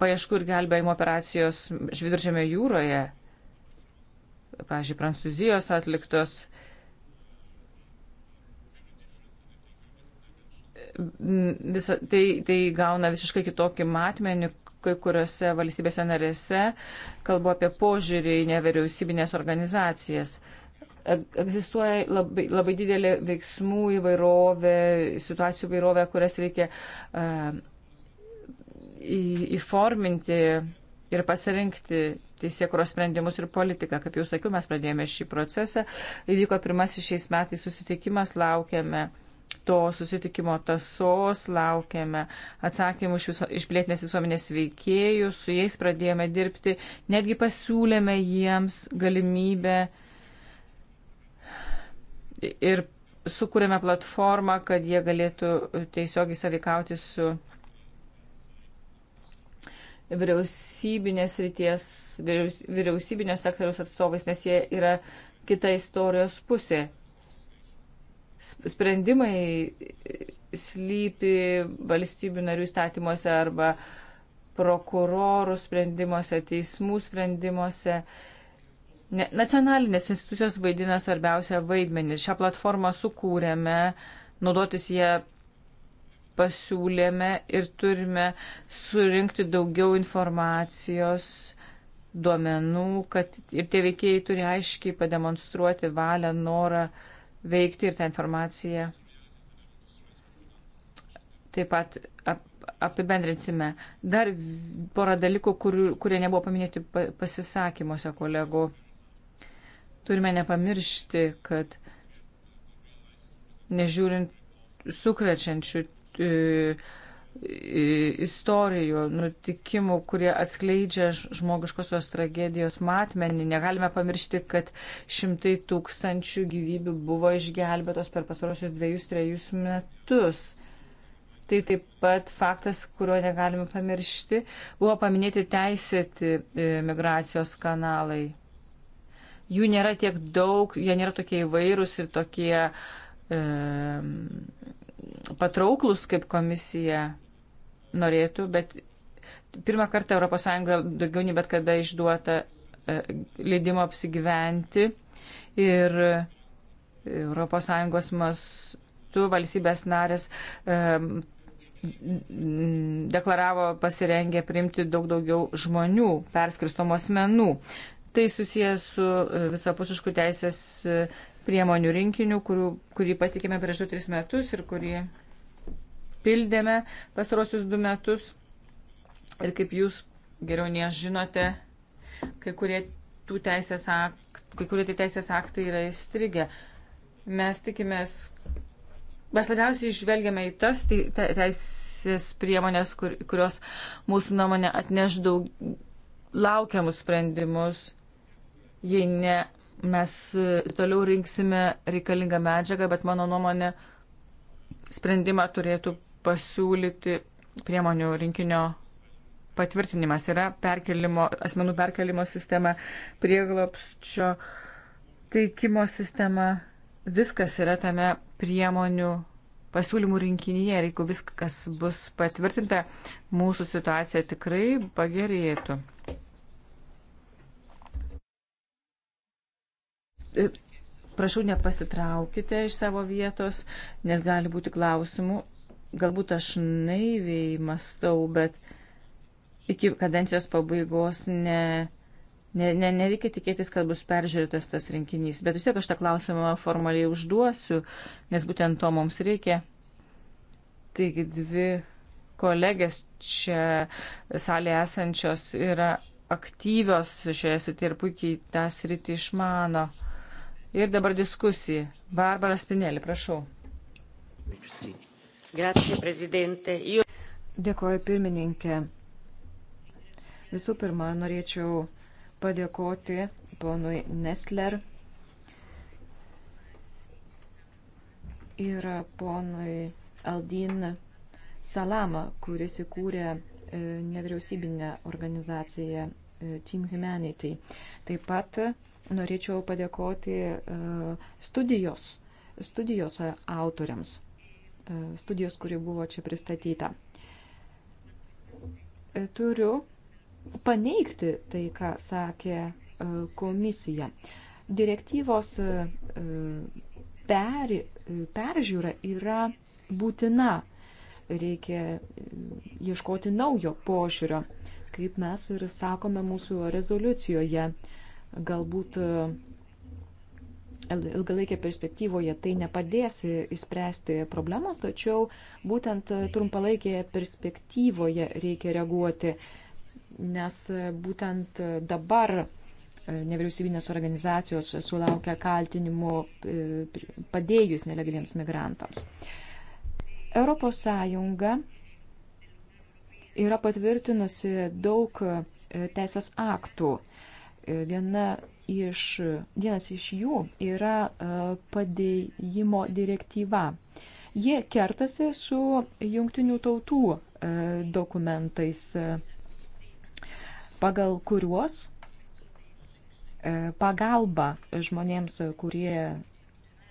paieškų ir gelbėjimo operacijos Žviduržėme jūroje, pažiūrėjau, Prancūzijos atliktos. Visa, tai, tai gauna visiškai kitokį matmenį, kai kuriuose valstybėse narėse, kalbu apie požiūrį į nevyriausybinės organizacijas. Uh, egzistuoja labai, labai didelė veiksmų įvairovė, situacijų įvairovė, kurias reikia uh, į, įforminti ir pasirinkti teisėkuros sprendimus ir politiką. Kaip jau sakiau, mes pradėjome šį procesą, įvyko pirmasis šiais metais susitikimas, laukiame to susitikimo tasos, laukiame atsakymų iš, viso, iš plėtinės visuomenės veikėjų, su jais pradėjome dirbti, netgi pasiūlėme jiems galimybę uh, ir sukūrėme platformą, kad jie galėtų tiesiogiai savikauti su vyriausybinės ryties, vyriaus, vyriausybinio sektoriaus atstovais, nes jie yra kita istorijos pusė. Sprendimai slypi valstybių narių įstatymuose arba prokurorų sprendimuose, teismų sprendimuose. Uh, Nacionalinės institucijos vaidina svarbiausią vaidmenį. Šią platformą sukūrėme, naudotis ją pasiūlėme ir turime surinkti daugiau informacijos duomenų, kad ir tie veikėjai turi aiškiai pademonstruoti valią, norą veikti ir tą informaciją. Taip pat apibendrinsime. Dar porą dalykų, kur, kurie nebuvo paminėti pasisakymuose kolegų. Turime nepamiršti, kad nežiūrint sukrečiančių e, e, istorijų, nutikimų, kurie atskleidžia žmogiškosios tragedijos matmenį. Negalime pamiršti, kad šimtai tūkstančių gyvybių buvo išgelbėtos per pasarosius dviejus, trejus metus. Tai taip pat faktas, kurio negalime pamiršti, buvo paminėti teisėti e, migracijos kanalai jų nėra tiek daug, jie nėra tokie įvairūs ir tokie e, patrauklus, kaip komisija norėtų, bet pirmą kartą ES daugiau nei bet kada išduota e, leidimo apsigyventi ir ES mastu valstybės narės e, deklaravo pasirengę priimti daug daugiau žmonių, perskirstomų asmenų. Tai susijęs su e, visapusišku teisės e, priemonių rinkiniu, kurių, kurį patikėme prieš du tris metus ir kurį pildėme pastarosius du metus. Ir kaip jūs geriau nežinote, kai kurie, teisės akt, kai kurie tai teisės aktai yra įstrigę. Mes tikimės, mes labiausiai išvelgiame į tas te, te, teisės priemonės, kur, kurios mūsų nuomonė atneš daug laukiamus sprendimus jei ne, mes e, toliau rinksime reikalingą medžiagą, bet mano nuomonė sprendimą turėtų pasiūlyti priemonių rinkinio patvirtinimas. Yra perkelimo, asmenų perkelimo sistema, prieglopščio teikimo sistema. Viskas yra tame priemonių pasiūlymų rinkinyje ir jeigu viskas bus patvirtinta, mūsų situacija tikrai pagerėtų. E, prašau, nepasitraukite iš savo vietos, nes gali būti klausimų. Galbūt aš naiviai mastau, bet iki kadencijos pabaigos ne, ne, ne, nereikia tikėtis, kad bus peržiūrėtas tas rinkinys. Bet vis tiek aš tą klausimą formaliai užduosiu, nes būtent to mums reikia. Taigi dvi kolegės čia salėje esančios yra aktyvios šioje srityje ir puikiai tą sritį išmano. Ir dabar diskusija. Barbara Spinelį, prašau. Grazie, prezidente. Dėkoju, pirmininkė. Visų pirma, norėčiau padėkoti ponui Nestler ir ponui Aldin Salama, kuris įkūrė e, nevyriausybinę organizaciją e, Team Humanity. Taip pat Norėčiau padėkoti e, studijos, studijos autoriams, e, studijos, kuri buvo čia pristatyta. E, turiu paneigti tai, ką sakė komisija. Direktyvos per, peržiūra yra būtina. Reikia ieškoti naujo požiūrio, kaip mes ir sakome mūsų rezoliucijoje galbūt e, ilgalaikė perspektyvoje tai nepadės įspręsti problemos, tačiau būtent e, trumpalaikėje perspektyvoje reikia reaguoti, nes e, būtent dabar nevyriausybinės organizacijos sulaukia kaltinimų padėjus nelegaliems migrantams. ES yra patvirtinusi daug teisės aktų Viena iš, vienas iš jų yra e, padėjimo direktyva. Jie kertasi su jungtinių tautų e, dokumentais, e, pagal kuriuos pagalba žmonėms, kurie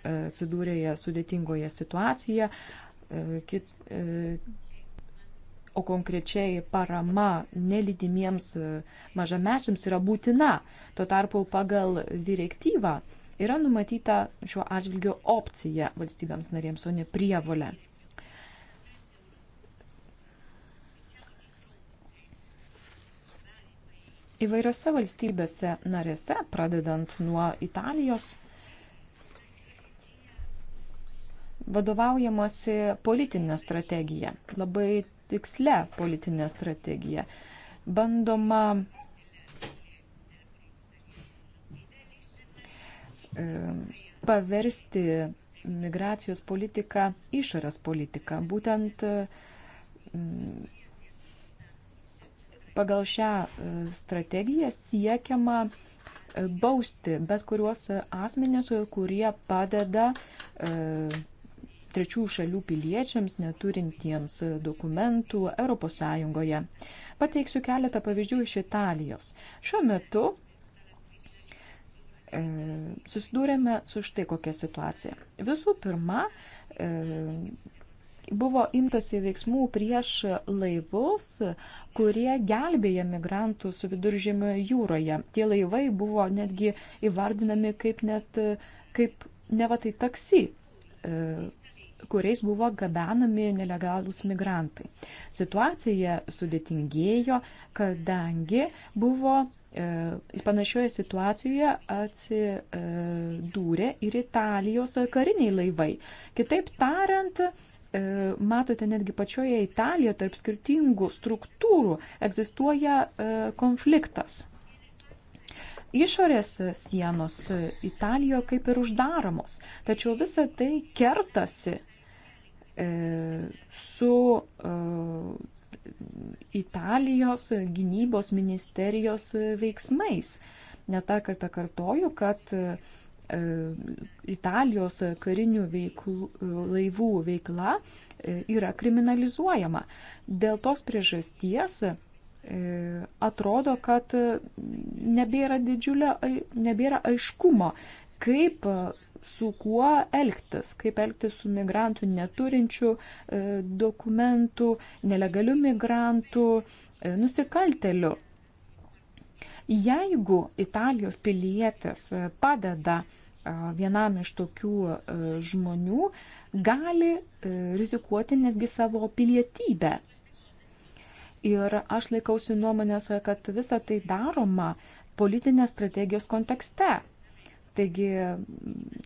atsidūrė sudėtingoje situacijoje, o konkrečiai parama nelydimiems e, mažamečiams yra būtina. Tuo tarpu pagal direktyvą yra numatyta šiuo atžvilgiu opcija valstybėms narėms, o ne prievolė. Įvairiose valstybėse narėse, pradedant nuo Italijos, vadovaujamasi politinė strategija. Labai tikslę politinę strategiją. Bandoma e, paversti migracijos politiką išorės politiką. Būtent e, pagal šią e, strategiją siekiama bausti bet kuriuos asmenys, kurie padeda trečių šalių piliečiams neturintiems dokumentų ES. Pateiksiu keletą pavyzdžių iš Italijos. Šiuo metu e, susidūrėme su štai kokia situacija. Visų pirma, e, buvo imtasi veiksmų prieš laivus, kurie gelbėja migrantus viduržėmio jūroje. Tie laivai buvo netgi įvardinami kaip net kaip nevatai taksi e, kuriais buvo gabenami nelegalūs migrantai. Situacija sudėtingėjo, kadangi buvo e, panašioje situacijoje atsidūrė ir Italijos kariniai laivai. Kitaip tariant, e, matote, netgi pačioje Italijoje tarp skirtingų struktūrų egzistuoja e, konfliktas. Išorės sienos Italijoje kaip ir uždaromos, tačiau visa tai kertasi E, su e, Italijos gynybos ministerijos veiksmais. Nes dar kartą kartoju, kad e, Italijos karinių veiklų, laivų veikla yra kriminalizuojama. Dėl tos priežasties atrodo, kad nebėra didžiulio, nebėra aiškumo, kaip su kuo elgtis, kaip elgtis su migrantų neturinčių e, dokumentų, nelegalių migrantų, e, nusikaltelių. Jeigu Italijos pilietis e, padeda vienam iš tokių žmonių, gali rizikuoti netgi savo pilietybę. Ir aš laikausi nuomonės, kad visa tai daroma politinės strategijos kontekste. Taigi,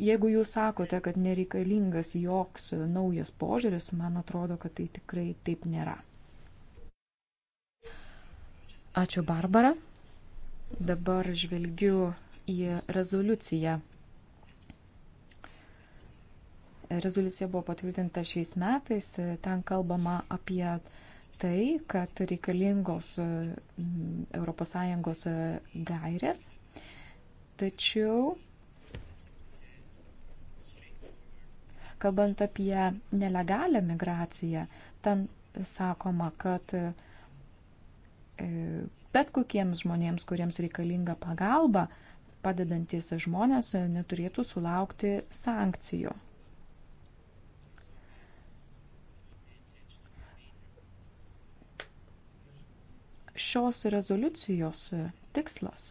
jeigu jūs sakote, kad nereikalingas joks naujas požiūris, man atrodo, kad tai tikrai taip nėra. Ačiū, Barbara. Dabar žvelgiu į rezoliuciją. Rezoliucija buvo patvirtinta šiais metais. Ten kalbama apie tai, kad reikalingos mm, ES gairės. Tačiau Kalbant apie nelegalią migraciją, ten sakoma, kad e, bet kokiems žmonėms, kuriems reikalinga pagalba, padedantis žmonės e, neturėtų sulaukti sankcijų. Šios rezoliucijos tikslas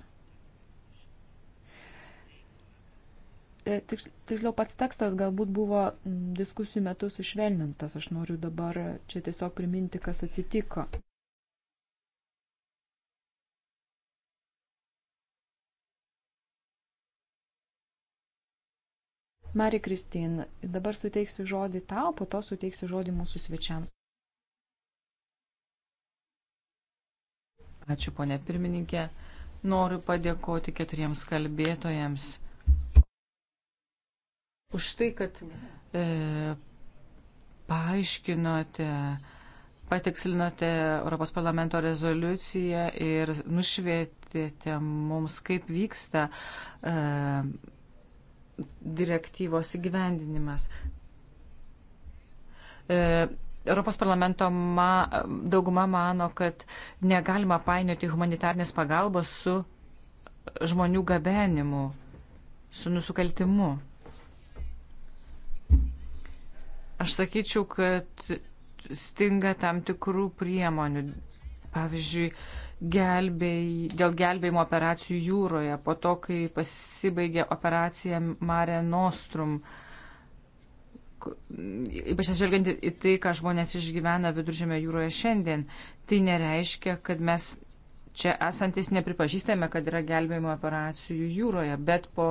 E, tiksliau pats tekstas galbūt buvo diskusijų metu sušvelnintas. Aš noriu dabar čia tiesiog priminti, kas atsitiko. Mari Kristin, dabar suteiksiu žodį tau, po to suteiksiu žodį mūsų svečiams. Ačiū, ponė pirmininkė. Noriu padėkoti keturiems kalbėtojams už tai, kad e, paaiškinote, patikslinote Europos parlamento rezoliuciją ir nušvietėte mums, kaip vyksta e, direktyvos įgyvendinimas. E, Europos parlamento ma, dauguma mano, kad negalima painioti humanitarnės pagalbos su žmonių gabenimu, su nusikaltimu. Aš sakyčiau, kad stinga tam tikrų priemonių. Pavyzdžiui, gelbėj, dėl gelbėjimo operacijų jūroje, po to, kai pasibaigė operacija Mare Nostrum, ypač atsižvelgiant į tai, ką žmonės išgyvena viduržėme jūroje šiandien, tai nereiškia, kad mes čia esantis nepripažįstame, kad yra gelbėjimo operacijų jūroje, bet po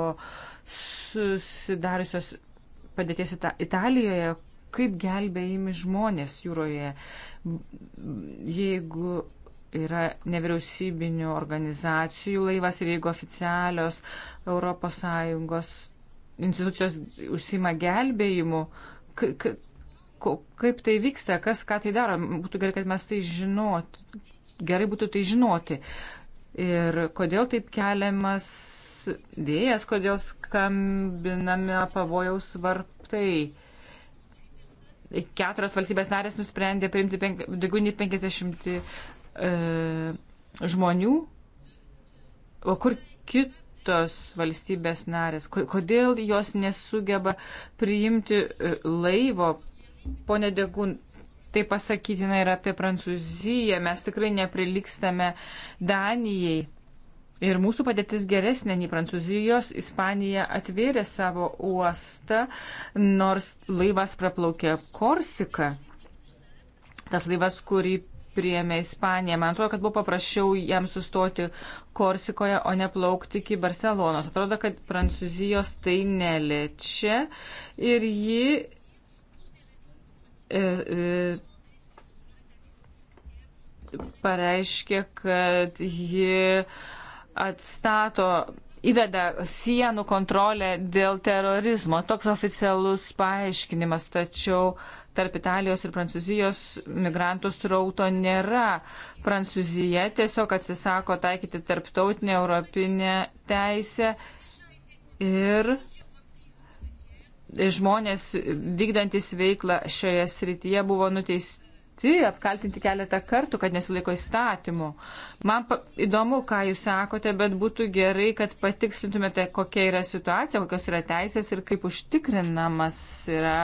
susidariusios padėties Italijoje, kaip gelbėjami žmonės jūroje, jeigu yra nevyriausybinių organizacijų laivas ir jeigu oficialios ES institucijos užsima gelbėjimu, kaip tai vyksta, kas ką tai daro, būtų gerai, kad mes tai žinoti, gerai būtų tai žinoti. Ir kodėl taip keliamas vėjas, kodėl skambiname pavojaus varpai keturios valstybės narės nusprendė priimti penk, daugiau nei 50 e, žmonių. O kur kitos valstybės narės? Kodėl jos nesugeba priimti e, laivo? Pone Degun, tai pasakytina ir apie Prancūziją. Mes tikrai neprilykstame Danijai Ir mūsų padėtis geresnė nei Prancūzijos. Ispanija atvėrė savo uostą, nors laivas praplaukė Korsika. Tas laivas, kurį priėmė Ispanija. Man atrodo, kad buvo paprasčiau jam sustoti Korsikoje, o ne plaukti iki Barcelonos. Atrodo, kad Prancūzijos tai neliečia ir ji. E, e, pareiškė, kad ji atstato, įveda sienų kontrolę dėl terorizmo. Toks oficialus paaiškinimas, tačiau tarp Italijos ir Prancūzijos migrantų srauto nėra. Prancūzija tiesiog atsisako taikyti tarptautinę europinę teisę ir žmonės vykdantis veiklą šioje srityje buvo nuteis, apkalti, apkaltinti keletą kartų, kad nesilaiko įstatymų. Man įdomu, ką jūs sakote, bet būtų gerai, kad patikslintumėte, kokia yra situacija, kokios yra teisės ir kaip užtikrinamas yra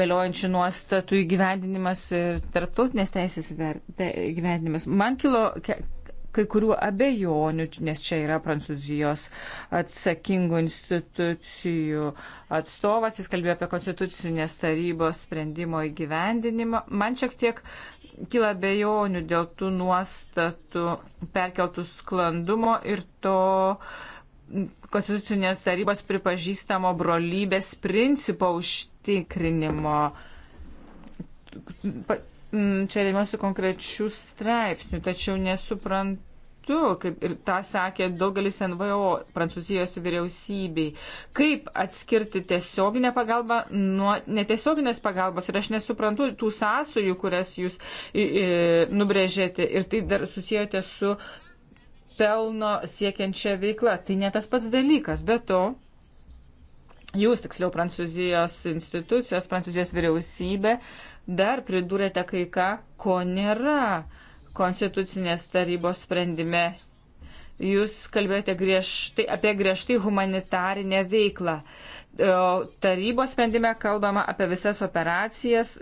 galiojančių nuostatų įgyvendinimas ir tarptautinės teisės įgyvendinimas. Man kilo ke kai kurių abejonių, nes čia yra Prancūzijos atsakingų institucijų atstovas, jis kalbėjo apie konstitucinės tarybos sprendimo įgyvendinimą. Man šiek tiek kyla bejonių dėl tų nuostatų perkeltų sklandumo ir to konstitucinės tarybos pripažįstamo brolybės principo užtikrinimo. Mm, čia remiuosi konkrečių straipsnių, tačiau nesuprantu, kaip ir tą sakė daugelis NVO Prancūzijos vyriausybei, kaip atskirti tiesioginę pagalbą nuo netiesioginės pagalbos. Ir aš nesuprantu tų sąsojų, kurias jūs i, i, nubrėžėte ir tai dar susijęte su pelno siekiančia veikla. Tai ne tas pats dalykas. Be to, jūs, tiksliau, Prancūzijos institucijos, Prancūzijos vyriausybė, uh, dar pridūrėte kai ką, ko nėra konstitucinės tarybos sprendime. Jūs kalbėjote griežtai, apie griežtai humanitarinę veiklą. Tarybos sprendime kalbama apie visas operacijas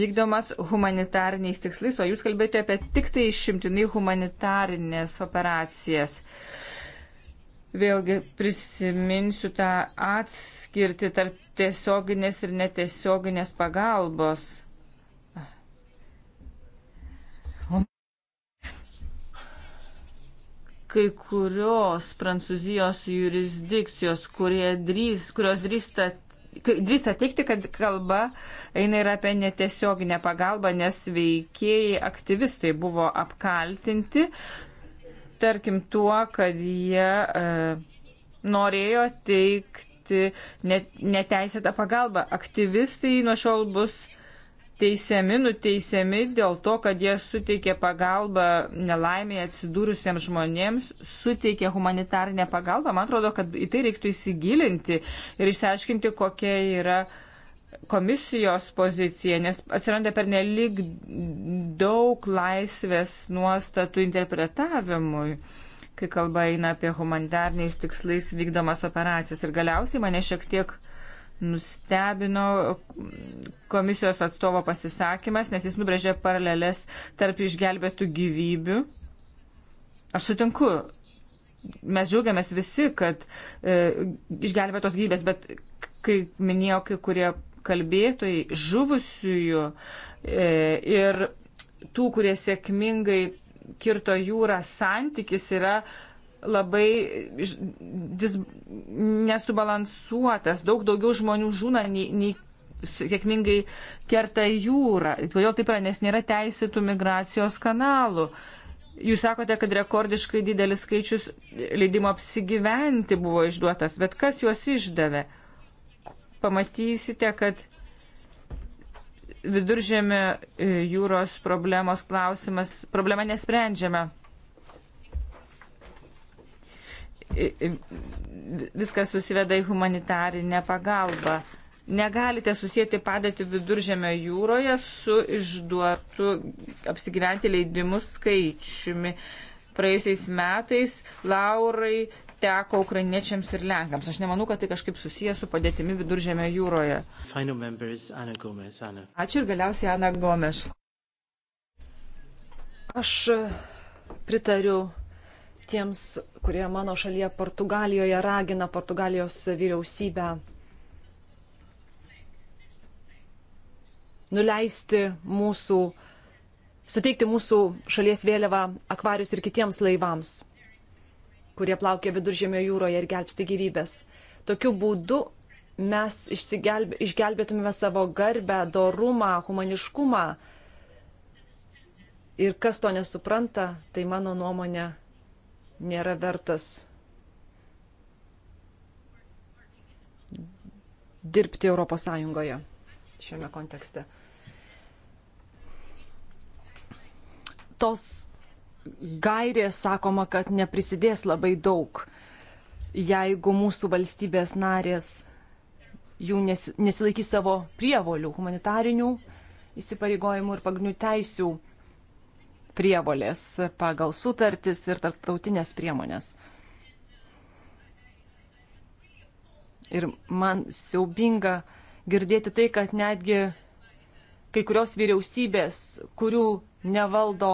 vykdomas humanitariniais tikslais, o jūs kalbėjote apie tik tai išimtinai humanitarinės operacijas vėlgi prisiminsiu tą atskirti tarp tiesioginės ir netiesioginės pagalbos. kai kurios prancūzijos jurisdikcijos, drįs, kurios drįsta drįsta teikti, kad kalba eina ir apie netiesioginę pagalbą, nes veikėjai aktyvistai buvo apkaltinti, tarkim, tuo, kad jie e, norėjo teikti net, neteisėtą pagalbą. Aktyvistai nuo šiol bus e, teisiami, nuteisiami dėl to, kad jie suteikė pagalbą nelaimėje atsidūrusiems žmonėms, suteikė humanitarinę pagalbą. Man atrodo, kad į tai reiktų įsigilinti ir išsiaiškinti, kokia yra komisijos pozicija, nes atsiranda per nelik daug laisvės nuostatų interpretavimui kai kalba eina apie humanitarniais tikslais vykdomas operacijas. Ir galiausiai mane šiek tiek nustebino komisijos atstovo pasisakymas, nes jis nubrėžė paralelės tarp išgelbėtų gyvybių. Aš sutinku, mes džiaugiamės visi, kad e, išgelbėtos gyvybės, bet kaip minėjo kai kurie kalbėtojai, žuvusiųjų e, ir tų, kurie sėkmingai kirto jūrą, santykis yra e, labai dis, nesubalansuotas, daug daugiau žmonių žūna nei, nei sėkmingai kerta jūrą. Kodėl taip yra, nes nėra teisėtų migracijos kanalų. Jūs sakote, kad rekordiškai didelis skaičius leidimo apsigyventi buvo išduotas, bet kas juos išdavė? Pamatysite, kad viduržėmio jūros problemos klausimas, problema nesprendžiama viskas susiveda į humanitarinę pagalbą. Negalite susijęti padėti viduržėmio jūroje su išduotu apsigyventi leidimų skaičiumi. Praėjusiais metais Laurai teko ukrainiečiams ir lenkams. Aš nemanau, kad tai kažkaip susijęs su padėtimi viduržėmio jūroje. Anna Gomes, Anna. Ačiū ir galiausiai Ana Gomes. Aš pritariu tiems, kurie mano šalyje Portugalijoje ragina Portugalijos vyriausybę nuleisti mūsų, suteikti mūsų šalies vėliavą akvarius ir kitiems laivams, kurie plaukia viduržėmio jūroje ir gelbsti gyvybės. Tokiu būdu mes išgelbėtume savo garbę, dorumą, humaniškumą. Ir kas to nesupranta, tai mano nuomonė nėra vertas dirbti Europos Sąjungoje šiame kontekste. Tos gairės sakoma, kad neprisidės labai daug, jeigu mūsų valstybės narės jų nesilaikys savo prievolių, humanitarinių įsipareigojimų ir pagrindinių teisių prievolės pagal sutartis ir tarptautinės priemonės. Ir man siaubinga girdėti tai, kad netgi kai kurios vyriausybės, kurių nevaldo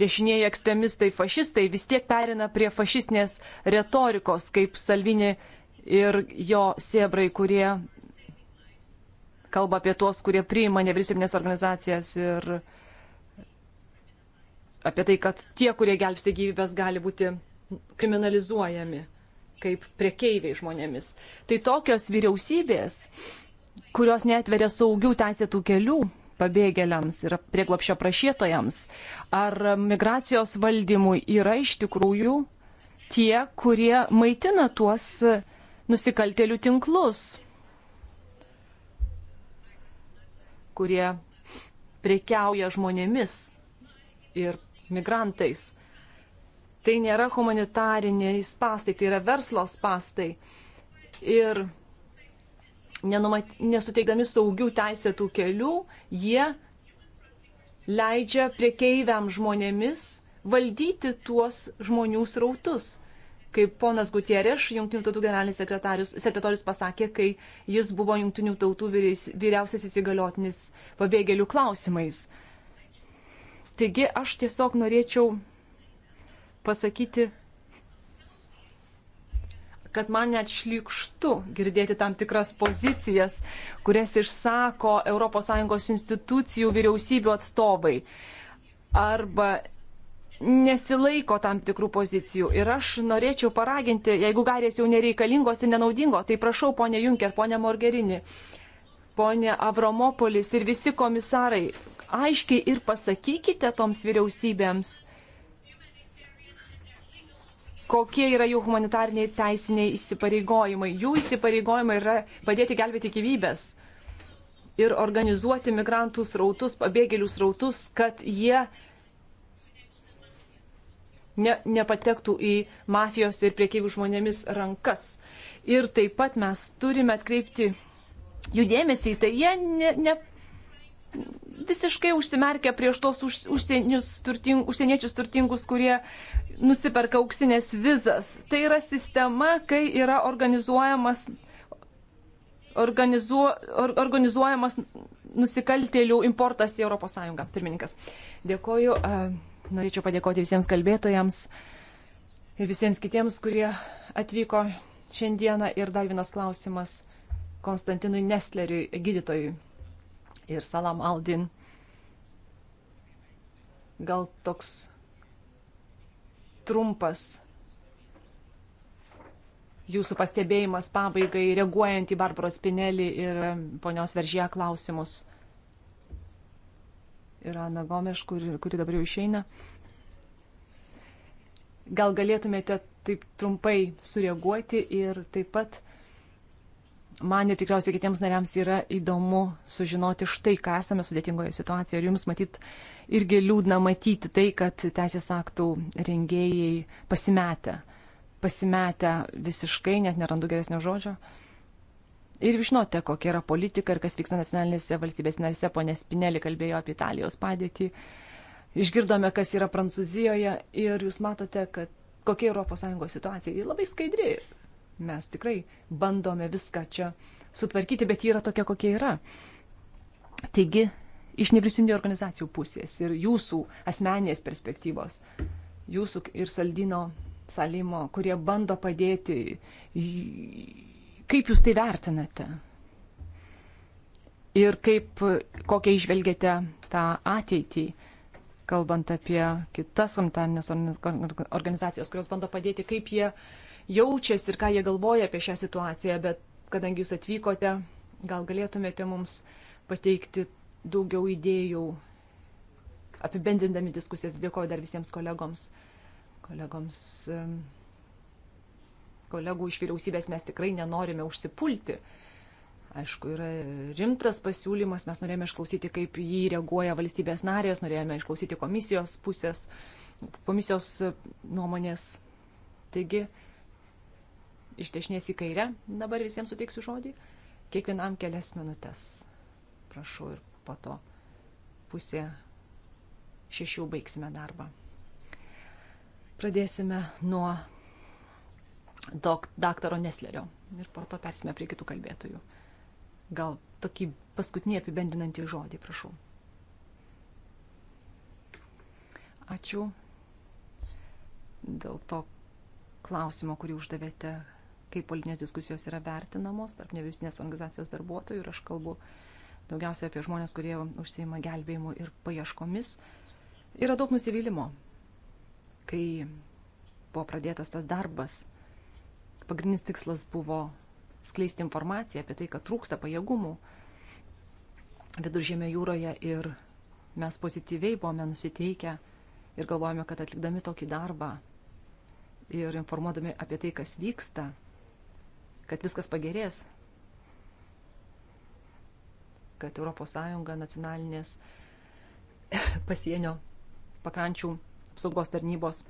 dešinieji ekstremistai, fašistai, vis tiek perina prie fašistinės retorikos, kaip Salvini ir jo siebrai, kurie kalba apie tuos, kurie priima nevyriausybinės organizacijas ir uh, apie tai, kad tie, kurie gelbsti gyvybės, gali būti kriminalizuojami kaip priekeiviai žmonėmis. Tai tokios vyriausybės, kurios netveria saugių teisėtų kelių pabėgėliams ir prieglopšio prašytojams, ar migracijos valdymui yra iš tikrųjų tie, kurie maitina tuos nusikaltelių tinklus, kurie prekiauja žmonėmis ir migrantais. Tai nėra humanitariniai spastai, tai yra verslo spastai. Ir nenumat, nesuteikdami saugių teisėtų kelių, jie leidžia priekeiviam žmonėmis valdyti tuos žmonių srautus. Kaip ponas Gutierėš, Junktinių tautų generalinis sekretarius, sekretorius pasakė, kai jis buvo Junktinių tautų vyriausiasis įgaliotinis pabėgėlių klausimais. Taigi aš tiesiog norėčiau pasakyti, kad man net šlikštu girdėti tam tikras pozicijas, kurias išsako ES institucijų vyriausybių atstovai arba nesilaiko tam tikrų pozicijų. Ir aš norėčiau paraginti, jeigu garės jau nereikalingos ir nenaudingos, tai prašau, ponė Junker, ponė Morgerini, ponė Avromopolis ir visi komisarai, aiškiai ir pasakykite toms vyriausybėms, kokie yra jų humanitariniai teisiniai įsipareigojimai. Jų įsipareigojimai yra padėti gelbėti gyvybės ir organizuoti migrantų srautus, pabėgėlių srautus, kad jie ne, nepatektų į mafijos ir priekyvių žmonėmis rankas. Ir taip pat mes turime atkreipti jų dėmesį į tai, jie ne, ne, visiškai užsimerkia prieš tos turting, užsieniečius turtingus, kurie nusiperka auksinės vizas. Tai yra sistema, kai yra organizuojamas, organizuo, or, organizuojamas nusikaltėlių importas į ES. Pirmininkas, dėkoju. Norėčiau padėkoti visiems kalbėtojams ir visiems kitiems, kurie atvyko šiandieną. Ir dar vienas klausimas Konstantinui Nestleriui, gydytojui ir Salam Aldin. Gal toks trumpas jūsų pastebėjimas pabaigai, reaguojant į Barbaros Spinelį ir ponios Veržyje klausimus. Ir Ana Gomeš, kuri, kuri dabar jau išeina. Gal galėtumėte taip trumpai sureaguoti ir taip pat man ir tikriausiai kitiems nariams yra įdomu sužinoti štai, ką esame sudėtingoje situacijoje. Ir jums matyt irgi liūdna matyti tai, kad teisės aktų rengėjai pasimetę. Pasimetę visiškai, net nerandu geresnio žodžio. Ir žinote, kokia yra politika ir kas vyksta nacionalinėse valstybės narėse. Pone Spinelį kalbėjo apie Italijos padėtį. Išgirdome, kas yra Prancūzijoje ir jūs matote, kad kokia ES situacija. Ji labai skaidri Mes tikrai bandome viską čia sutvarkyti, bet ji yra tokia, kokia yra. Taigi, iš nevyriausybinio organizacijų pusės ir jūsų asmeninės perspektyvos, jūsų ir saldino salimo, kurie bando padėti, kaip jūs tai vertinate? Ir kaip, kokią išvelgiate tą ateitį? kalbant apie kitas humanitarines organizacijas, kurios bando padėti, kaip jie jaučiasi ir ką jie galvoja apie šią situaciją, bet kadangi jūs atvykote, gal galėtumėte mums pateikti daugiau idėjų, apibendrindami diskusijas. Dėkoju dar visiems kolegoms. kolegoms kolegų iš vyriausybės mes tikrai nenorime užsipulti. Uh, Aišku, yra rimtas pasiūlymas, mes norėjome išklausyti, kaip jį reaguoja valstybės narės, norėjome išklausyti komisijos pusės, komisijos nuomonės. Taigi, iš dešinės į kairę dabar visiems suteiksiu žodį. Kiekvienam kelias minutės. Prašau ir po to pusė šešių baigsime darbą. Pradėsime nuo dok, daktaro Neslerio ir po to persime prie kitų kalbėtojų. Gal tokį paskutinį apibendinantį žodį, prašau. Ačiū dėl to klausimo, kurį uždavėte, kaip politinės diskusijos yra vertinamos tarp nevyriausybinės organizacijos darbuotojų ir aš kalbu daugiausia apie žmonės, kurie užsieima gelbėjimu ir paieškomis. Yra daug nusivylimo, kai buvo pradėtas tas darbas. Pagrindinis tikslas buvo skleisti informaciją apie tai, kad trūksta pajėgumų viduržėmio jūroje ir mes pozityviai buvome nusiteikę ir galvojame, kad atlikdami tokį darbą ir informuodami apie tai, kas vyksta, kad viskas pagerės, kad ES nacionalinės *laughs* pasienio pakrančių apsaugos tarnybos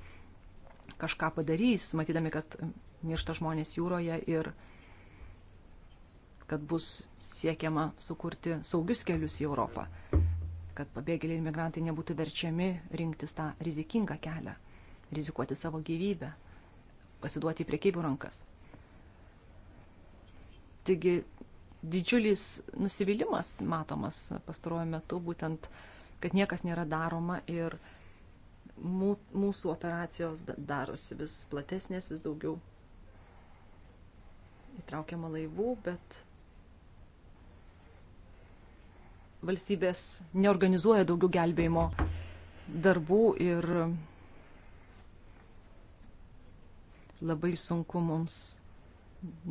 kažką padarys, matydami, kad miršta žmonės jūroje ir kad bus siekiama sukurti saugius kelius į Europą, kad pabėgėliai ir migrantai nebūtų verčiami rinktis tą rizikingą kelią, rizikuoti savo gyvybę, pasiduoti į priekeivių rankas. Taigi didžiulis nusivylimas matomas pastaruoju metu būtent, kad niekas nėra daroma ir mūsų operacijos darosi vis platesnės, vis daugiau įtraukiama laivų, bet valstybės neorganizuoja daugiau gelbėjimo darbų ir labai sunku mums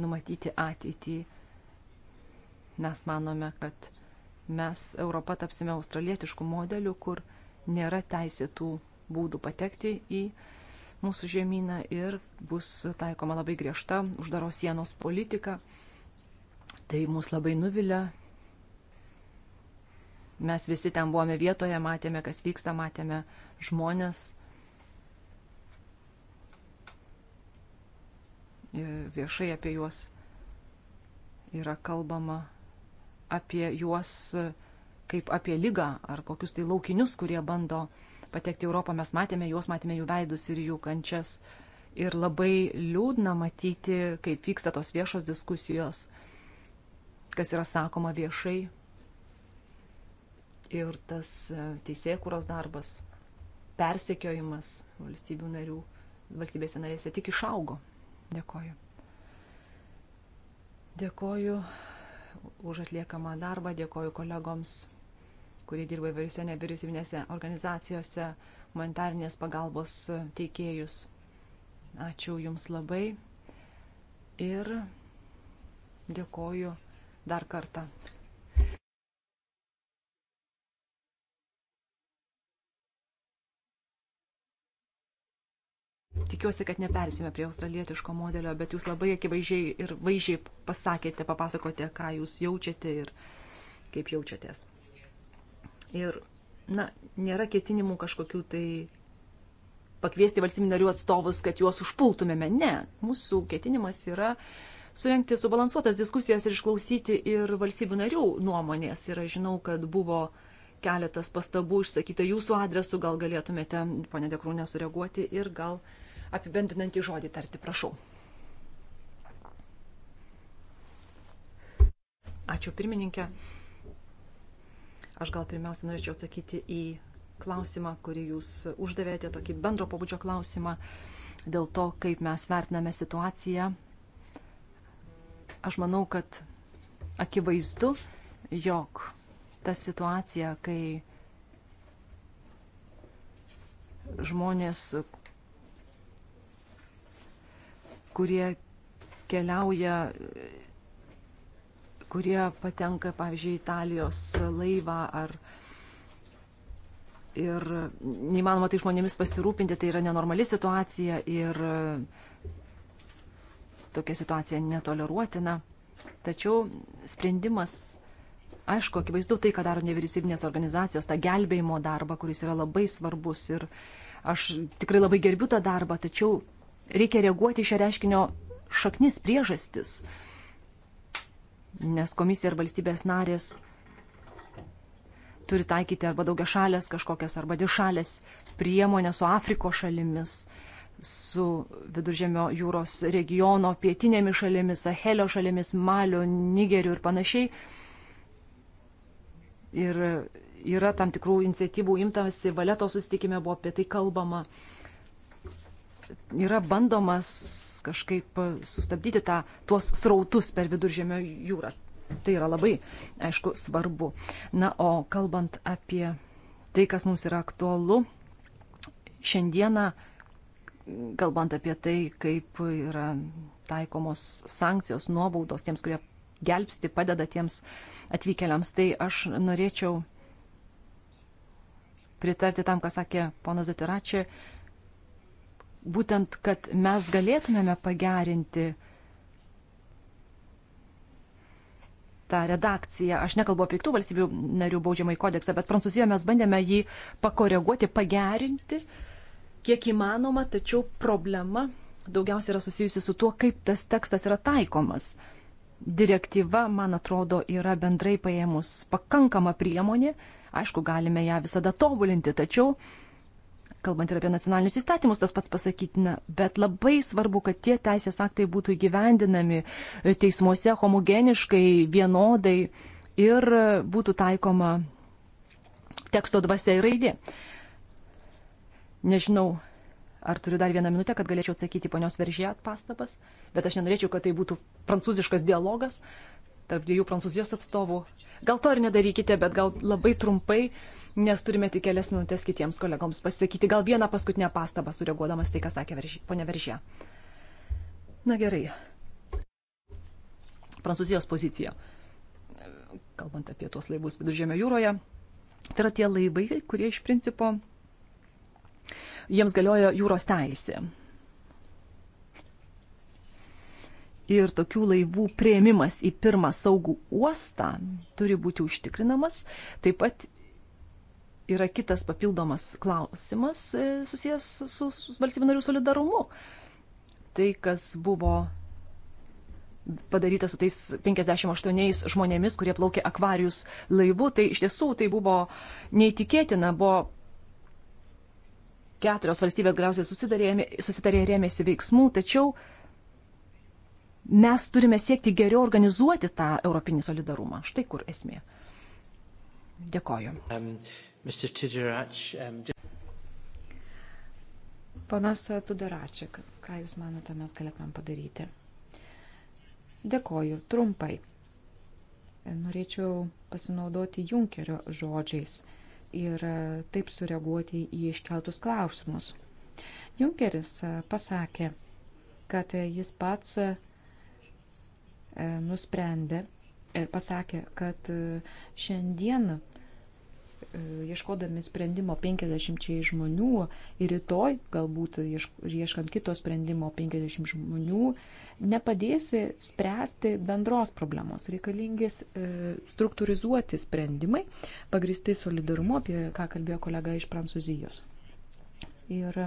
numatyti ateitį. Mes manome, kad mes Europą tapsime australietiškų modelių, kur nėra teisėtų būdų patekti į mūsų žemyną ir bus taikoma labai griežta uždaros sienos politika. Tai mus labai nuvilia Mes visi ten buvome vietoje, matėme, kas vyksta, matėme žmonės. Viešai apie juos yra kalbama, apie juos kaip apie lygą ar kokius tai laukinius, kurie bando patekti į Europą. Mes matėme juos, matėme jų veidus ir jų kančias. Ir labai liūdna matyti, kaip vyksta tos viešos diskusijos, kas yra sakoma viešai ir tas e, teisėkuros darbas, persekiojimas valstybių narių, valstybėse narėse tik išaugo. Dėkoju. Dėkoju už atliekamą darbą, dėkoju kolegoms, kurie dirba įvairiose nevyriausybinėse organizacijose, humanitarnės pagalbos teikėjus. Ačiū Jums labai ir dėkoju dar kartą. Tikiuosi, kad nepersime prie australietiško modelio, bet jūs labai akivaizdžiai ir vaizdžiai pasakėte, papasakote, ką jūs jaučiate ir kaip jaučiatės. Ir, na, nėra ketinimų kažkokių tai pakviesti valstybių narių atstovus, kad juos užpultumėme. Ne, mūsų ketinimas yra surenkti subalansuotas diskusijas ir išklausyti ir valstybių narių nuomonės. Ir aš žinau, kad buvo keletas pastabų išsakyta jūsų adresu, gal galėtumėte, ponė Dekrūnė, sureaguoti ir gal uh, apibendrinantį žodį tarti, prašau. Ačiū pirmininkė. Aš gal pirmiausia norėčiau atsakyti į klausimą, kurį jūs uždavėte, tokį bendro pabudžio klausimą dėl to, kaip mes vertiname situaciją. Aš manau, kad akivaizdu, jog ta situacija, kai žmonės, kurie keliauja, kurie patenka, pavyzdžiui, Italijos laivą ar ir neįmanoma tai žmonėmis pasirūpinti, tai yra nenormali situacija ir tokia situacija netoleruotina. Tačiau sprendimas, aišku, akivaizdu tai, ką daro nevyriausybinės organizacijos, tą gelbėjimo darbą, kuris yra labai svarbus ir aš tikrai labai gerbiu tą darbą, tačiau reikia reaguoti šio reiškinio šaknis priežastis, nes komisija ir valstybės narės turi taikyti arba daugia šalės kažkokias, arba dvi šalės priemonę su Afriko šalimis, su Viduržėmio jūros regiono pietinėmis šalimis, Sahelio šalimis, Malio, Nigeriu ir panašiai. Ir yra tam tikrų iniciatyvų imtasi, valeto susitikime buvo apie tai kalbama yra bandomas kažkaip e, sustabdyti tą, tuos srautus per viduržėmio jūrą. Tai yra labai, aišku, svarbu. Na, o kalbant apie tai, kas mums yra aktualu, šiandieną, kalbant apie tai, kaip yra taikomos sankcijos, nuobaudos tiems, kurie gelbsti, padeda tiems atvykėliams, tai aš norėčiau pritarti tam, ką sakė ponas Zutiračiai būtent, kad mes galėtumėme pagerinti tą redakciją. Aš nekalbu apie kitų valstybių narių baudžiamąjį kodeksą, bet Prancūzijoje mes bandėme jį pakoreguoti, pagerinti, kiek įmanoma, tačiau problema daugiausiai yra susijusi su tuo, kaip tas tekstas yra taikomas. Direktyva, man atrodo, yra bendrai paėmus pakankama priemonė. Aišku, galime ją visada tobulinti, tačiau kalbant ir apie nacionalinius įstatymus, tas pats pasakytina, bet labai svarbu, kad tie teisės aktai būtų įgyvendinami e, teismuose homogeniškai, vienodai ir būtų taikoma teksto dvasia ir raidė. Nežinau, ar turiu dar vieną minutę, kad galėčiau atsakyti ponios veržėt pastabas, bet aš nenorėčiau, kad tai būtų prancūziškas dialogas tarp dviejų prancūzijos atstovų. Gal to ir nedarykite, bet gal labai trumpai. Uh, nes turime tik kelias minutės kitiems kolegoms pasakyti. Gal vieną paskutinę pastabą sureaguodamas tai, ką sakė verži, ponia Veržė. Na gerai. Prancūzijos pozicija. Kalbant apie tuos laivus viduržėmio jūroje, tai yra tie laivai, kurie iš principo jiems galioja jūros teisė. ir tokių laivų prieimimas į pirmą saugų uostą turi būti užtikrinamas. Taip pat yra kitas papildomas klausimas e, susijęs su, su valstybių narių solidarumu. Tai, kas buvo padaryta su tais 58 žmonėmis, kurie plaukė akvarijus laivu, tai iš tiesų tai buvo neįtikėtina, buvo keturios valstybės galiausiai susitarė rėmėsi veiksmų, tačiau mes turime siekti geriau organizuoti tą europinį solidarumą. Štai kur esmė. Dėkoju. Um, Mr. Tudorach. Um, Panas Tudoračik, ką Jūs manote, mes galėtumėm padaryti? Dėkoju, trumpai. Norėčiau pasinaudoti Junkerio žodžiais ir e, taip sureaguoti į iškeltus klausimus. Junkeris e, pasakė, kad e, jis pats nusprendė, pasakė, kad šiandien E, ieškodami sprendimo 50 žmonių ir rytoj, galbūt ieškant kito sprendimo 50 žmonių, nepadėsi spręsti bendros problemos. Reikalingis e, struktūrizuoti sprendimai, pagristi solidarumu, apie ką kalbėjo kolega iš Prancūzijos. Ir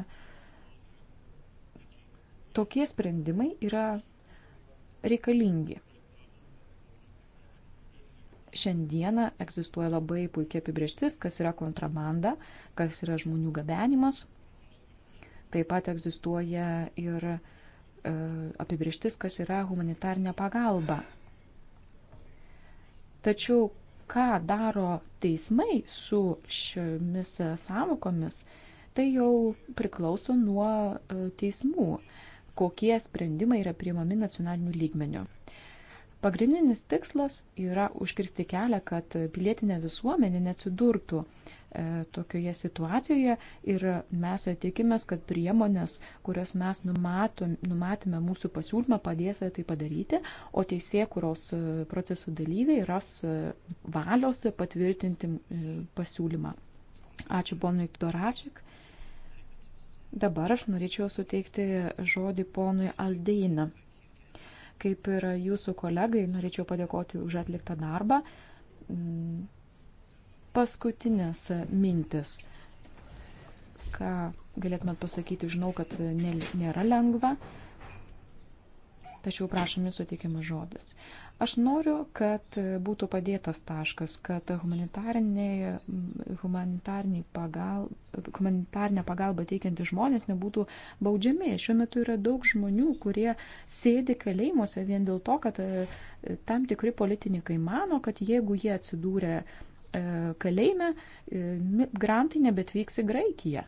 tokie sprendimai yra reikalingi šiandieną egzistuoja labai puikia apibrieštis, kas yra kontrabanda, kas yra žmonių gabenimas. Taip pat egzistuoja ir e, apibrieštis, kas yra humanitarnė pagalba. Tačiau ką daro teismai su šiomis samokomis, tai jau priklauso nuo e, teismų, kokie sprendimai yra priimami nacionaliniu lygmeniu. Pagrindinis tikslas yra užkirsti kelią, kad pilietinė visuomenė neatsidurtų e, tokioje situacijoje ir mes tikimės, kad priemonės, kurias mes numatom, numatėme mūsų pasiūlymą, padės tai padaryti, o teisė, kurios e, procesų dalyviai ras e, valios patvirtinti pasiūlymą. Ačiū ponui Tudoračik. Dabar aš norėčiau suteikti žodį ponui Aldeina. Kaip ir jūsų kolegai, norėčiau padėkoti už atliktą darbą. Paskutinės mintis. Ką galėtumėt pasakyti, žinau, kad nėra lengva, tačiau prašom jūsų teikiamas žodis. Aš noriu, kad būtų padėtas taškas, kad humanitariniai, humanitariniai pagal, humanitarinę pagalbą teikiantys žmonės nebūtų baudžiami. Šiuo metu yra daug žmonių, kurie sėdi kalėjimuose vien dėl to, kad e, tam tikri politinikai mano, kad jeigu jie atsidūrė e, kalėjime, e, migrantai nebetvyks į Graikiją.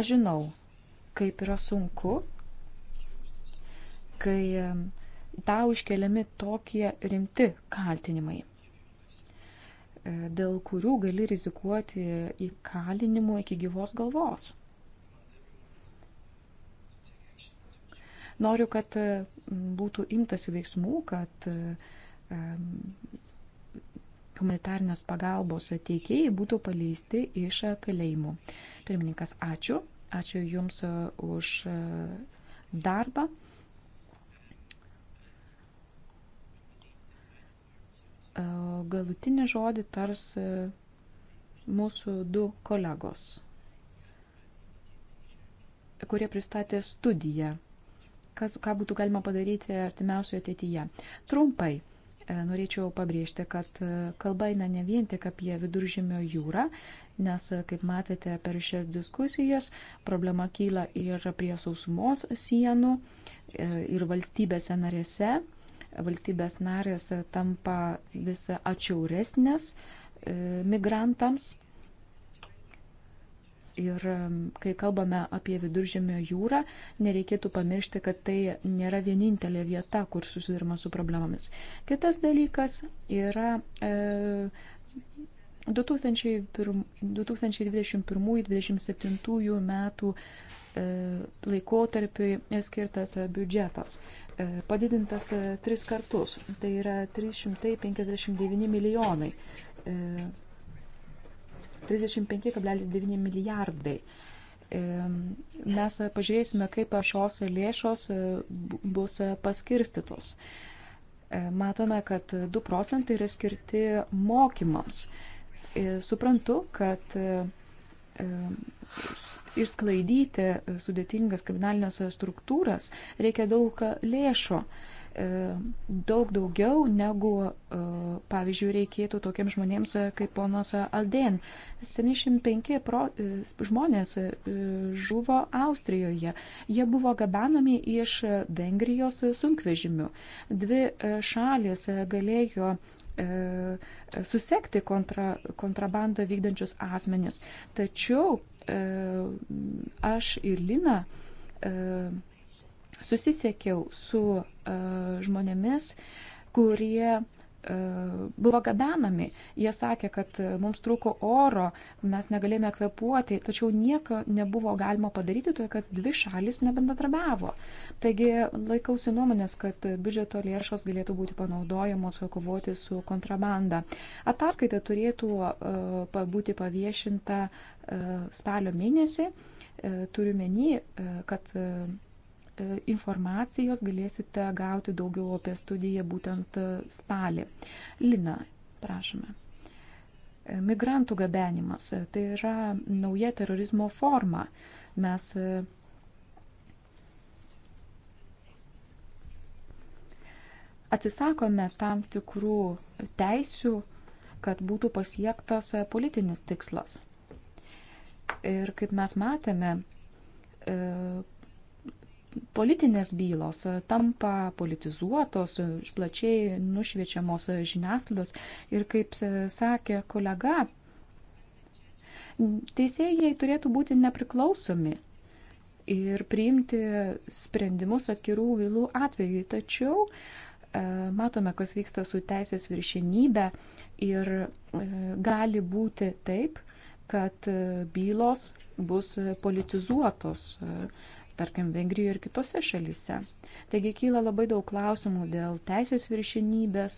Aš žinau, kaip yra sunku, kai tau iškeliami tokie rimti kaltinimai, e, dėl kurių gali rizikuoti įkalinimu iki gyvos galvos. Noriu, kad e, būtų imtas veiksmų, kad e, humanitarnės pagalbos teikėjai būtų paleisti iš kalėjimų. Pirmininkas, ačiū. Ačiū Jums e, už e, darbą. E, galutinį žodį tars mūsų du kolegos, kurie pristatė studiją, kas, ką būtų galima padaryti artimiausioje ateityje. Trumpai norėčiau pabrėžti, kad kalba eina ne vien tik apie viduržymio jūrą, nes, kaip matėte, per šias diskusijas problema kyla ir prie sausumos sienų, e, ir valstybėse narėse. Valstybės narės tampa vis atšiauresnės e, migrantams. Ir kai kalbame apie viduržėmio jūrą, nereikėtų pamiršti, kad tai nėra vienintelė vieta, kur susidurima su problemomis. Kitas dalykas yra e, 2021-2027 metų e, laikotarpiui skirtas biudžetas e, padidintas e, tris kartus, tai yra 359 milijonai, 35,9 milijardai. Mes pažiūrėsime, kaip šios lėšos bus paskirstytos. Matome, kad 2 procentai yra skirti mokymams. E, suprantu, kad e, e, išsklaidyti sudėtingas kriminalinės struktūras reikia daug lėšo, daug daugiau negu, pavyzdžiui, reikėtų tokiems žmonėms kaip ponas Alden. 75 pro, žmonės žuvo Austrijoje. Jie buvo gabenami iš Vengrijos sunkvežimių. Dvi šalės galėjo E, susekti kontra, kontrabandą vykdančius asmenis. Tačiau e, aš ir Lina e, susisiekiau su žmonėmis, kurie E, buvo gabenami. Jie sakė, kad mums trūko oro, mes negalėjome kvepuoti, tačiau nieko nebuvo galima padaryti, todėl kad dvi šalis nebendradarbiavo. Taigi laikausi nuomonės, kad biudžeto lėšos galėtų būti panaudojamos kovoti su kontrabanda. Ataskaita turėtų e, būti paviešinta e, spalio mėnesį. Turiu menį, kad E, informacijos galėsite gauti daugiau apie studiją būtent e, spalį. Lina, prašome. E, migrantų gabenimas - tai yra nauja terorizmo forma. Mes atsisakome tam tikrų teisių, kad būtų pasiektas politinis tikslas. Ir kaip mes matėme, politinės bylos tampa politizuotos, plačiai nušviečiamos žiniasklaidos ir, kaip sakė kolega, teisėjai turėtų būti nepriklausomi ir priimti sprendimus atskirų vilų atveju. Tačiau e, matome, kas vyksta su teisės viršinybė ir e, gali būti taip, kad e, bylos bus politizuotos tarkim, Vengrijoje ir kitose šalyse. Taigi kyla labai daug klausimų dėl teisės viršinybės,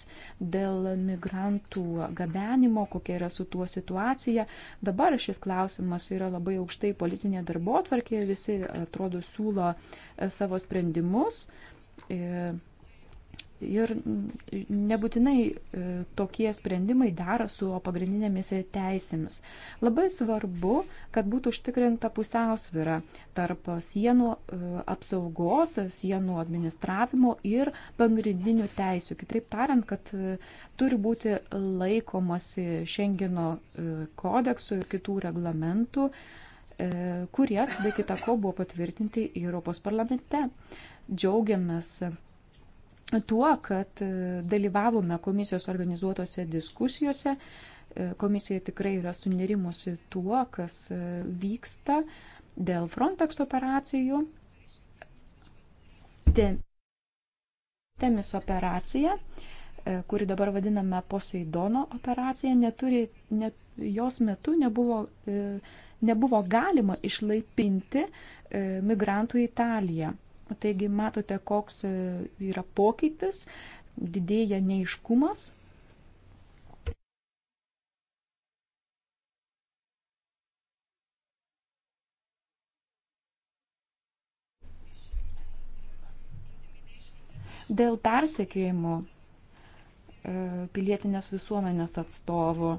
dėl migrantų gabenimo, kokia yra su tuo situacija. Dabar šis klausimas yra labai aukštai politinė darbo atvarkė, visi atrodo siūlo e, savo sprendimus. Ir e, Ir nebūtinai e, tokie sprendimai dera su pagrindinėmis teisėmis. Labai svarbu, kad būtų užtikrinta pusiausvyra tarp sienų e, apsaugos, sienų administravimo ir pagrindinių teisių. Kitaip tariant, kad e, turi būti laikomasi Šengino kodeksų ir kitų reglamentų, kurie be kita ko buvo patvirtinti Europos parlamente. Džiaugiamės tuo, kad e, dalyvavome komisijos organizuotose diskusijose. E, komisija tikrai yra sunerimusi tuo, kas e, vyksta dėl Frontex operacijų. Temis operacija, kuri dabar vadiname Poseidono operacija, neturi, net, jos metu nebuvo, nebuvo galima išlaipinti migrantų į Italiją. Taigi matote, koks e, yra pokytis, didėja neiškumas. Dėl persekiojimų e, pilietinės visuomenės atstovų.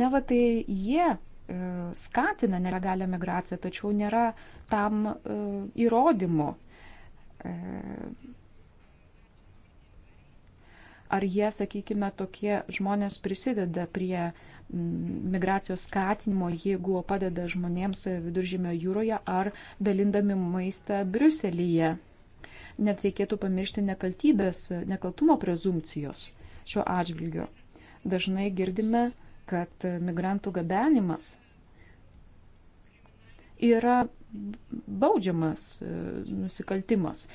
Ne va tai jie E, skatina nelegalią migraciją, tačiau nėra tam e, įrodymų. E, ar jie, sakykime, tokie žmonės prisideda prie migracijos skatinimo, jeigu padeda žmonėms viduržymio jūroje ar dalindami maistą Briuselyje. Net reikėtų pamiršti nekaltybės, nekaltumo prezumcijos šiuo atžvilgiu. Dažnai girdime kad migrantų gabenimas yra baudžiamas e, nusikaltimas e,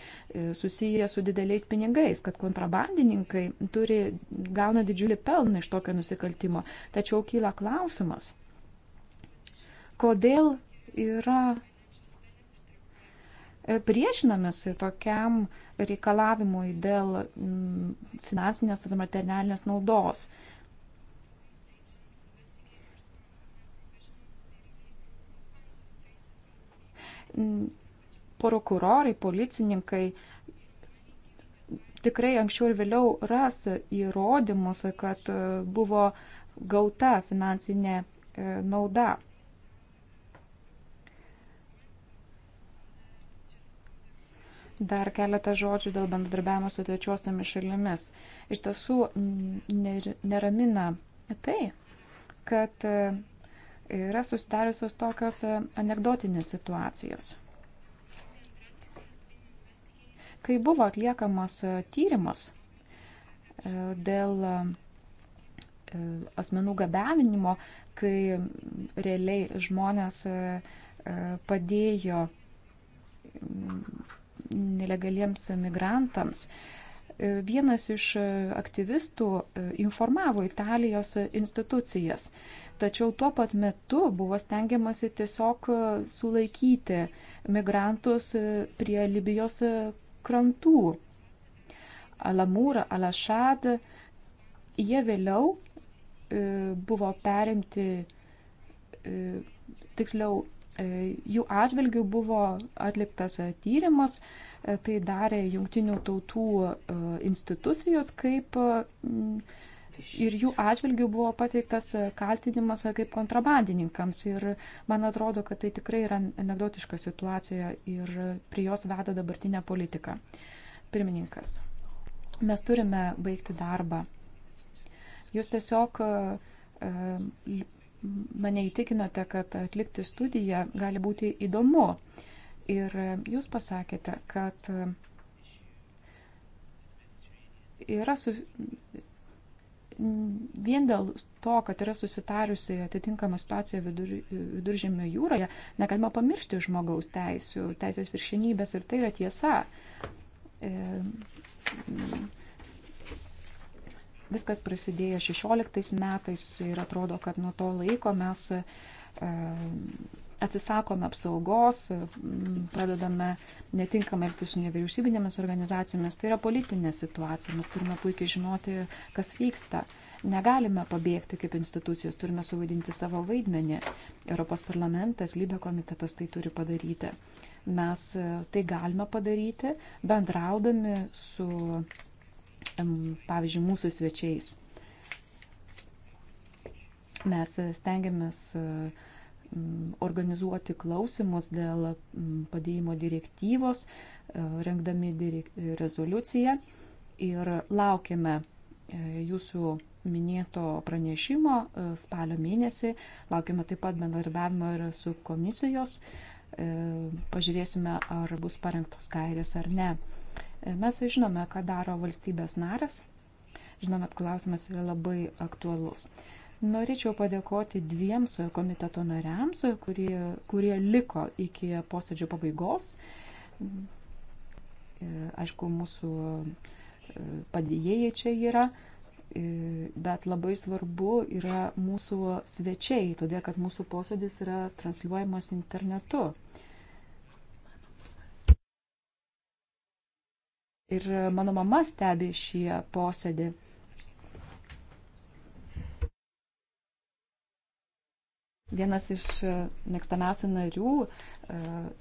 susijęs su dideliais pinigais, kad kontrabandininkai turi, gauna didžiulį pelną iš tokio nusikaltimo. Tačiau kyla klausimas, kodėl yra e, priešinamasi tokiam reikalavimui dėl finansinės ar materialinės naudos. prokurorai, policininkai tikrai anksčiau ir vėliau ras įrodymus, kad e, buvo gauta finansinė e, nauda. Dar keletą žodžių dėl bendradarbiavimo su trečiosiamis šalimis. Iš tiesų neramina tai, kad e, yra susidariusios tokios e, anegdotinės situacijos. Kai buvo atliekamas e, tyrimas e, dėl asmenų gabenimo, kai realiai žmonės padėjo mm, nelegaliems migrantams, vienas iš e, aktyvistų e, informavo Italijos institucijas. Tačiau tuo pat metu buvo stengiamasi tiesiog e, sulaikyti migrantus prie Libijos krantų. Alamūra, Alašad, jie vėliau buvo perimti, tiksliau E, jų atžvilgių buvo atliktas e, tyrimas, e, tai darė jungtinių tautų institucijos, kaip ir jų atžvilgių buvo pateiktas kaltinimas kaip kontrabandininkams. Ir man atrodo, kad tai tikrai yra anegdotiška situacija ir prie jos veda dabartinė politika. Pirmininkas, mes turime baigti darbą. Jūs tiesiog mane įtikinote, kad atlikti studiją gali būti įdomu. Ir jūs pasakėte, kad yra su, vien dėl to, kad yra susitariusi atitinkama situacija vidur, viduržėmio jūroje, negalima pamiršti žmogaus teisų, teisės viršinybės ir tai yra tiesa. E, Viskas prasidėjo 16 metais ir atrodo, kad nuo to laiko mes e, atsisakome apsaugos, e, pradedame netinkamai elgtis su nevyriausybinėmis organizacijomis. Tai yra politinė situacija, mes turime puikiai žinoti, kas vyksta. Negalime pabėgti kaip institucijos, turime suvaidinti savo vaidmenį. Europos parlamentas, Lybė komitetas tai turi padaryti. Mes e, tai galime padaryti bendraudami su pavyzdžiui, mūsų svečiais. Mes stengiamės e, organizuoti klausimus dėl padėjimo direktyvos, e, rengdami direk rezoliuciją ir laukiame e, jūsų minėto pranešimo spalio mėnesį. Laukiame taip pat bendarbiavimo ir su komisijos. Pažiūrėsime, ar bus parengtos kairės ar ne. E, mes žinome, ką daro valstybės naras. Žinome, klausimas yra labai aktualus. Norėčiau padėkoti dviems komiteto nariams, kurie, kurie liko iki posėdžio pabaigos. E, aišku, mūsų e, padėjėjai čia yra, bet labai svarbu yra mūsų svečiai, todėl kad mūsų posėdis yra transliuojamas internetu. Ir e, mano mama stebi šį e, posėdį. Vienas iš e, mėgstamiausių narių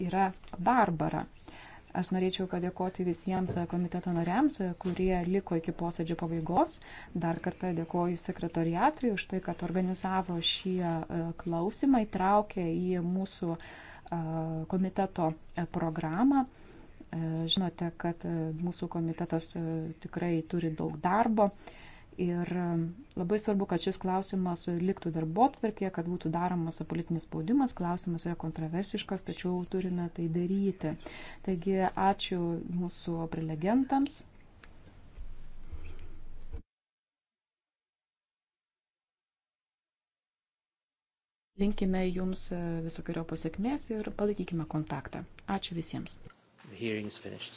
yra Barbara. Aš norėčiau padėkoti visiems komiteto nariams, kurie liko iki posėdžio pabaigos. Dar kartą dėkoju sekretoriatui už tai, kad organizavo šį klausimą, įtraukė į mūsų komiteto programą. E, žinote, kad e, mūsų komitetas e, tikrai turi daug darbo ir labai svarbu, kad šis klausimas liktų darbo atvarkėje, kad būtų daromas politinis spaudimas. Klausimas yra kontroversiškas, tačiau turime tai daryti. Taigi ačiū mūsų prelegentams. Linkime jums visokiojo pasiekmės ir palaikykime kontaktą. Ačiū visiems. The hearing is finished.